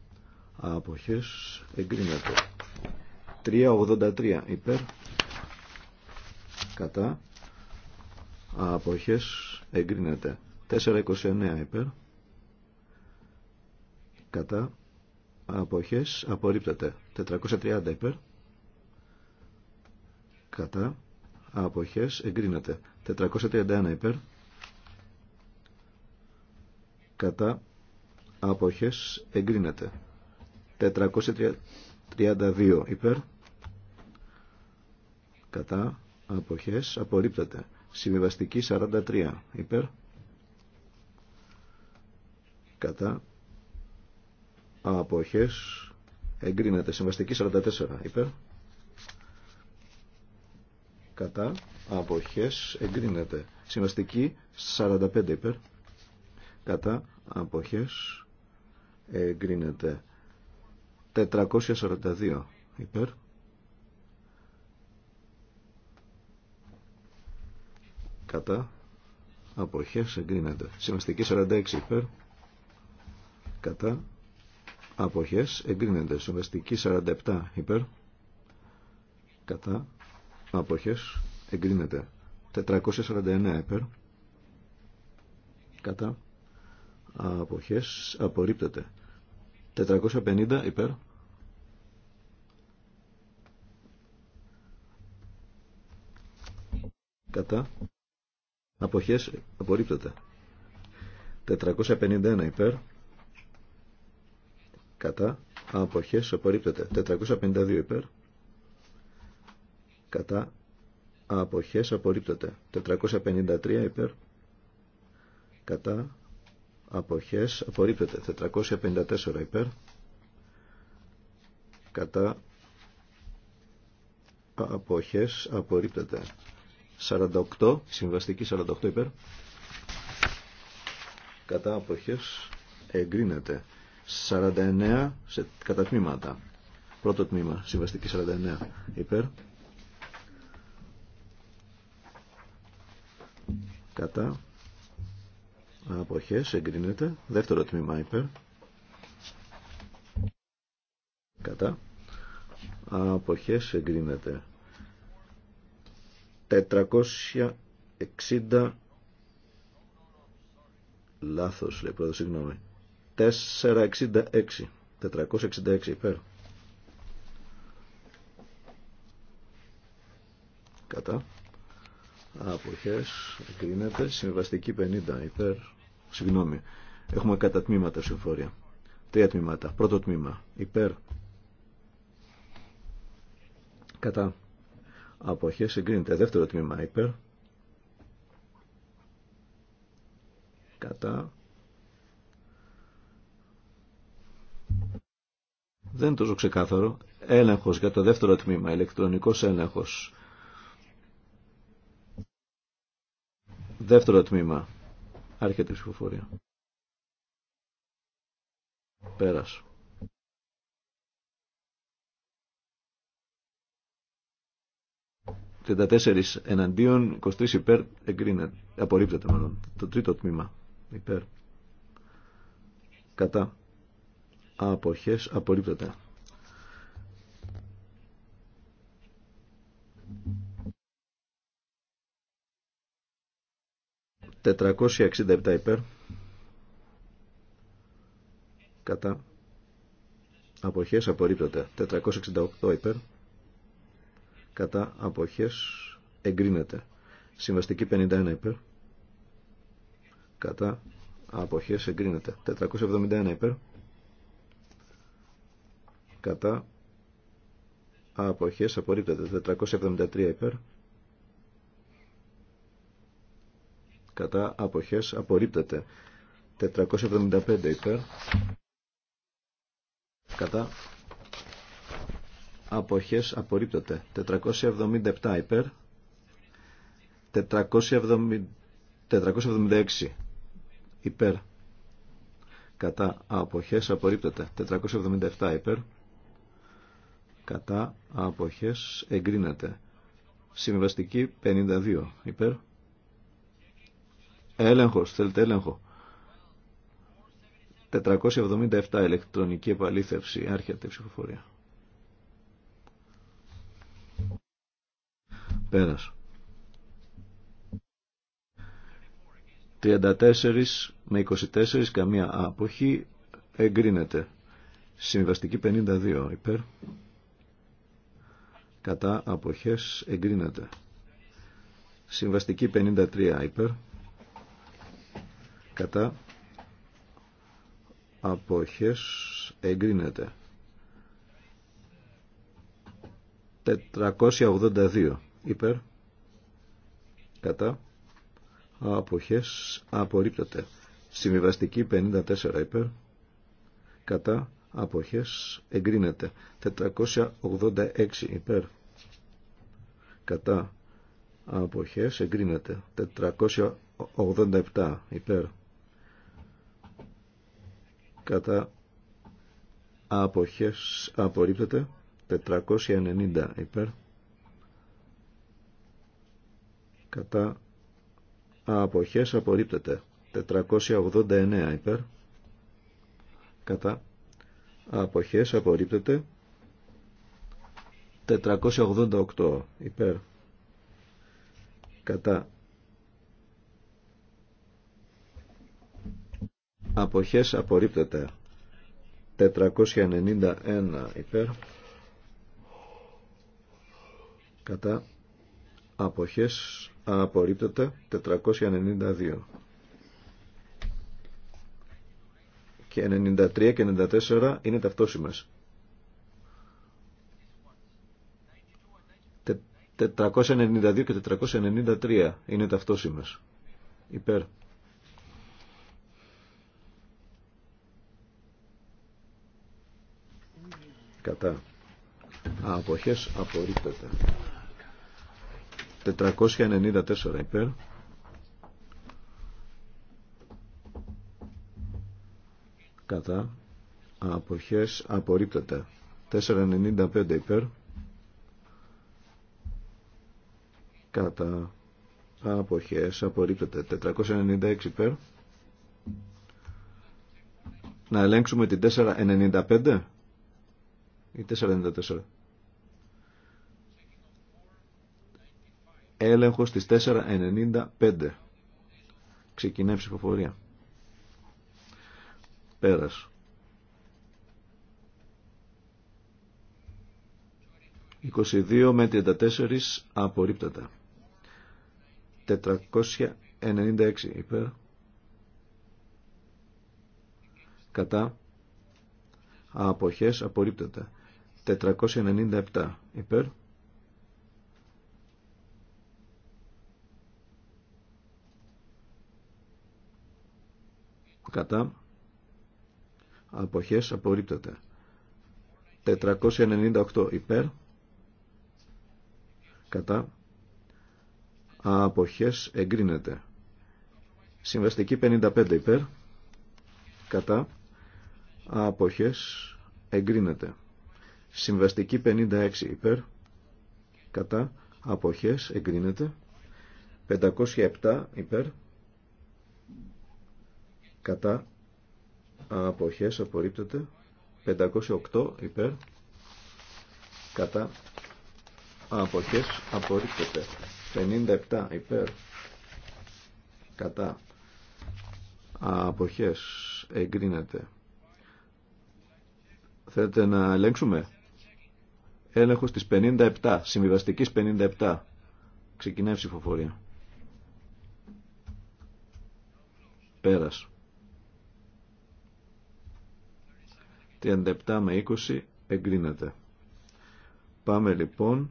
Speaker 2: αποχές εγκρίνεται. 383 υπέρ, κατά αποχές εγκρίνεται. 429 υπέρ, κατά αποχές απορρίπτεται. 430 υπέρ, κατά αποχές εγκρίνεται 431 υπέρ κατά αποχές εγκρίνεται 432 υπέρ κατά αποχές απορρίπτεται συμβιβαστική 43 υπέρ κατά αποχές εγκρίνεται συμβαστική 44 υπέρ κατά αποχές εγκρίνεται. Συμβαστική 45 υπέρ κατά αποχές εγκρίνεται. 442 υπέρ κατά αποχές εγκρίνεται. Συμβαστική 46 υπέρ κατά αποχές εγκρίνεται. Συμβαστική 47 υπέρ κατά αποχές εγκρίνεται 449 υπέρ κατά αποχές απορρίπτεται 450 υπέρ κατά αποχές απορρίπτεται 451 υπέρ κατά αποχές απορρίπτεται 452 υπέρ κατά αποχές απορρίπτεται 453 υπέρ κατά αποχές απορρίπτεται 454 υπέρ κατά αποχές απορρίπτεται 48 συμβαστική 48 υπέρ κατά αποχές εγκρίνεται 49 σε, κατά τμήματα πρώτο τμήμα συμβαστική 49 υπέρ κατά αποχές εγκρίνεται δεύτερο τμήμα υπέρ κατά αποχές εγκρίνεται 460 λάθος λέει πρώτα συγγνώμη 466 466 υπέρ κατά αποχές εγκρίνεται συμβαστική 50 υπέρ συγγνώμη έχουμε κατά τμήματα συμφορία τρία τμήματα πρώτο τμήμα υπέρ κατά αποχές εγκρίνεται δεύτερο τμήμα υπέρ κατά δεν είναι τόσο ξεκάθαρο έλεγχος για το δεύτερο τμήμα ηλεκτρονικός έλεγχος Δεύτερο τμήμα. Άρχεται η ψηφοφορία. Πέρας. «34 εναντίον, 23 υπέρ, εγκρίνεται, απορρίπτεται μάλλον, το τρίτο τμήμα, υπέρ, κατά, αποχές, απορρίπτεται». 467 υπέρ κατά αποχές απορρίπτεται 468 υπέρ κατά αποχές εγκρίνεται συμβαστική 51 υπέρ κατά αποχές εγκρίνεται 471 υπέρ κατά αποχές απορρίπτεται 473 υπέρ κατά αποχές απορρίπτεται 475 υπέρ κατά αποχές απορρίπτεται 477 υπέρ 476 υπέρ κατά αποχές απορρίπτεται 477 υπέρ κατά αποχές εγκρίνεται συμβαστική 52 υπέρ Έλεγχος, θέλετε έλεγχο. 477 ηλεκτρονική επαλήθευση, άρχεται η ψηφοφορία. Πέρας. 34 με 24 καμία άποχη εγκρίνεται. Συμβαστική 52 υπέρ. Κατά αποχές εγκρίνεται. Συμβαστική 53 υπέρ κατά αποχές εγκρίνεται 482 υπέρ κατά αποχές απορρίπτεται συμβιβαστική 54 υπέρ κατά αποχές εγκρίνεται 486 υπέρ κατά αποχές εγκρίνεται 487 υπέρ κατά αποχές απορρίπτεται 490 υπέρ κατά αποχές απορρίπτεται 489 υπέρ κατά αποχές απορρίπτεται 488 υπέρ κατά αποχές απορρίπτεται 491 υπέρ κατά αποχές απορρίπτεται 492 και 93 και 94 είναι ταυτόσιμες 492 και 493 είναι ταυτόσιμες υπέρ κατά αποχές απορρίπτεται 494 υπέρ κατά αποχές απορρίπτεται 495 υπέρ κατά αποχές απορρίπτεται 496 υπέρ να ελέγξουμε την 495 ή 494. Έλεγχος της 495. Ξεκινάει η ψηφοφορία. Πέρας. 22 με 34 απορρίπτατα. 496 υπέρ. Κατά. Αποχές απορρίπτατα. 497 υπέρ. Κατά. Αποχές απορρίπτεται. 498 υπέρ. Κατά. Αποχές εγκρίνεται. Συμβαστική 55 υπέρ. Κατά. Αποχές εγκρίνεται. Συμβαστική 56 υπέρ. Κατά. Αποχές. Εγκρίνεται. 507 υπέρ. Κατά. Αποχές. Απορρίπτεται. 508 υπέρ. Κατά. Αποχές. Απορρίπτεται. 57 υπέρ. Κατά. Αποχές. Εγκρίνεται. Θέλετε να ελέγξουμε. Έλεγχος της 57, συμβιβαστικής 57. Ξεκινάει η ψηφοφορία. Πέρας. 37 με 20 εγκρίνεται. Πάμε λοιπόν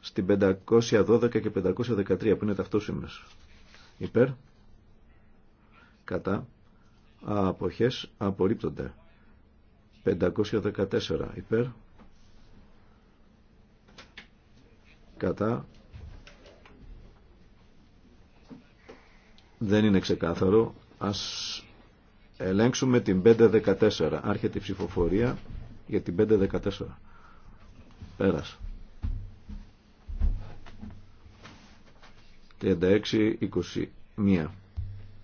Speaker 2: στην 512 και 513 που είναι ταυτόσημες. Υπέρ. Κατά. Αποχές απορρίπτονται. 514 υπέρ. κατά δεν είναι ξεκάθαρο ας ελέγξουμε την 514 άρχεται η ψηφοφορία για την 514 πέρας 36-21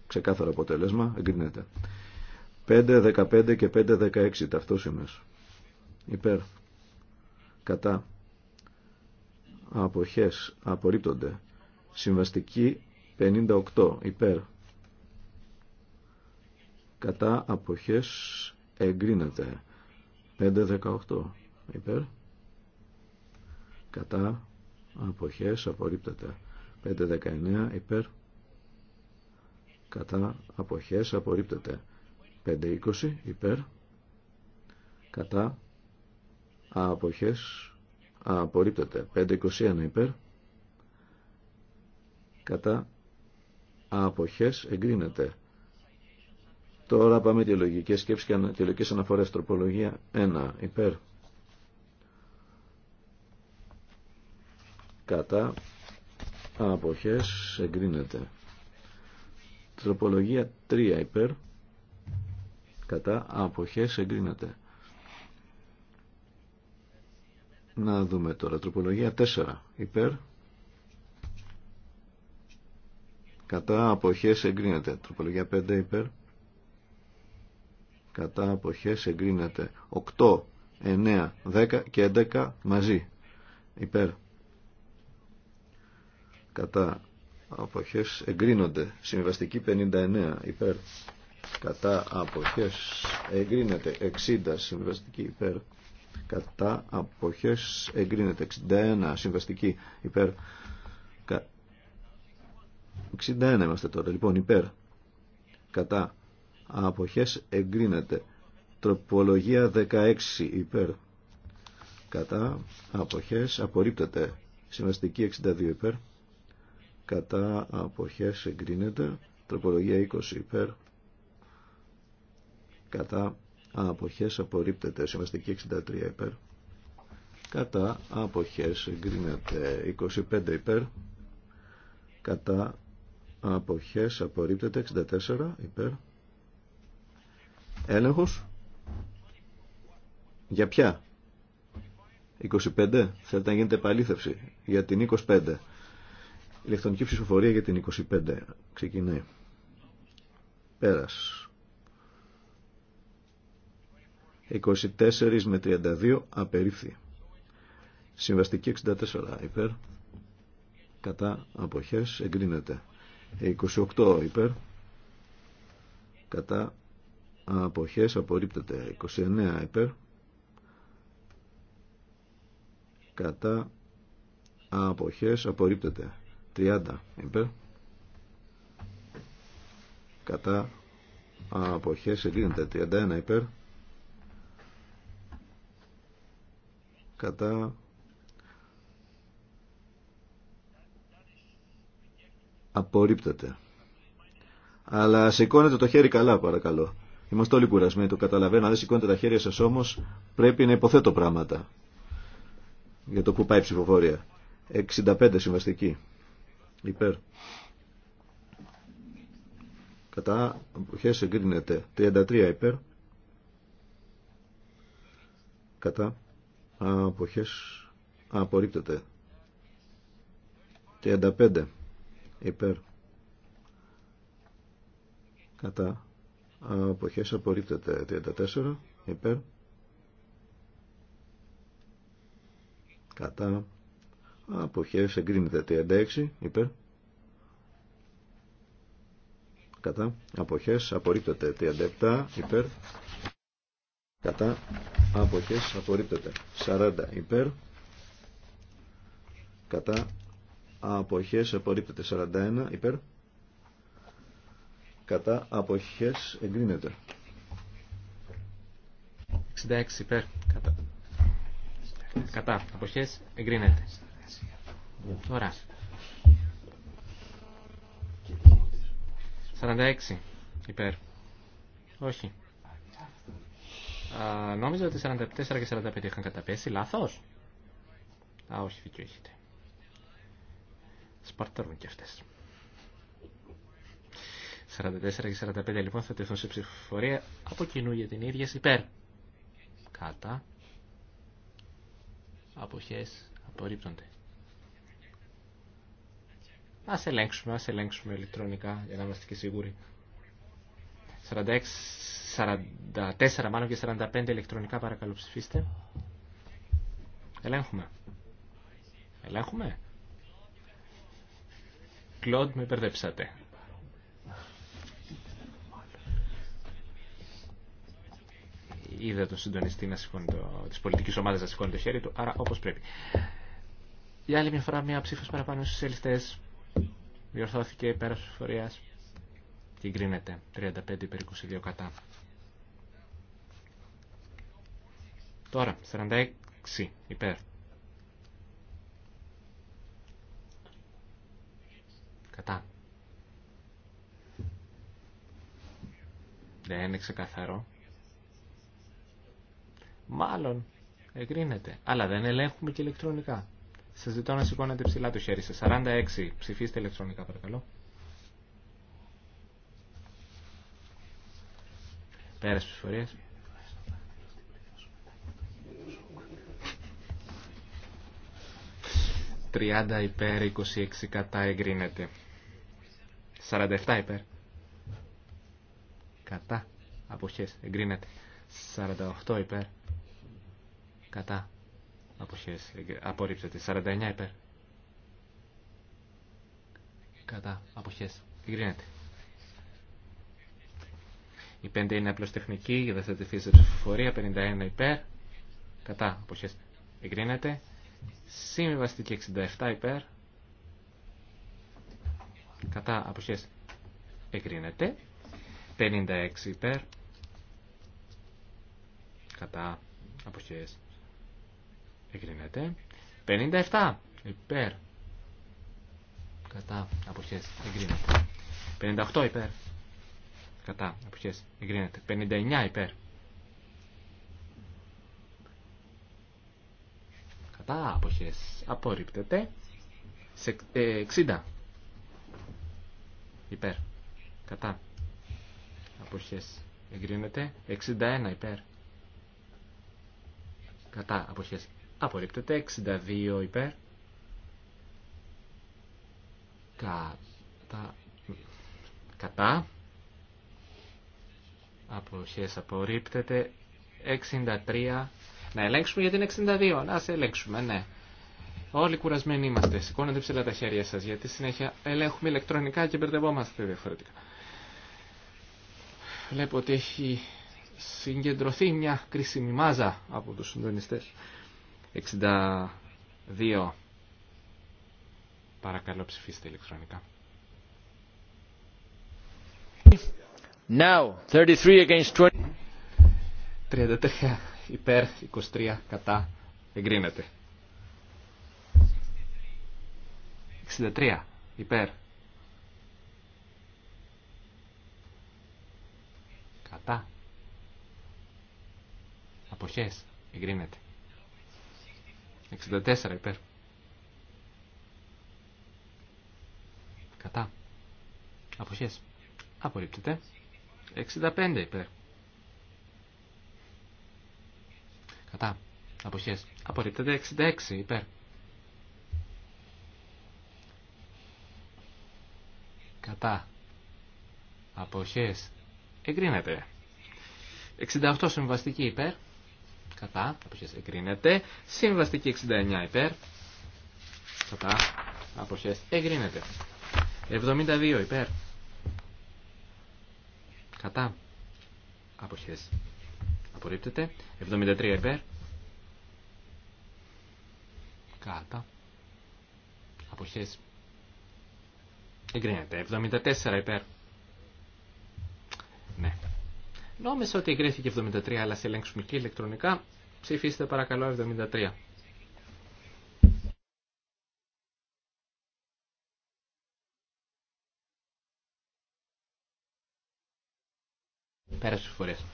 Speaker 2: ξεκάθαρο αποτέλεσμα εγκρίνεται 5-15 και 5-16 υπέρ κατά αποχές απορρίπτονται. Συμβαστική 58 υπέρ κατά αποχές εγκρίνεται. 518 υπέρ κατά αποχές απορρίπτεται. 519 υπέρ κατά αποχές απορρίπτεται. 520 υπέρ κατά αποχές απορρίπτεται 521 υπέρ κατά αποχές εγκρίνεται τώρα πάμε τη λογική σκέψη και τη λογική αναφορές τροπολογία 1 υπέρ κατά αποχές εγκρίνεται τροπολογία 3 υπέρ κατά αποχές εγκρίνεται Να δούμε τώρα. Τροπολογία 4. Υπέρ. Κατά αποχές εγκρίνεται. Τροπολογία 5 υπέρ. Κατά αποχές εγκρίνεται. 8, 9, 10 και 11 μαζί. Υπέρ. Κατά αποχές εγκρίνονται. Συμβαστική 59 υπέρ. Κατά αποχές εγκρίνεται. 60 συμβαστική υπέρ κατά αποχές εγκρίνεται 61 συμβαστική υπέρ 61 είμαστε τώρα λοιπόν υπέρ κατά αποχές εγκρίνεται τροπολογία 16 υπέρ κατά αποχές απορρίπτεται συμβαστική 62 υπέρ κατά αποχές εγκρίνεται τροπολογία 20 υπέρ κατά αποχές απορρίπτεται συμβαστική 63 υπέρ κατά αποχές εγκρίνεται 25 υπέρ κατά αποχές απορρίπτεται 64 υπέρ έλεγχος για ποια 25 θέλετε να γίνεται επαλήθευση για την 25 ηλεκτρονική ψηφοφορία για την 25 ξεκινάει πέρας 24 με 32 απερίφθη. Συμβαστική 64 υπέρ. Κατά αποχές εγκρίνεται. 28 υπέρ. Κατά αποχές απορρίπτεται. 29 υπέρ. Κατά αποχές απορρίπτεται. 30 υπέρ. Κατά αποχές εγκρίνεται. 31 υπέρ. κατά απορρίπτεται. Αλλά σηκώνετε το χέρι καλά παρακαλώ. Είμαστε όλοι κουρασμένοι, το καταλαβαίνω. Αν δεν σηκώνετε τα χέρια σας όμως πρέπει να υποθέτω πράγματα για το που πάει η ψηφοφορία. 65 συμβαστική. Υπέρ. Κατά αποχές εγκρίνεται. 33 υπέρ. Κατά αποχές απορρίπτεται 35 υπέρ κατά αποχές απορρίπτεται 34 υπέρ κατά αποχές εγκρίνεται 36 υπέρ κατά αποχές απορρίπτεται 37 υπέρ κατά αποχές απορρίπτεται 40 υπέρ κατά αποχές απορρίπτεται 41 υπέρ κατά αποχές εγκρίνεται
Speaker 3: 66 υπέρ κατά, κατά αποχές εγκρίνεται τώρα 46 υπέρ όχι νόμιζα ότι 44 και 45 είχαν καταπέσει. Λάθος. Α, όχι, δίκιο έχετε. Σπαρταρούν και αυτές. 44 και 45 λοιπόν θα τεθούν σε ψηφοφορία από κοινού για την ίδια υπέρ. Κάτα. Αποχές απορρίπτονται. Ας ελέγξουμε, ας ελέγξουμε ηλεκτρονικά για να είμαστε και σίγουροι. 46 44 μάλλον και 45 ηλεκτρονικά παρακαλώ ψηφίστε. Ελέγχουμε. Ελέγχουμε. Κλοντ με μπερδέψατε. Είδα τον συντονιστή να σηκώνει το, της πολιτικής ομάδας να σηκώνει το χέρι του, άρα όπως πρέπει. Για άλλη μια φορά μια ψήφος παραπάνω στους ελιστές. Διορθώθηκε πέρα της φορείας και γκρίνεται 35 περί 22 κατά. Τώρα, 46 υπέρ. Κατά. Δεν είναι ξεκαθαρό. Μάλλον εγκρίνεται, αλλά δεν ελέγχουμε και ηλεκτρονικά. Σα ζητώ να σηκώνετε ψηλά το χέρι σα. 46. Ψηφίστε ηλεκτρονικά, παρακαλώ. Πέρα φορέ. 30 υπέρ, 26 κατά εγκρίνεται. 47 υπέρ. Κατά. Αποχές. Εγκρίνεται. 48 υπέρ. Κατά. Αποχές. Απορρίψεται. 49 υπέρ. Κατά. Αποχές. Εγκρίνεται. Η 5 είναι απλώς τεχνική, δεν θα τεθεί σε ψηφοφορία. 51 υπέρ. Κατά. Αποχές. Εγκρίνεται και 67 υπέρ. Κατά αποχές εγκρίνεται. 56 υπέρ. Κατά αποχές εγκρίνεται. 57 υπέρ. Κατά αποχές εγκρίνεται. 58 υπέρ. Κατά αποχές εγκρίνεται. 59 υπέρ κατά αποχές απορρίπτεται 60 ε, υπέρ κατά αποχές εγκρίνεται 61 υπέρ κατά αποχές απορρίπτεται 62 υπέρ κατά κατά αποχές απορρίπτεται 63 να ελέγξουμε γιατί είναι 62. Να σε ελέγξουμε, ναι. Όλοι κουρασμένοι είμαστε. Σηκώνετε ψηλά τα χέρια σα γιατί συνέχεια ελέγχουμε ηλεκτρονικά και μπερδευόμαστε διαφορετικά. Βλέπω ότι έχει συγκεντρωθεί μια κρίσιμη μάζα από τους συντονιστέ. 62. Παρακαλώ ψηφίστε ηλεκτρονικά. Now, 33 against 20. 33 υπέρ, 23 κατά, εγκρίνεται. 63 υπέρ. Κατά. Αποχές, εγκρίνεται. 64 υπέρ. Κατά. Αποχές. Απορρίπτεται. 65 υπέρ. Κατά. Αποχές. Απορρίπτεται 66 υπέρ. Κατά. απόχέ, Εγκρίνεται. 68 συμβαστική υπέρ. Κατά. Αποχές εγκρίνεται. Συμβαστική 69 υπέρ. Κατά. Αποχές εγκρίνεται. 72 υπέρ. Κατά. απόχέ. Απορρίπτεται. 73 υπέρ. Κάτα. Αποχές. Εγκρίνεται. 74 υπέρ. Ναι. Νόμιζα ότι εγκρίθηκε 73, αλλά σε ελέγξουμε και ηλεκτρονικά. Ψηφίστε παρακαλώ 73. Πέρασε τις φορές.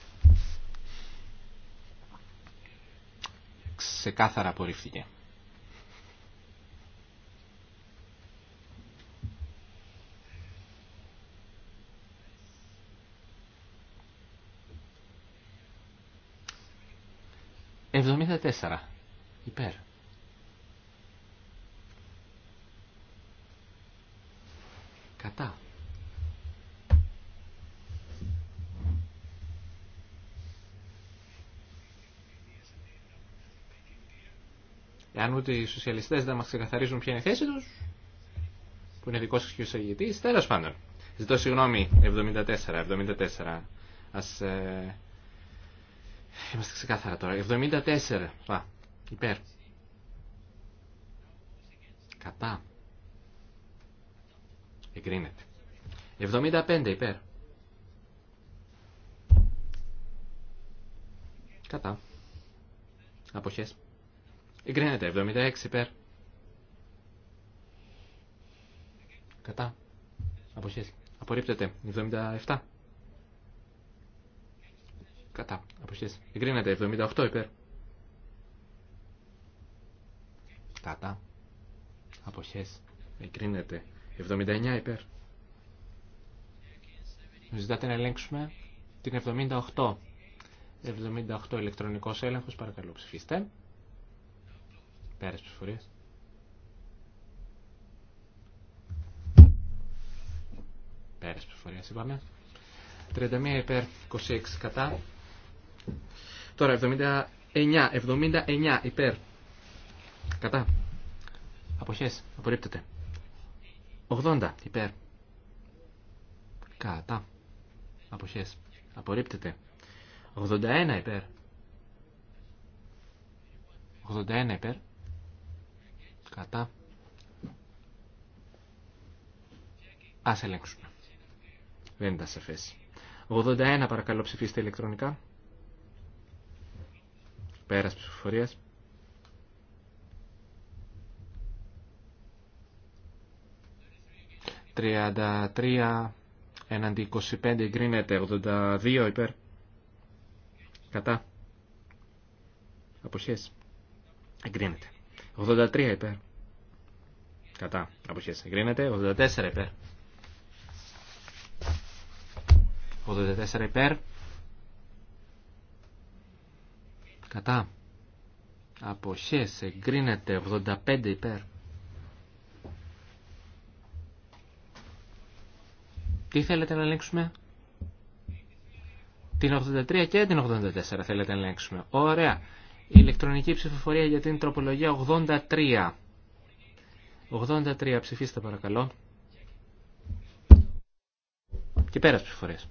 Speaker 3: ξεκάθαρα απορρίφθηκε. Εβδομήντα τέσσερα. Υπέρ. Κατά. Εάν ούτε οι σοσιαλιστέ δεν μα ξεκαθαρίζουν ποια είναι η θέση του, που είναι δικό σα και ο εισαγητή, τέλο πάντων. Ζητώ συγγνώμη, 74, 74. Ας, ε... Είμαστε ξεκάθαρα τώρα. 74. Πά. Υπέρ. Κατά. Εγκρίνεται. 75 υπέρ. Κατά. Αποχές. Εγκρίνεται 76 υπέρ. Κατά. Αποχές. Απορρίπτεται 77. Κατά. Αποχές. Εγκρίνεται 78 υπέρ. Κατά. Αποχές. Εγκρίνεται 79 υπέρ. Ζητάτε να ελέγξουμε την 78. 78 ηλεκτρονικός έλεγχος. Παρακαλώ ψηφίστε. Πέρας Πέρα Πέρας ψηφορίας είπαμε. 31 υπέρ 26 κατά. Τώρα 79, 79 υπέρ κατά. Αποχές, απορρίπτεται. 80 υπέρ. Κατά. Αποχές. Απορρίπτεται. 81 υπέρ. 81 υπέρ. Κατά. Ας ελέγξουμε. Δεν ήταν 81 παρακαλώ ψηφίστε ηλεκτρονικά. Πέρας ψηφοφορίας. «33 έναντι 25 εγκρίνεται, 82 υπέρ, κατά, αποχές, εγκρίνεται». 83 υπέρ. Κατά. Αποχές. Εγκρίνεται. 84 υπέρ. 84 υπέρ. Κατά. Αποχές. Εγκρίνεται. 85 υπέρ. Τι θέλετε να ελέγξουμε. Την 83 και την 84 θέλετε να ελέγξουμε. Ωραία. Η ηλεκτρονική ψηφοφορία για την τροπολογία 83. 83 ψηφίστε παρακαλώ. Και πέρα ψηφοφορίας.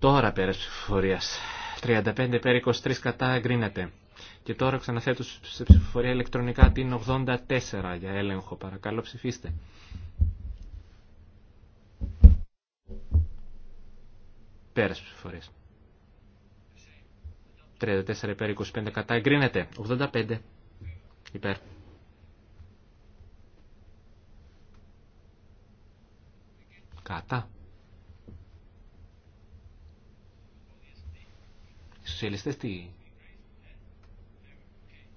Speaker 3: Τώρα πέρα ψηφοφορίας. 35 πέρα 23 κατά εγκρίνεται. Και τώρα ξαναθέτω σε ψηφοφορία ηλεκτρονικά την 84 για έλεγχο. Παρακαλώ ψηφίστε. Πέρας ψηφοφορίας. 34 υπέρ 25 κατά εγκρίνεται. 85 υπέρ. Κατά. Οι σοσιαλιστές τι.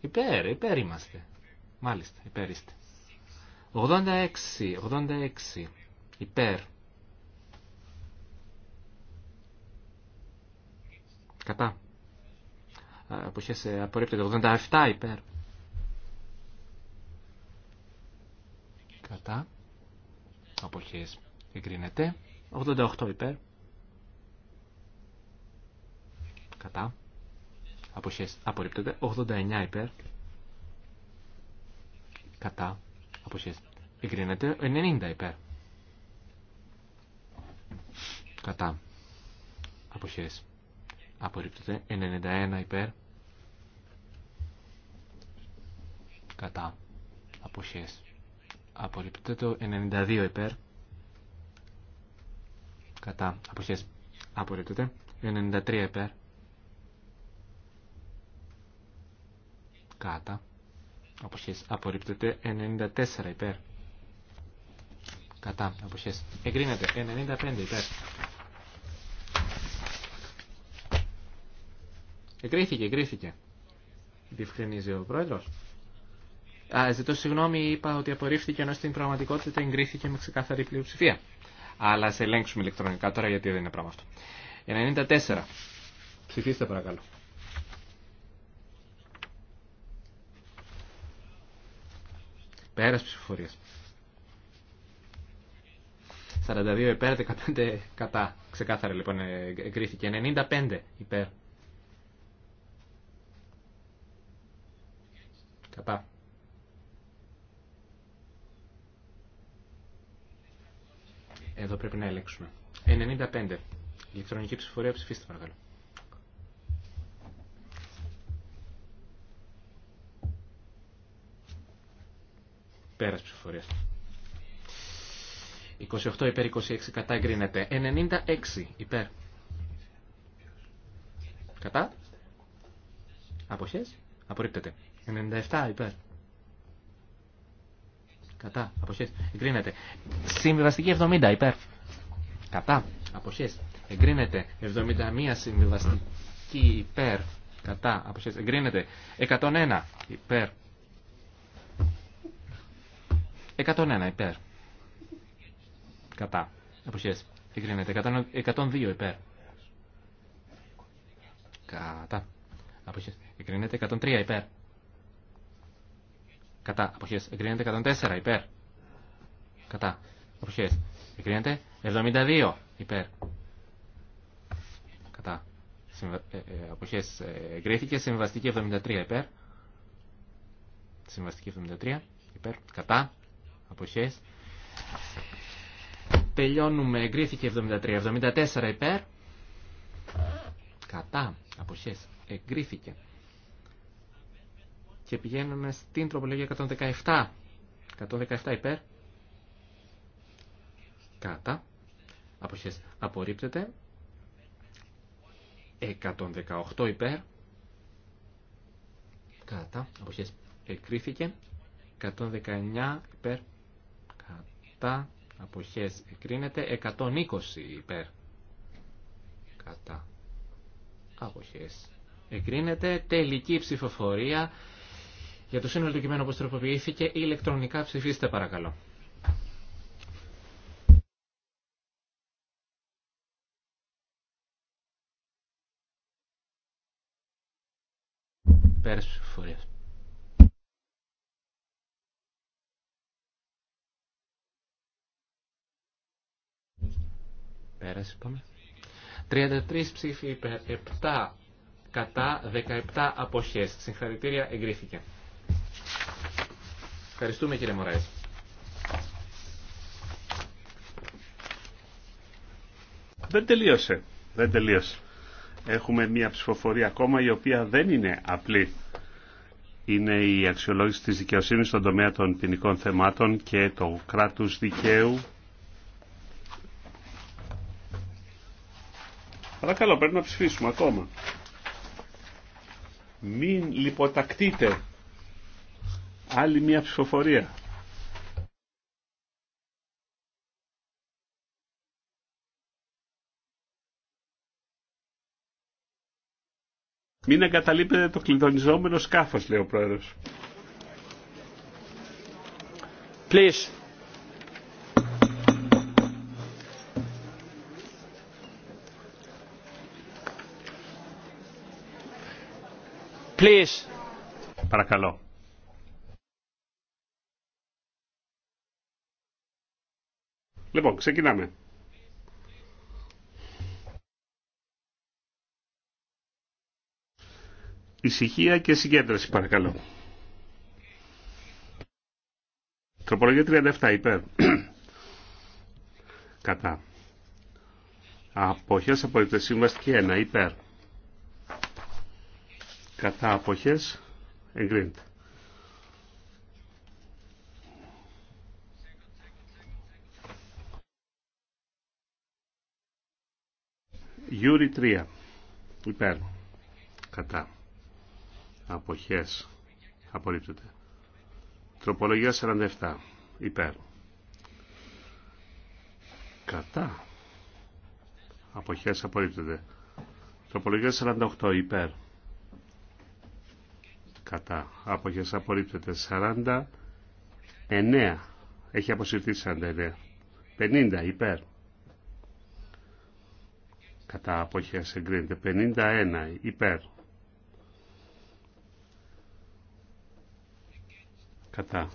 Speaker 3: Υπέρ, υπέρ είμαστε. Μάλιστα, υπέρ είστε. 86, 86 υπέρ. Κατά. Αποχές ε, απορρίπτεται. 87 υπέρ. Κατά. Αποχές εγκρίνεται. 88 υπέρ. Κατά. Αποχές απορρίπτεται. 89 υπέρ. Κατά. Αποχές εγκρίνεται. 90 υπέρ. Κατά. Αποχές απορρίπτεται 91 υπέρ κατά αποχές απορρίπτεται το 92 υπέρ κατά αποχές απορρίπτεται 93 υπέρ κατά αποχές απορρίπτεται 94 υπέρ κατά αποχές εγκρίνεται 95 υπέρ Εγκρίθηκε, εγκρίθηκε. Διευκρινίζει ο πρόεδρος. Α, ζητώ συγγνώμη, είπα ότι απορρίφθηκε ενώ στην πραγματικότητα εγκρίθηκε με ξεκάθαρη πλειοψηφία. Αλλά σε ελέγξουμε ηλεκτρονικά τώρα γιατί δεν είναι πράγμα αυτό. 94. Ψηφίστε παρακαλώ. Πέρας ψηφοφορίας. 42 υπέρ, 15 κατά. Ξεκάθαρα λοιπόν εγκρίθηκε. 95 υπέρ, Εδώ πρέπει να ελέγξουμε. 95. Ηλεκτρονική ψηφορία ψηφίστε παρακαλώ. Πέρας ψηφορία. 28 υπέρ 26 κατά εγκρίνεται. 96 υπέρ. Κατά. Αποχές. Απορρίπτεται. 97 υπέρ. Κατά. Αποχές. Εγκρίνεται. Συμβιβαστική 70 υπέρ. Κατά. Αποχές. Εγκρίνεται. 71 συμβιβαστική υπέρ. Κατά. Αποχές. Εγκρίνεται. 101 υπέρ. 101 υπέρ. Κατά. Αποχές. Εγκρίνεται. 102 υπέρ. Κατά. Αποχές. Εγκρίνεται. 103 υπέρ. Κατά αποχές εγκρίνεται 104 υπέρ. Κατά αποχές εγκρίνεται 72 υπέρ. Κατά ε, ε, αποχές ε, εγκρίθηκε συμβαστική 73 υπέρ. Συμβαστική 73 υπέρ. Κατά αποχές. Τελειώνουμε εγκρίθηκε 73. 74 υπέρ. Κατά αποχές εγκρίθηκε και πηγαίνουμε στην τροπολογία 117. 117 υπέρ. Κάτα. Αποχές. Απορρίπτεται. 118 υπέρ. Κάτα. Αποχές. Εκρίθηκε. 119 υπέρ. Κάτα. Αποχές. Εκρίνεται. 120 υπέρ. Κάτα. Αποχές. Εγκρίνεται τελική ψηφοφορία για το σύνολο του κειμένου όπως τροποποιήθηκε, ηλεκτρονικά ψηφίστε παρακαλώ. Πέρας ψηφοφορίας. Πέρασε, 33 ψήφοι υπέρ, 7 κατά, 17 αποχές. Συγχαρητήρια, εγκρίθηκε.
Speaker 1: Ευχαριστούμε κύριε Μωράη. Δεν τελείωσε. Δεν τελείωσε. Έχουμε μια ψηφοφορία ακόμα η οποία δεν είναι απλή. Είναι η αξιολόγηση της δικαιοσύνης στον τομέα των ποινικών θεμάτων και το κράτους δικαίου. Παρακαλώ, πρέπει να ψηφίσουμε ακόμα. Μην λιποτακτείτε άλλη μια ψηφοφορία. Μην εγκαταλείπετε το κλειδονιζόμενο σκάφος, λέει ο πρόεδρος. Please. Please. Παρακαλώ. Λοιπόν, ξεκινάμε. Ησυχία και συγκέντρωση, παρακαλώ. Τροπολογία 37, υπέρ. Κατά. Αποχές τη Συμβαστική 1, υπέρ. Κατά αποχές εγκρίνεται. Γιούρι 3. Υπέρ. Κατά. Αποχές. Απορρίπτεται. Τροπολογία 47. Υπέρ. Κατά. Αποχές απορρίπτεται. Τροπολογία 48. Υπέρ. Κατά. Αποχές απορρίπτεται. 49. Έχει αποσυρθεί 49. 50. Υπέρ κατά αποχές εγκρίνεται 51 υπέρ κατά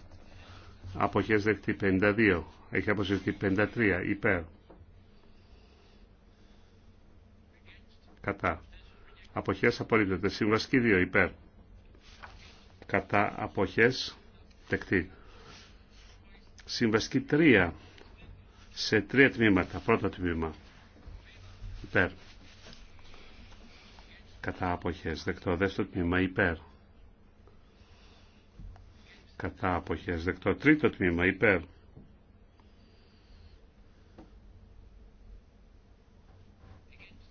Speaker 1: αποχές δεχτεί 52 έχει αποσυρθεί 53 υπέρ κατά αποχές απορρίπτεται συμβαστική 2 υπέρ κατά αποχές δεκτή συμβαστική 3 σε τρία τμήματα πρώτο τμήμα υπέρ. Κατά αποχές δεκτό δεύτερο τμήμα υπέρ. Κατά αποχές δεκτό τρίτο τμήμα υπέρ.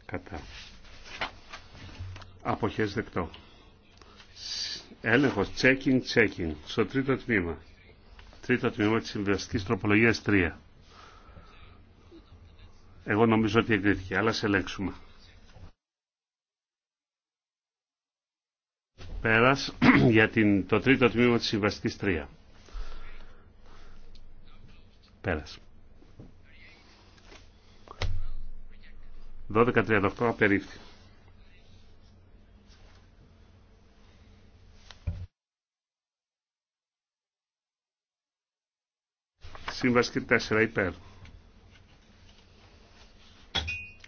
Speaker 1: Κατά. Αποχές δεκτό. Έλεγχος checking checking στο τρίτο τμήμα. Τρίτο τμήμα της συμβιβαστικής τροπολογίας 3. Εγώ νομίζω ότι εγκρίθηκε, αλλά σε ελέγξουμε. Πέρας (clears throat) για την, το τρίτο τμήμα της συμβαστικής 3. Πέρας. 12.38 απερίφθη. Σύμβαση 4 υπέρ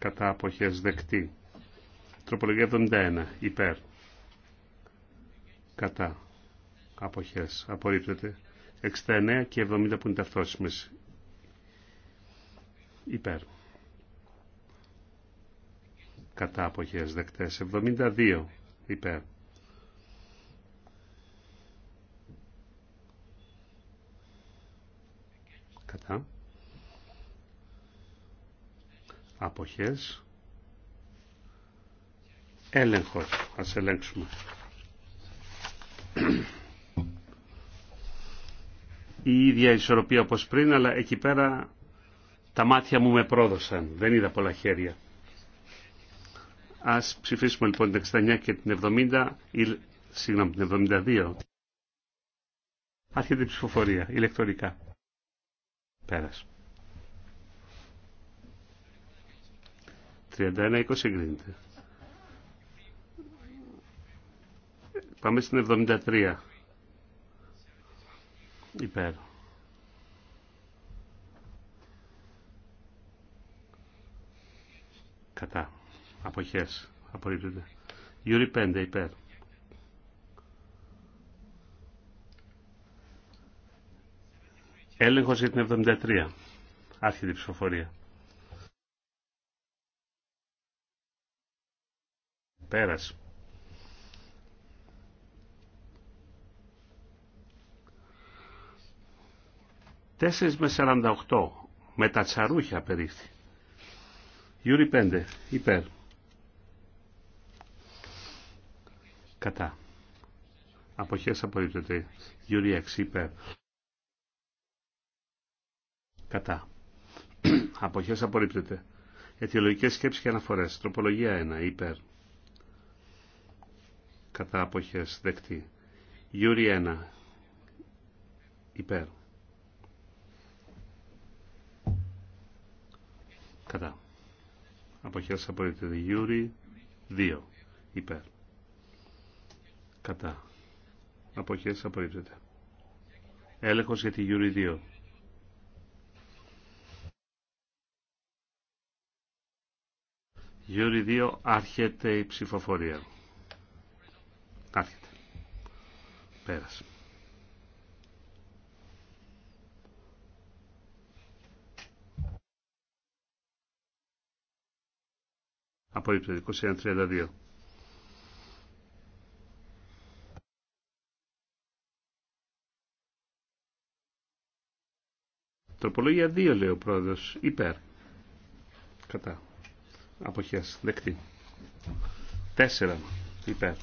Speaker 1: κατά αποχές δεκτή. Τροπολογία 71 υπέρ κατά αποχές απορρίπτεται. 69 και 70 που είναι ταυτόσιμες υπέρ κατά αποχές δεκτές. 72 υπέρ κατά αποχές έλεγχος ας ελέγξουμε η ίδια ισορροπία όπως πριν αλλά εκεί πέρα τα μάτια μου με πρόδωσαν δεν είδα πολλά χέρια ας ψηφίσουμε λοιπόν την 69 και την 70 ή συγγνώμη την 72 άρχεται η ψηφοφορία ηλεκτρονικά πέρασε 31-20 εγκρίνεται. Πάμε στην 73. Υπέρ. Κατά. Αποχές. Απορρίπτεται. Γιούρι 5 υπέρ. Έλεγχος για την 73. Άρχεται η ψηφοφορία. 4 με 48. Με τα τσαρούχια περίφθη. Γιούρι 5. Υπέρ. Κατά. Αποχές απορρίπτεται. Γιούρι 6. Υπέρ. Κατά. Αποχές απορρίπτεται. Αιτιολογικές σκέψεις και αναφορές. Τροπολογία 1. Υπέρ κατά αποχές δεκτή. Γιούρι 1 υπέρ. Κατά. Αποχές απορρίπτεται. Γιούρι 2 υπέρ. Κατά. Αποχές απορρίπτεται. Έλεγχος για τη Γιούρι 2. Γιούρι 2 άρχεται η ψηφοφορία. Άρχεται. Πέρασε. 21.32. 21-32. Τροπολογία 2 λέει ο πρόεδρος. Υπέρ. Κατά. Αποχές. Δεκτή. Τέσσερα. Υπέρ.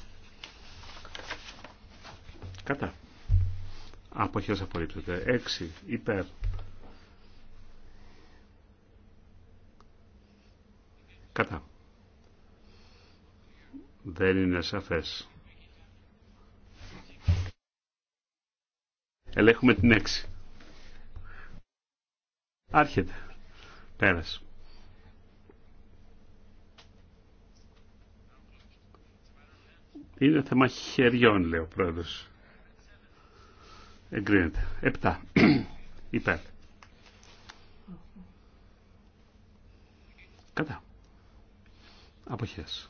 Speaker 1: Κατά. Αποχές απορρίπτεται. Έξι. υπέρ. Κατά. Δεν είναι σαφές. Ελέγχουμε την 6. Άρχεται. Πέρας. Είναι θέμα χεριών, λέει ο πρόεδρος. Εγκρίνεται. 7. (clears throat) Υπέρ. Κατά. Αποχές.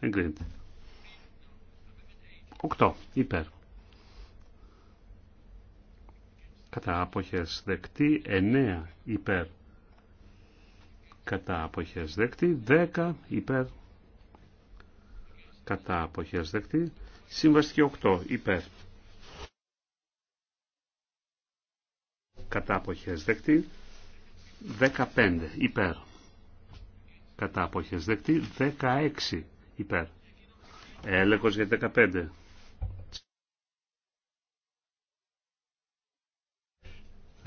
Speaker 1: Εγκρίνεται. 8. Υπέρ. Κατά αποχές δεκτή. 9. Υπέρ. Κατά αποχές δεκτή. 10. Υπέρ. Κατά αποχές δεκτή. Συμβαστική 8. Υπέρ. κατά δεκτή 15 υπέρ κατά δεκτή 16 υπέρ έλεγχος για 15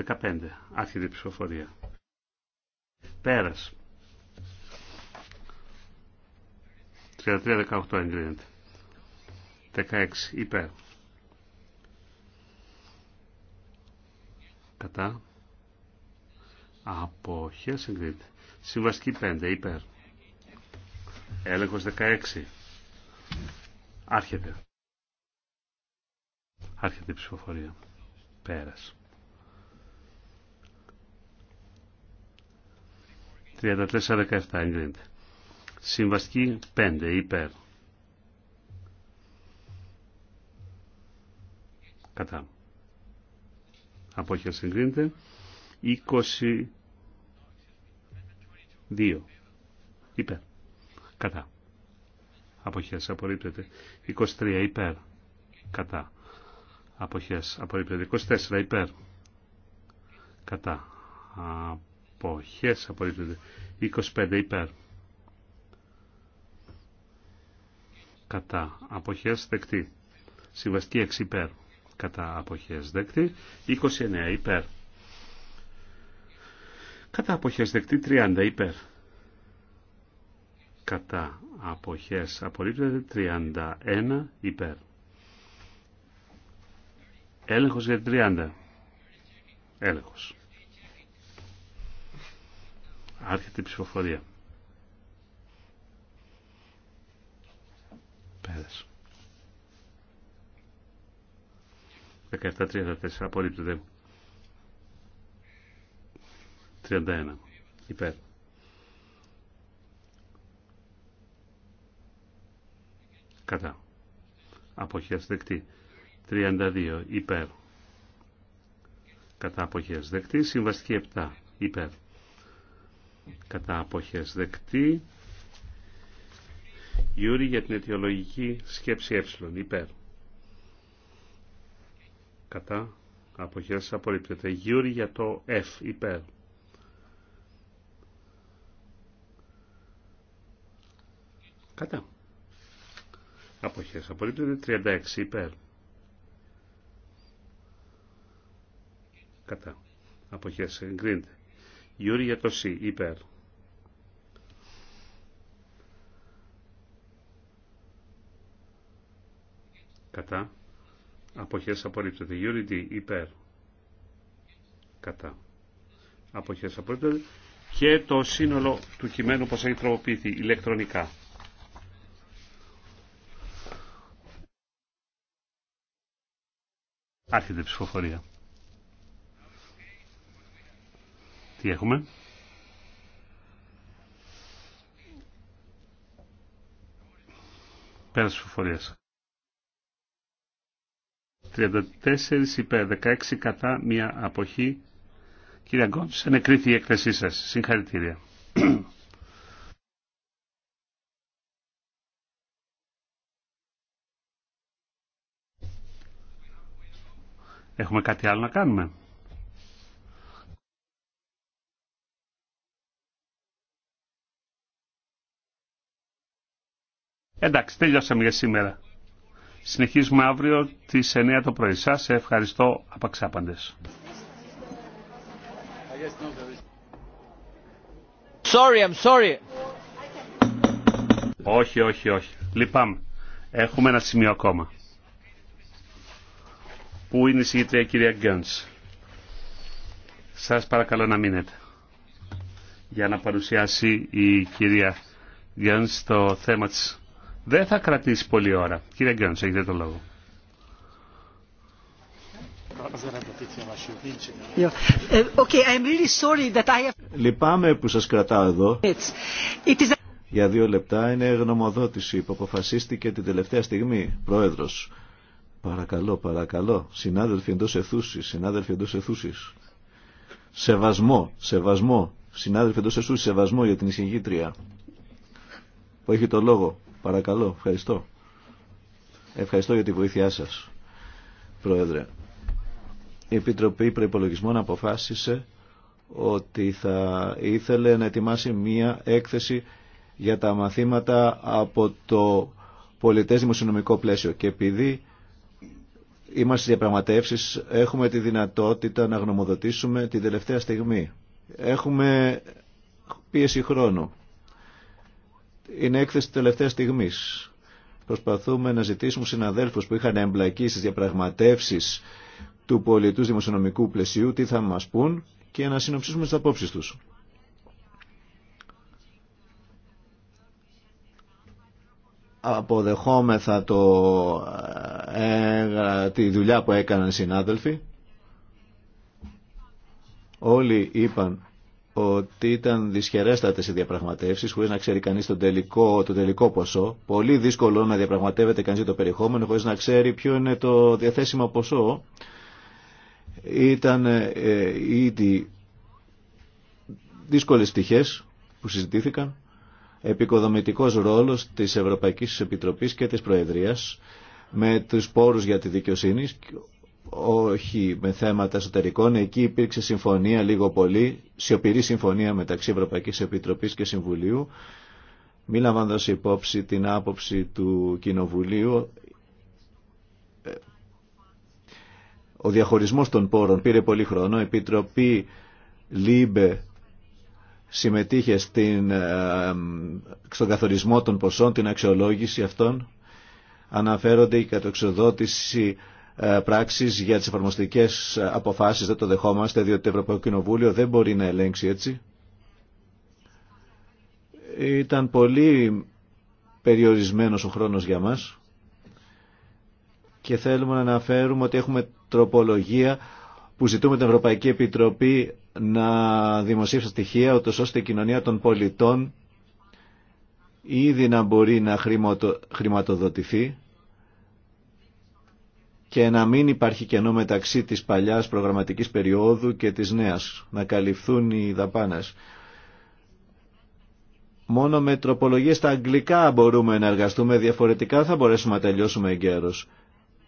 Speaker 1: 15 αρχιτη ψηφοφορία πέρας 33-18 εγκρίνεται 16 υπέρ κατά αποχές εγκρίνεται. Συμβαστική 5 υπέρ. Έλεγχος 16. Άρχεται. Άρχεται η ψηφοφορία. Πέρας. 34-17 εγκρίνεται. Συμβαστική 5 υπέρ. Κατά όχι Συγκρίνεται. 22 υπέρ. Κατά. Αποχές απορρίπτεται. 23 υπέρ. Κατά. Αποχές απορρίπτεται. 24 υπέρ. Κατά. Αποχές απορρίπτεται. 25 υπέρ. Κατά. Αποχές δεκτή. Συμβαστική 6 υπέρ κατά αποχές δεκτή, 29 υπέρ. Κατά αποχές δεκτή, 30 υπέρ. Κατά αποχές απορρίπτεται, 31 υπέρ. Έλεγχος για 30. Έλεγχος. Άρχεται η ψηφοφορία. Πέρασε. 17-34 απορρίπτεται. 31 υπέρ. Κατά. Αποχές δεκτή. 32 υπέρ. Κατά αποχές δεκτή. Συμβαστική 7 υπέρ. Κατά αποχές δεκτή. Γιούρι για την αιτιολογική σκέψη ε υπέρ κατά αποχές απορρίπτεται. Γιούρι για το F υπέρ. Κατά. Αποχές απορρίπτεται 36 υπέρ. Κατά. Αποχές εγκρίνεται. Γιούρι για το C υπέρ. Κατά. Αποχές απορρίπτεται. Γιούριντι Υπέρ. Κατά. Αποχές απορρίπτεται. Και το σύνολο του κειμένου πως έχει τροποποιηθεί ηλεκτρονικά. Άρχεται η ψηφοφορία. Τι έχουμε. Πέρας ψηφοφορίας. 34 υπέρ, 16 κατά, μία αποχή. Κύριε σε νεκρήθη η έκθεσή σας. Συγχαρητήρια. Έχουμε κάτι άλλο να κάνουμε. Εντάξει, τελειώσαμε για σήμερα. Συνεχίζουμε αύριο τις 9 το πρωί. Σας ευχαριστώ απαξάπαντες. Sorry, Όχι, όχι, όχι. Λυπάμαι. Έχουμε ένα σημείο ακόμα. Πού είναι η συγγήτρια κυρία Γκέντς. Σας παρακαλώ να μείνετε. Για να παρουσιάσει η κυρία Γκέντς το θέμα της δεν θα κρατήσει πολλή ώρα. Κύριε Γκέντς, έχετε το λόγο. Λυπάμαι που σας κρατάω
Speaker 2: εδώ. Για δύο λεπτά είναι γνωμοδότηση που αποφασίστηκε την τελευταία στιγμή, Πρόεδρος. Παρακαλώ, παρακαλώ, συνάδελφοι εντός εθούσης, συνάδελφοι εντός εθούσης. Σεβασμό, σεβασμό, συνάδελφοι εντός εθούσης, σεβασμό για την εισηγήτρια που έχει το λόγο. Παρακαλώ, ευχαριστώ. Ευχαριστώ για τη βοήθειά σας, Πρόεδρε. Η Επιτροπή Προϋπολογισμών αποφάσισε ότι θα ήθελε να ετοιμάσει μία έκθεση για τα μαθήματα από το πολιτές δημοσιονομικό πλαίσιο και επειδή είμαστε στις διαπραγματεύσεις έχουμε τη δυνατότητα να γνωμοδοτήσουμε την τελευταία στιγμή. Έχουμε πίεση χρόνου είναι έκθεση τελευταία στιγμή. Προσπαθούμε να ζητήσουμε συναδέλφου που είχαν εμπλακεί στι διαπραγματεύσει του πολιτού δημοσιονομικού πλαισίου τι θα μα πούν και να συνοψίσουμε τι απόψει του. Αποδεχόμεθα το, ε, τη δουλειά που έκαναν οι συνάδελφοι. Όλοι είπαν ότι ήταν δυσχερέστατε οι διαπραγματεύσει, χωρί να ξέρει κανεί το τελικό, το τελικό ποσό. Πολύ δύσκολο να διαπραγματεύεται κανεί το περιεχόμενο, χωρί να ξέρει ποιο είναι το διαθέσιμο ποσό. Ήταν ε, ήδη δύσκολε πτυχέ που συζητήθηκαν. Επικοδομητικός ρόλος της Ευρωπαϊκής Επιτροπής και τη Προεδρία με τους πόρους για τη δικαιοσύνη όχι με θέματα εσωτερικών. Εκεί υπήρξε συμφωνία λίγο πολύ, σιωπηρή συμφωνία μεταξύ Ευρωπαϊκής Επιτροπής και Συμβουλίου, μη λαμβάνοντα υπόψη την άποψη του Κοινοβουλίου. Ο διαχωρισμός των πόρων πήρε πολύ χρόνο. Η Επιτροπή ΛΥΜΠΕ συμμετείχε στην, ε, στον καθορισμό των ποσών, την αξιολόγηση αυτών. Αναφέρονται η κατοξοδότηση ε, πράξεις για τις εφαρμοστικές αποφάσεις δεν το δεχόμαστε διότι το Ευρωπαϊκό Κοινοβούλιο δεν μπορεί να ελέγξει έτσι. Ήταν πολύ περιορισμένος ο χρόνος για μας και θέλουμε να αναφέρουμε ότι έχουμε τροπολογία που ζητούμε την Ευρωπαϊκή Επιτροπή να δημοσίευσει στοιχεία ώστε η κοινωνία των πολιτών ήδη να μπορεί να χρηματοδοτηθεί και να μην υπάρχει κενό μεταξύ της παλιάς προγραμματικής περίοδου και της νέας, να καλυφθούν οι δαπάνες. Μόνο με τροπολογίες στα αγγλικά μπορούμε να εργαστούμε, διαφορετικά θα μπορέσουμε να τελειώσουμε εγκαίρως.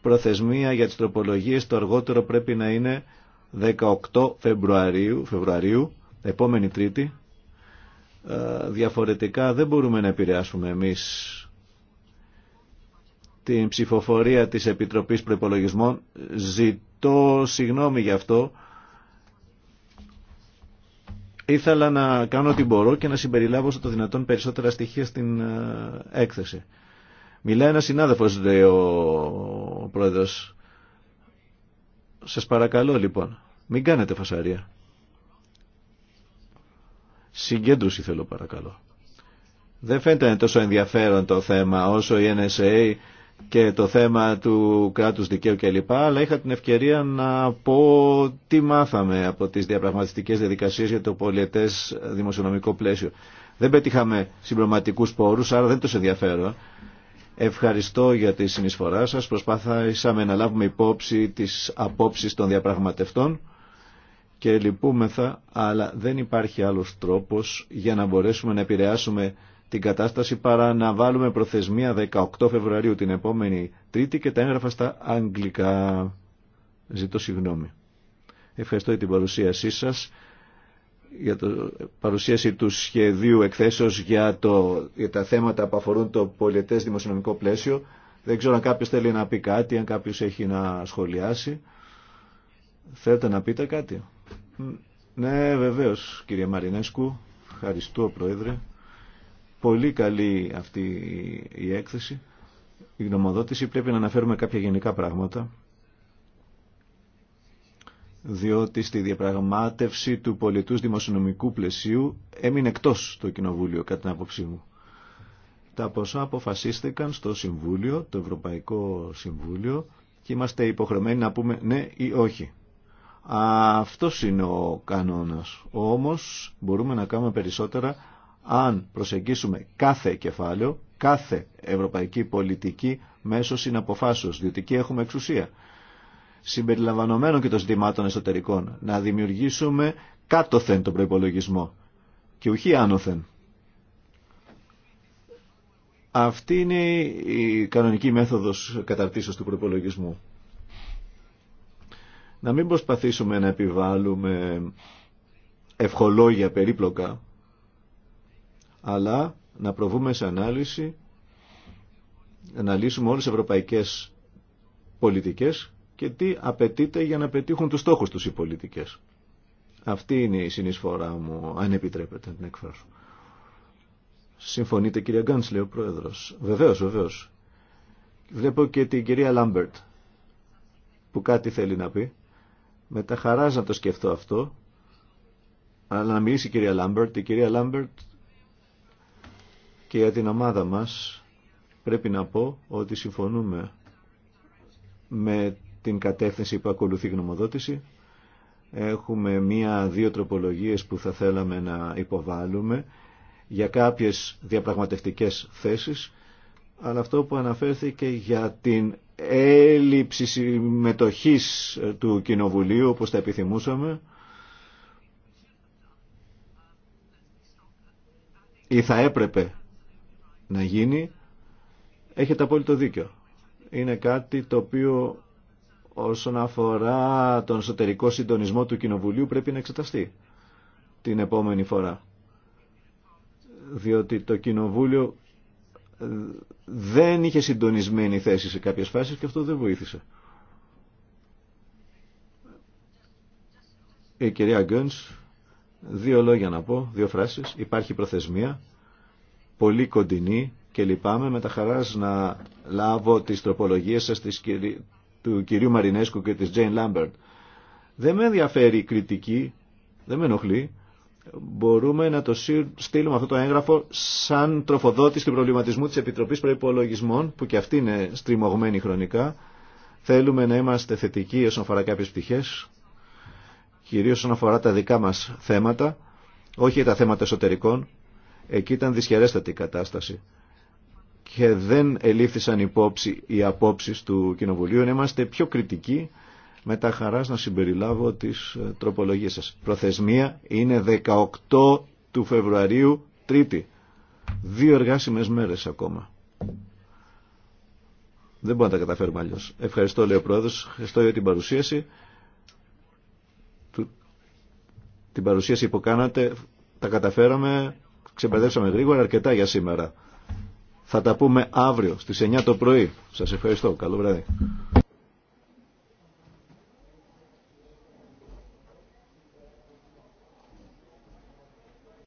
Speaker 2: Προθεσμία για τις τροπολογίες το αργότερο πρέπει να είναι 18 Φεβρουαρίου, Φεβρουαρίου επόμενη Τρίτη. Ε, διαφορετικά δεν μπορούμε να επηρεάσουμε εμείς την ψηφοφορία της Επιτροπής Προπολογισμών. Ζητώ συγγνώμη γι' αυτό. Ήθελα να κάνω ό,τι μπορώ και να συμπεριλάβω στο το δυνατόν περισσότερα στοιχεία στην ε, έκθεση. Μιλάει ένα συνάδελφος, λέει ο πρόεδρος. Σας παρακαλώ λοιπόν, μην κάνετε φασαρία. Συγκέντρωση θέλω παρακαλώ. Δεν φαίνεται τόσο ενδιαφέρον το θέμα όσο η NSA και το θέμα του κράτους δικαίου κλπ. Αλλά είχα την ευκαιρία να πω τι μάθαμε από τις διαπραγματευτικές διαδικασίες για το πολιετές δημοσιονομικό πλαίσιο. Δεν πετύχαμε συμπληρωματικούς πόρους, άρα δεν τους ενδιαφέρω. Ευχαριστώ για τη συνεισφορά σας. Προσπάθησαμε να λάβουμε υπόψη τις απόψεις των διαπραγματευτών και λυπούμεθα, αλλά δεν υπάρχει άλλος τρόπος για να μπορέσουμε να επηρεάσουμε την κατάσταση παρά να βάλουμε προθεσμία 18 Φεβρουαρίου την επόμενη Τρίτη και τα έγραφα στα αγγλικά. Ζητώ συγγνώμη. Ευχαριστώ για την παρουσίασή σας για το παρουσίαση του σχεδίου εκθέσεως για, το, για τα θέματα που αφορούν το πολιτές δημοσιονομικό πλαίσιο. Δεν ξέρω αν κάποιος θέλει να πει κάτι, αν κάποιος έχει να σχολιάσει. Θέλετε να πείτε κάτι. Ναι, βεβαίως, κύριε Μαρινέσκου. Ευχαριστώ, Πρόεδρε. Πολύ καλή αυτή η έκθεση. Η γνωμοδότηση πρέπει να αναφέρουμε κάποια γενικά πράγματα διότι στη διαπραγμάτευση του πολιτού δημοσιονομικού πλαισίου έμεινε εκτός το Κοινοβούλιο κατά την άποψή μου. Τα ποσά αποφασίστηκαν στο Συμβούλιο, το Ευρωπαϊκό Συμβούλιο και είμαστε υποχρεωμένοι να πούμε ναι ή όχι. Αυτός είναι ο κανόνας. Όμως μπορούμε να κάνουμε περισσότερα αν προσεγγίσουμε κάθε κεφάλαιο, κάθε ευρωπαϊκή πολιτική μέσω συναποφάσεως, διότι εκεί έχουμε εξουσία. Συμπεριλαμβανομένων και των ζητημάτων εσωτερικών, να δημιουργήσουμε κάτωθεν τον προϋπολογισμό και ουχή άνωθεν. Αυτή είναι η κανονική μέθοδος καταρτήσεως του προϋπολογισμού. Να μην προσπαθήσουμε να επιβάλλουμε ευχολόγια περίπλοκα αλλά να προβούμε σε ανάλυση, να λύσουμε όλες τις ευρωπαϊκές πολιτικές και τι απαιτείται για να πετύχουν τους στόχους τους οι πολιτικές. Αυτή είναι η συνεισφορά μου, αν επιτρέπετε την εκφράσω. Συμφωνείτε κυρία Γκάντς, λέει ο Πρόεδρος. Βεβαίως, βεβαίως. Βλέπω και την κυρία Λάμπερτ που κάτι θέλει να πει. Με τα χαράς να το σκεφτώ αυτό. Αλλά να μιλήσει η κυρία Λάμπερτ. Η κυρία Λάμπερτ και για την ομάδα μας πρέπει να πω ότι συμφωνούμε με την κατεύθυνση που ακολουθεί η γνωμοδότηση. Έχουμε μία-δύο τροπολογίες που θα θέλαμε να υποβάλουμε για κάποιες διαπραγματευτικές θέσεις, αλλά αυτό που αναφέρθηκε για την έλλειψη συμμετοχής του Κοινοβουλίου, όπως τα επιθυμούσαμε, ή θα έπρεπε να γίνει, έχετε απόλυτο δίκιο. Είναι κάτι το οποίο όσον αφορά τον εσωτερικό συντονισμό του Κοινοβουλίου πρέπει να εξεταστεί την επόμενη φορά. Διότι το Κοινοβούλιο δεν είχε συντονισμένη θέση σε κάποιες φάσεις και αυτό δεν βοήθησε. Η κυρία Γκέντς, δύο λόγια να πω, δύο φράσεις. Υπάρχει προθεσμία πολύ κοντινή και λυπάμαι με τα χαράς να λάβω τις τροπολογίες σας της, του κυρίου Μαρινέσκου και της Τζέιν Λάμπερτ. Δεν με ενδιαφέρει η κριτική, δεν με ενοχλεί. Μπορούμε να το στείλουμε αυτό το έγγραφο σαν τροφοδότη του προβληματισμού της Επιτροπής Προϋπολογισμών, που και αυτή είναι στριμωγμένη χρονικά. Θέλουμε να είμαστε θετικοί όσον αφορά κάποιες πτυχές, κυρίως όσον αφορά τα δικά μας θέματα, όχι τα θέματα εσωτερικών, Εκεί ήταν δυσχερέστατη η κατάσταση και δεν ελήφθησαν υπόψη οι απόψεις του Κοινοβουλίου. Είμαστε πιο κριτικοί με τα χαράς να συμπεριλάβω τις ε, τροπολογίες σας. Προθεσμία είναι 18 του Φεβρουαρίου, Τρίτη. Δύο εργάσιμες μέρες ακόμα. Δεν μπορούμε να τα καταφέρουμε αλλιώ. Ευχαριστώ, λέει ο Πρόεδρος. Ευχαριστώ για την παρουσίαση. Την παρουσίαση που κάνατε τα καταφέραμε. Ξεπερδέψαμε γρήγορα αρκετά για σήμερα. Θα τα πούμε αύριο στις 9 το πρωί. Σας ευχαριστώ. Καλό βράδυ.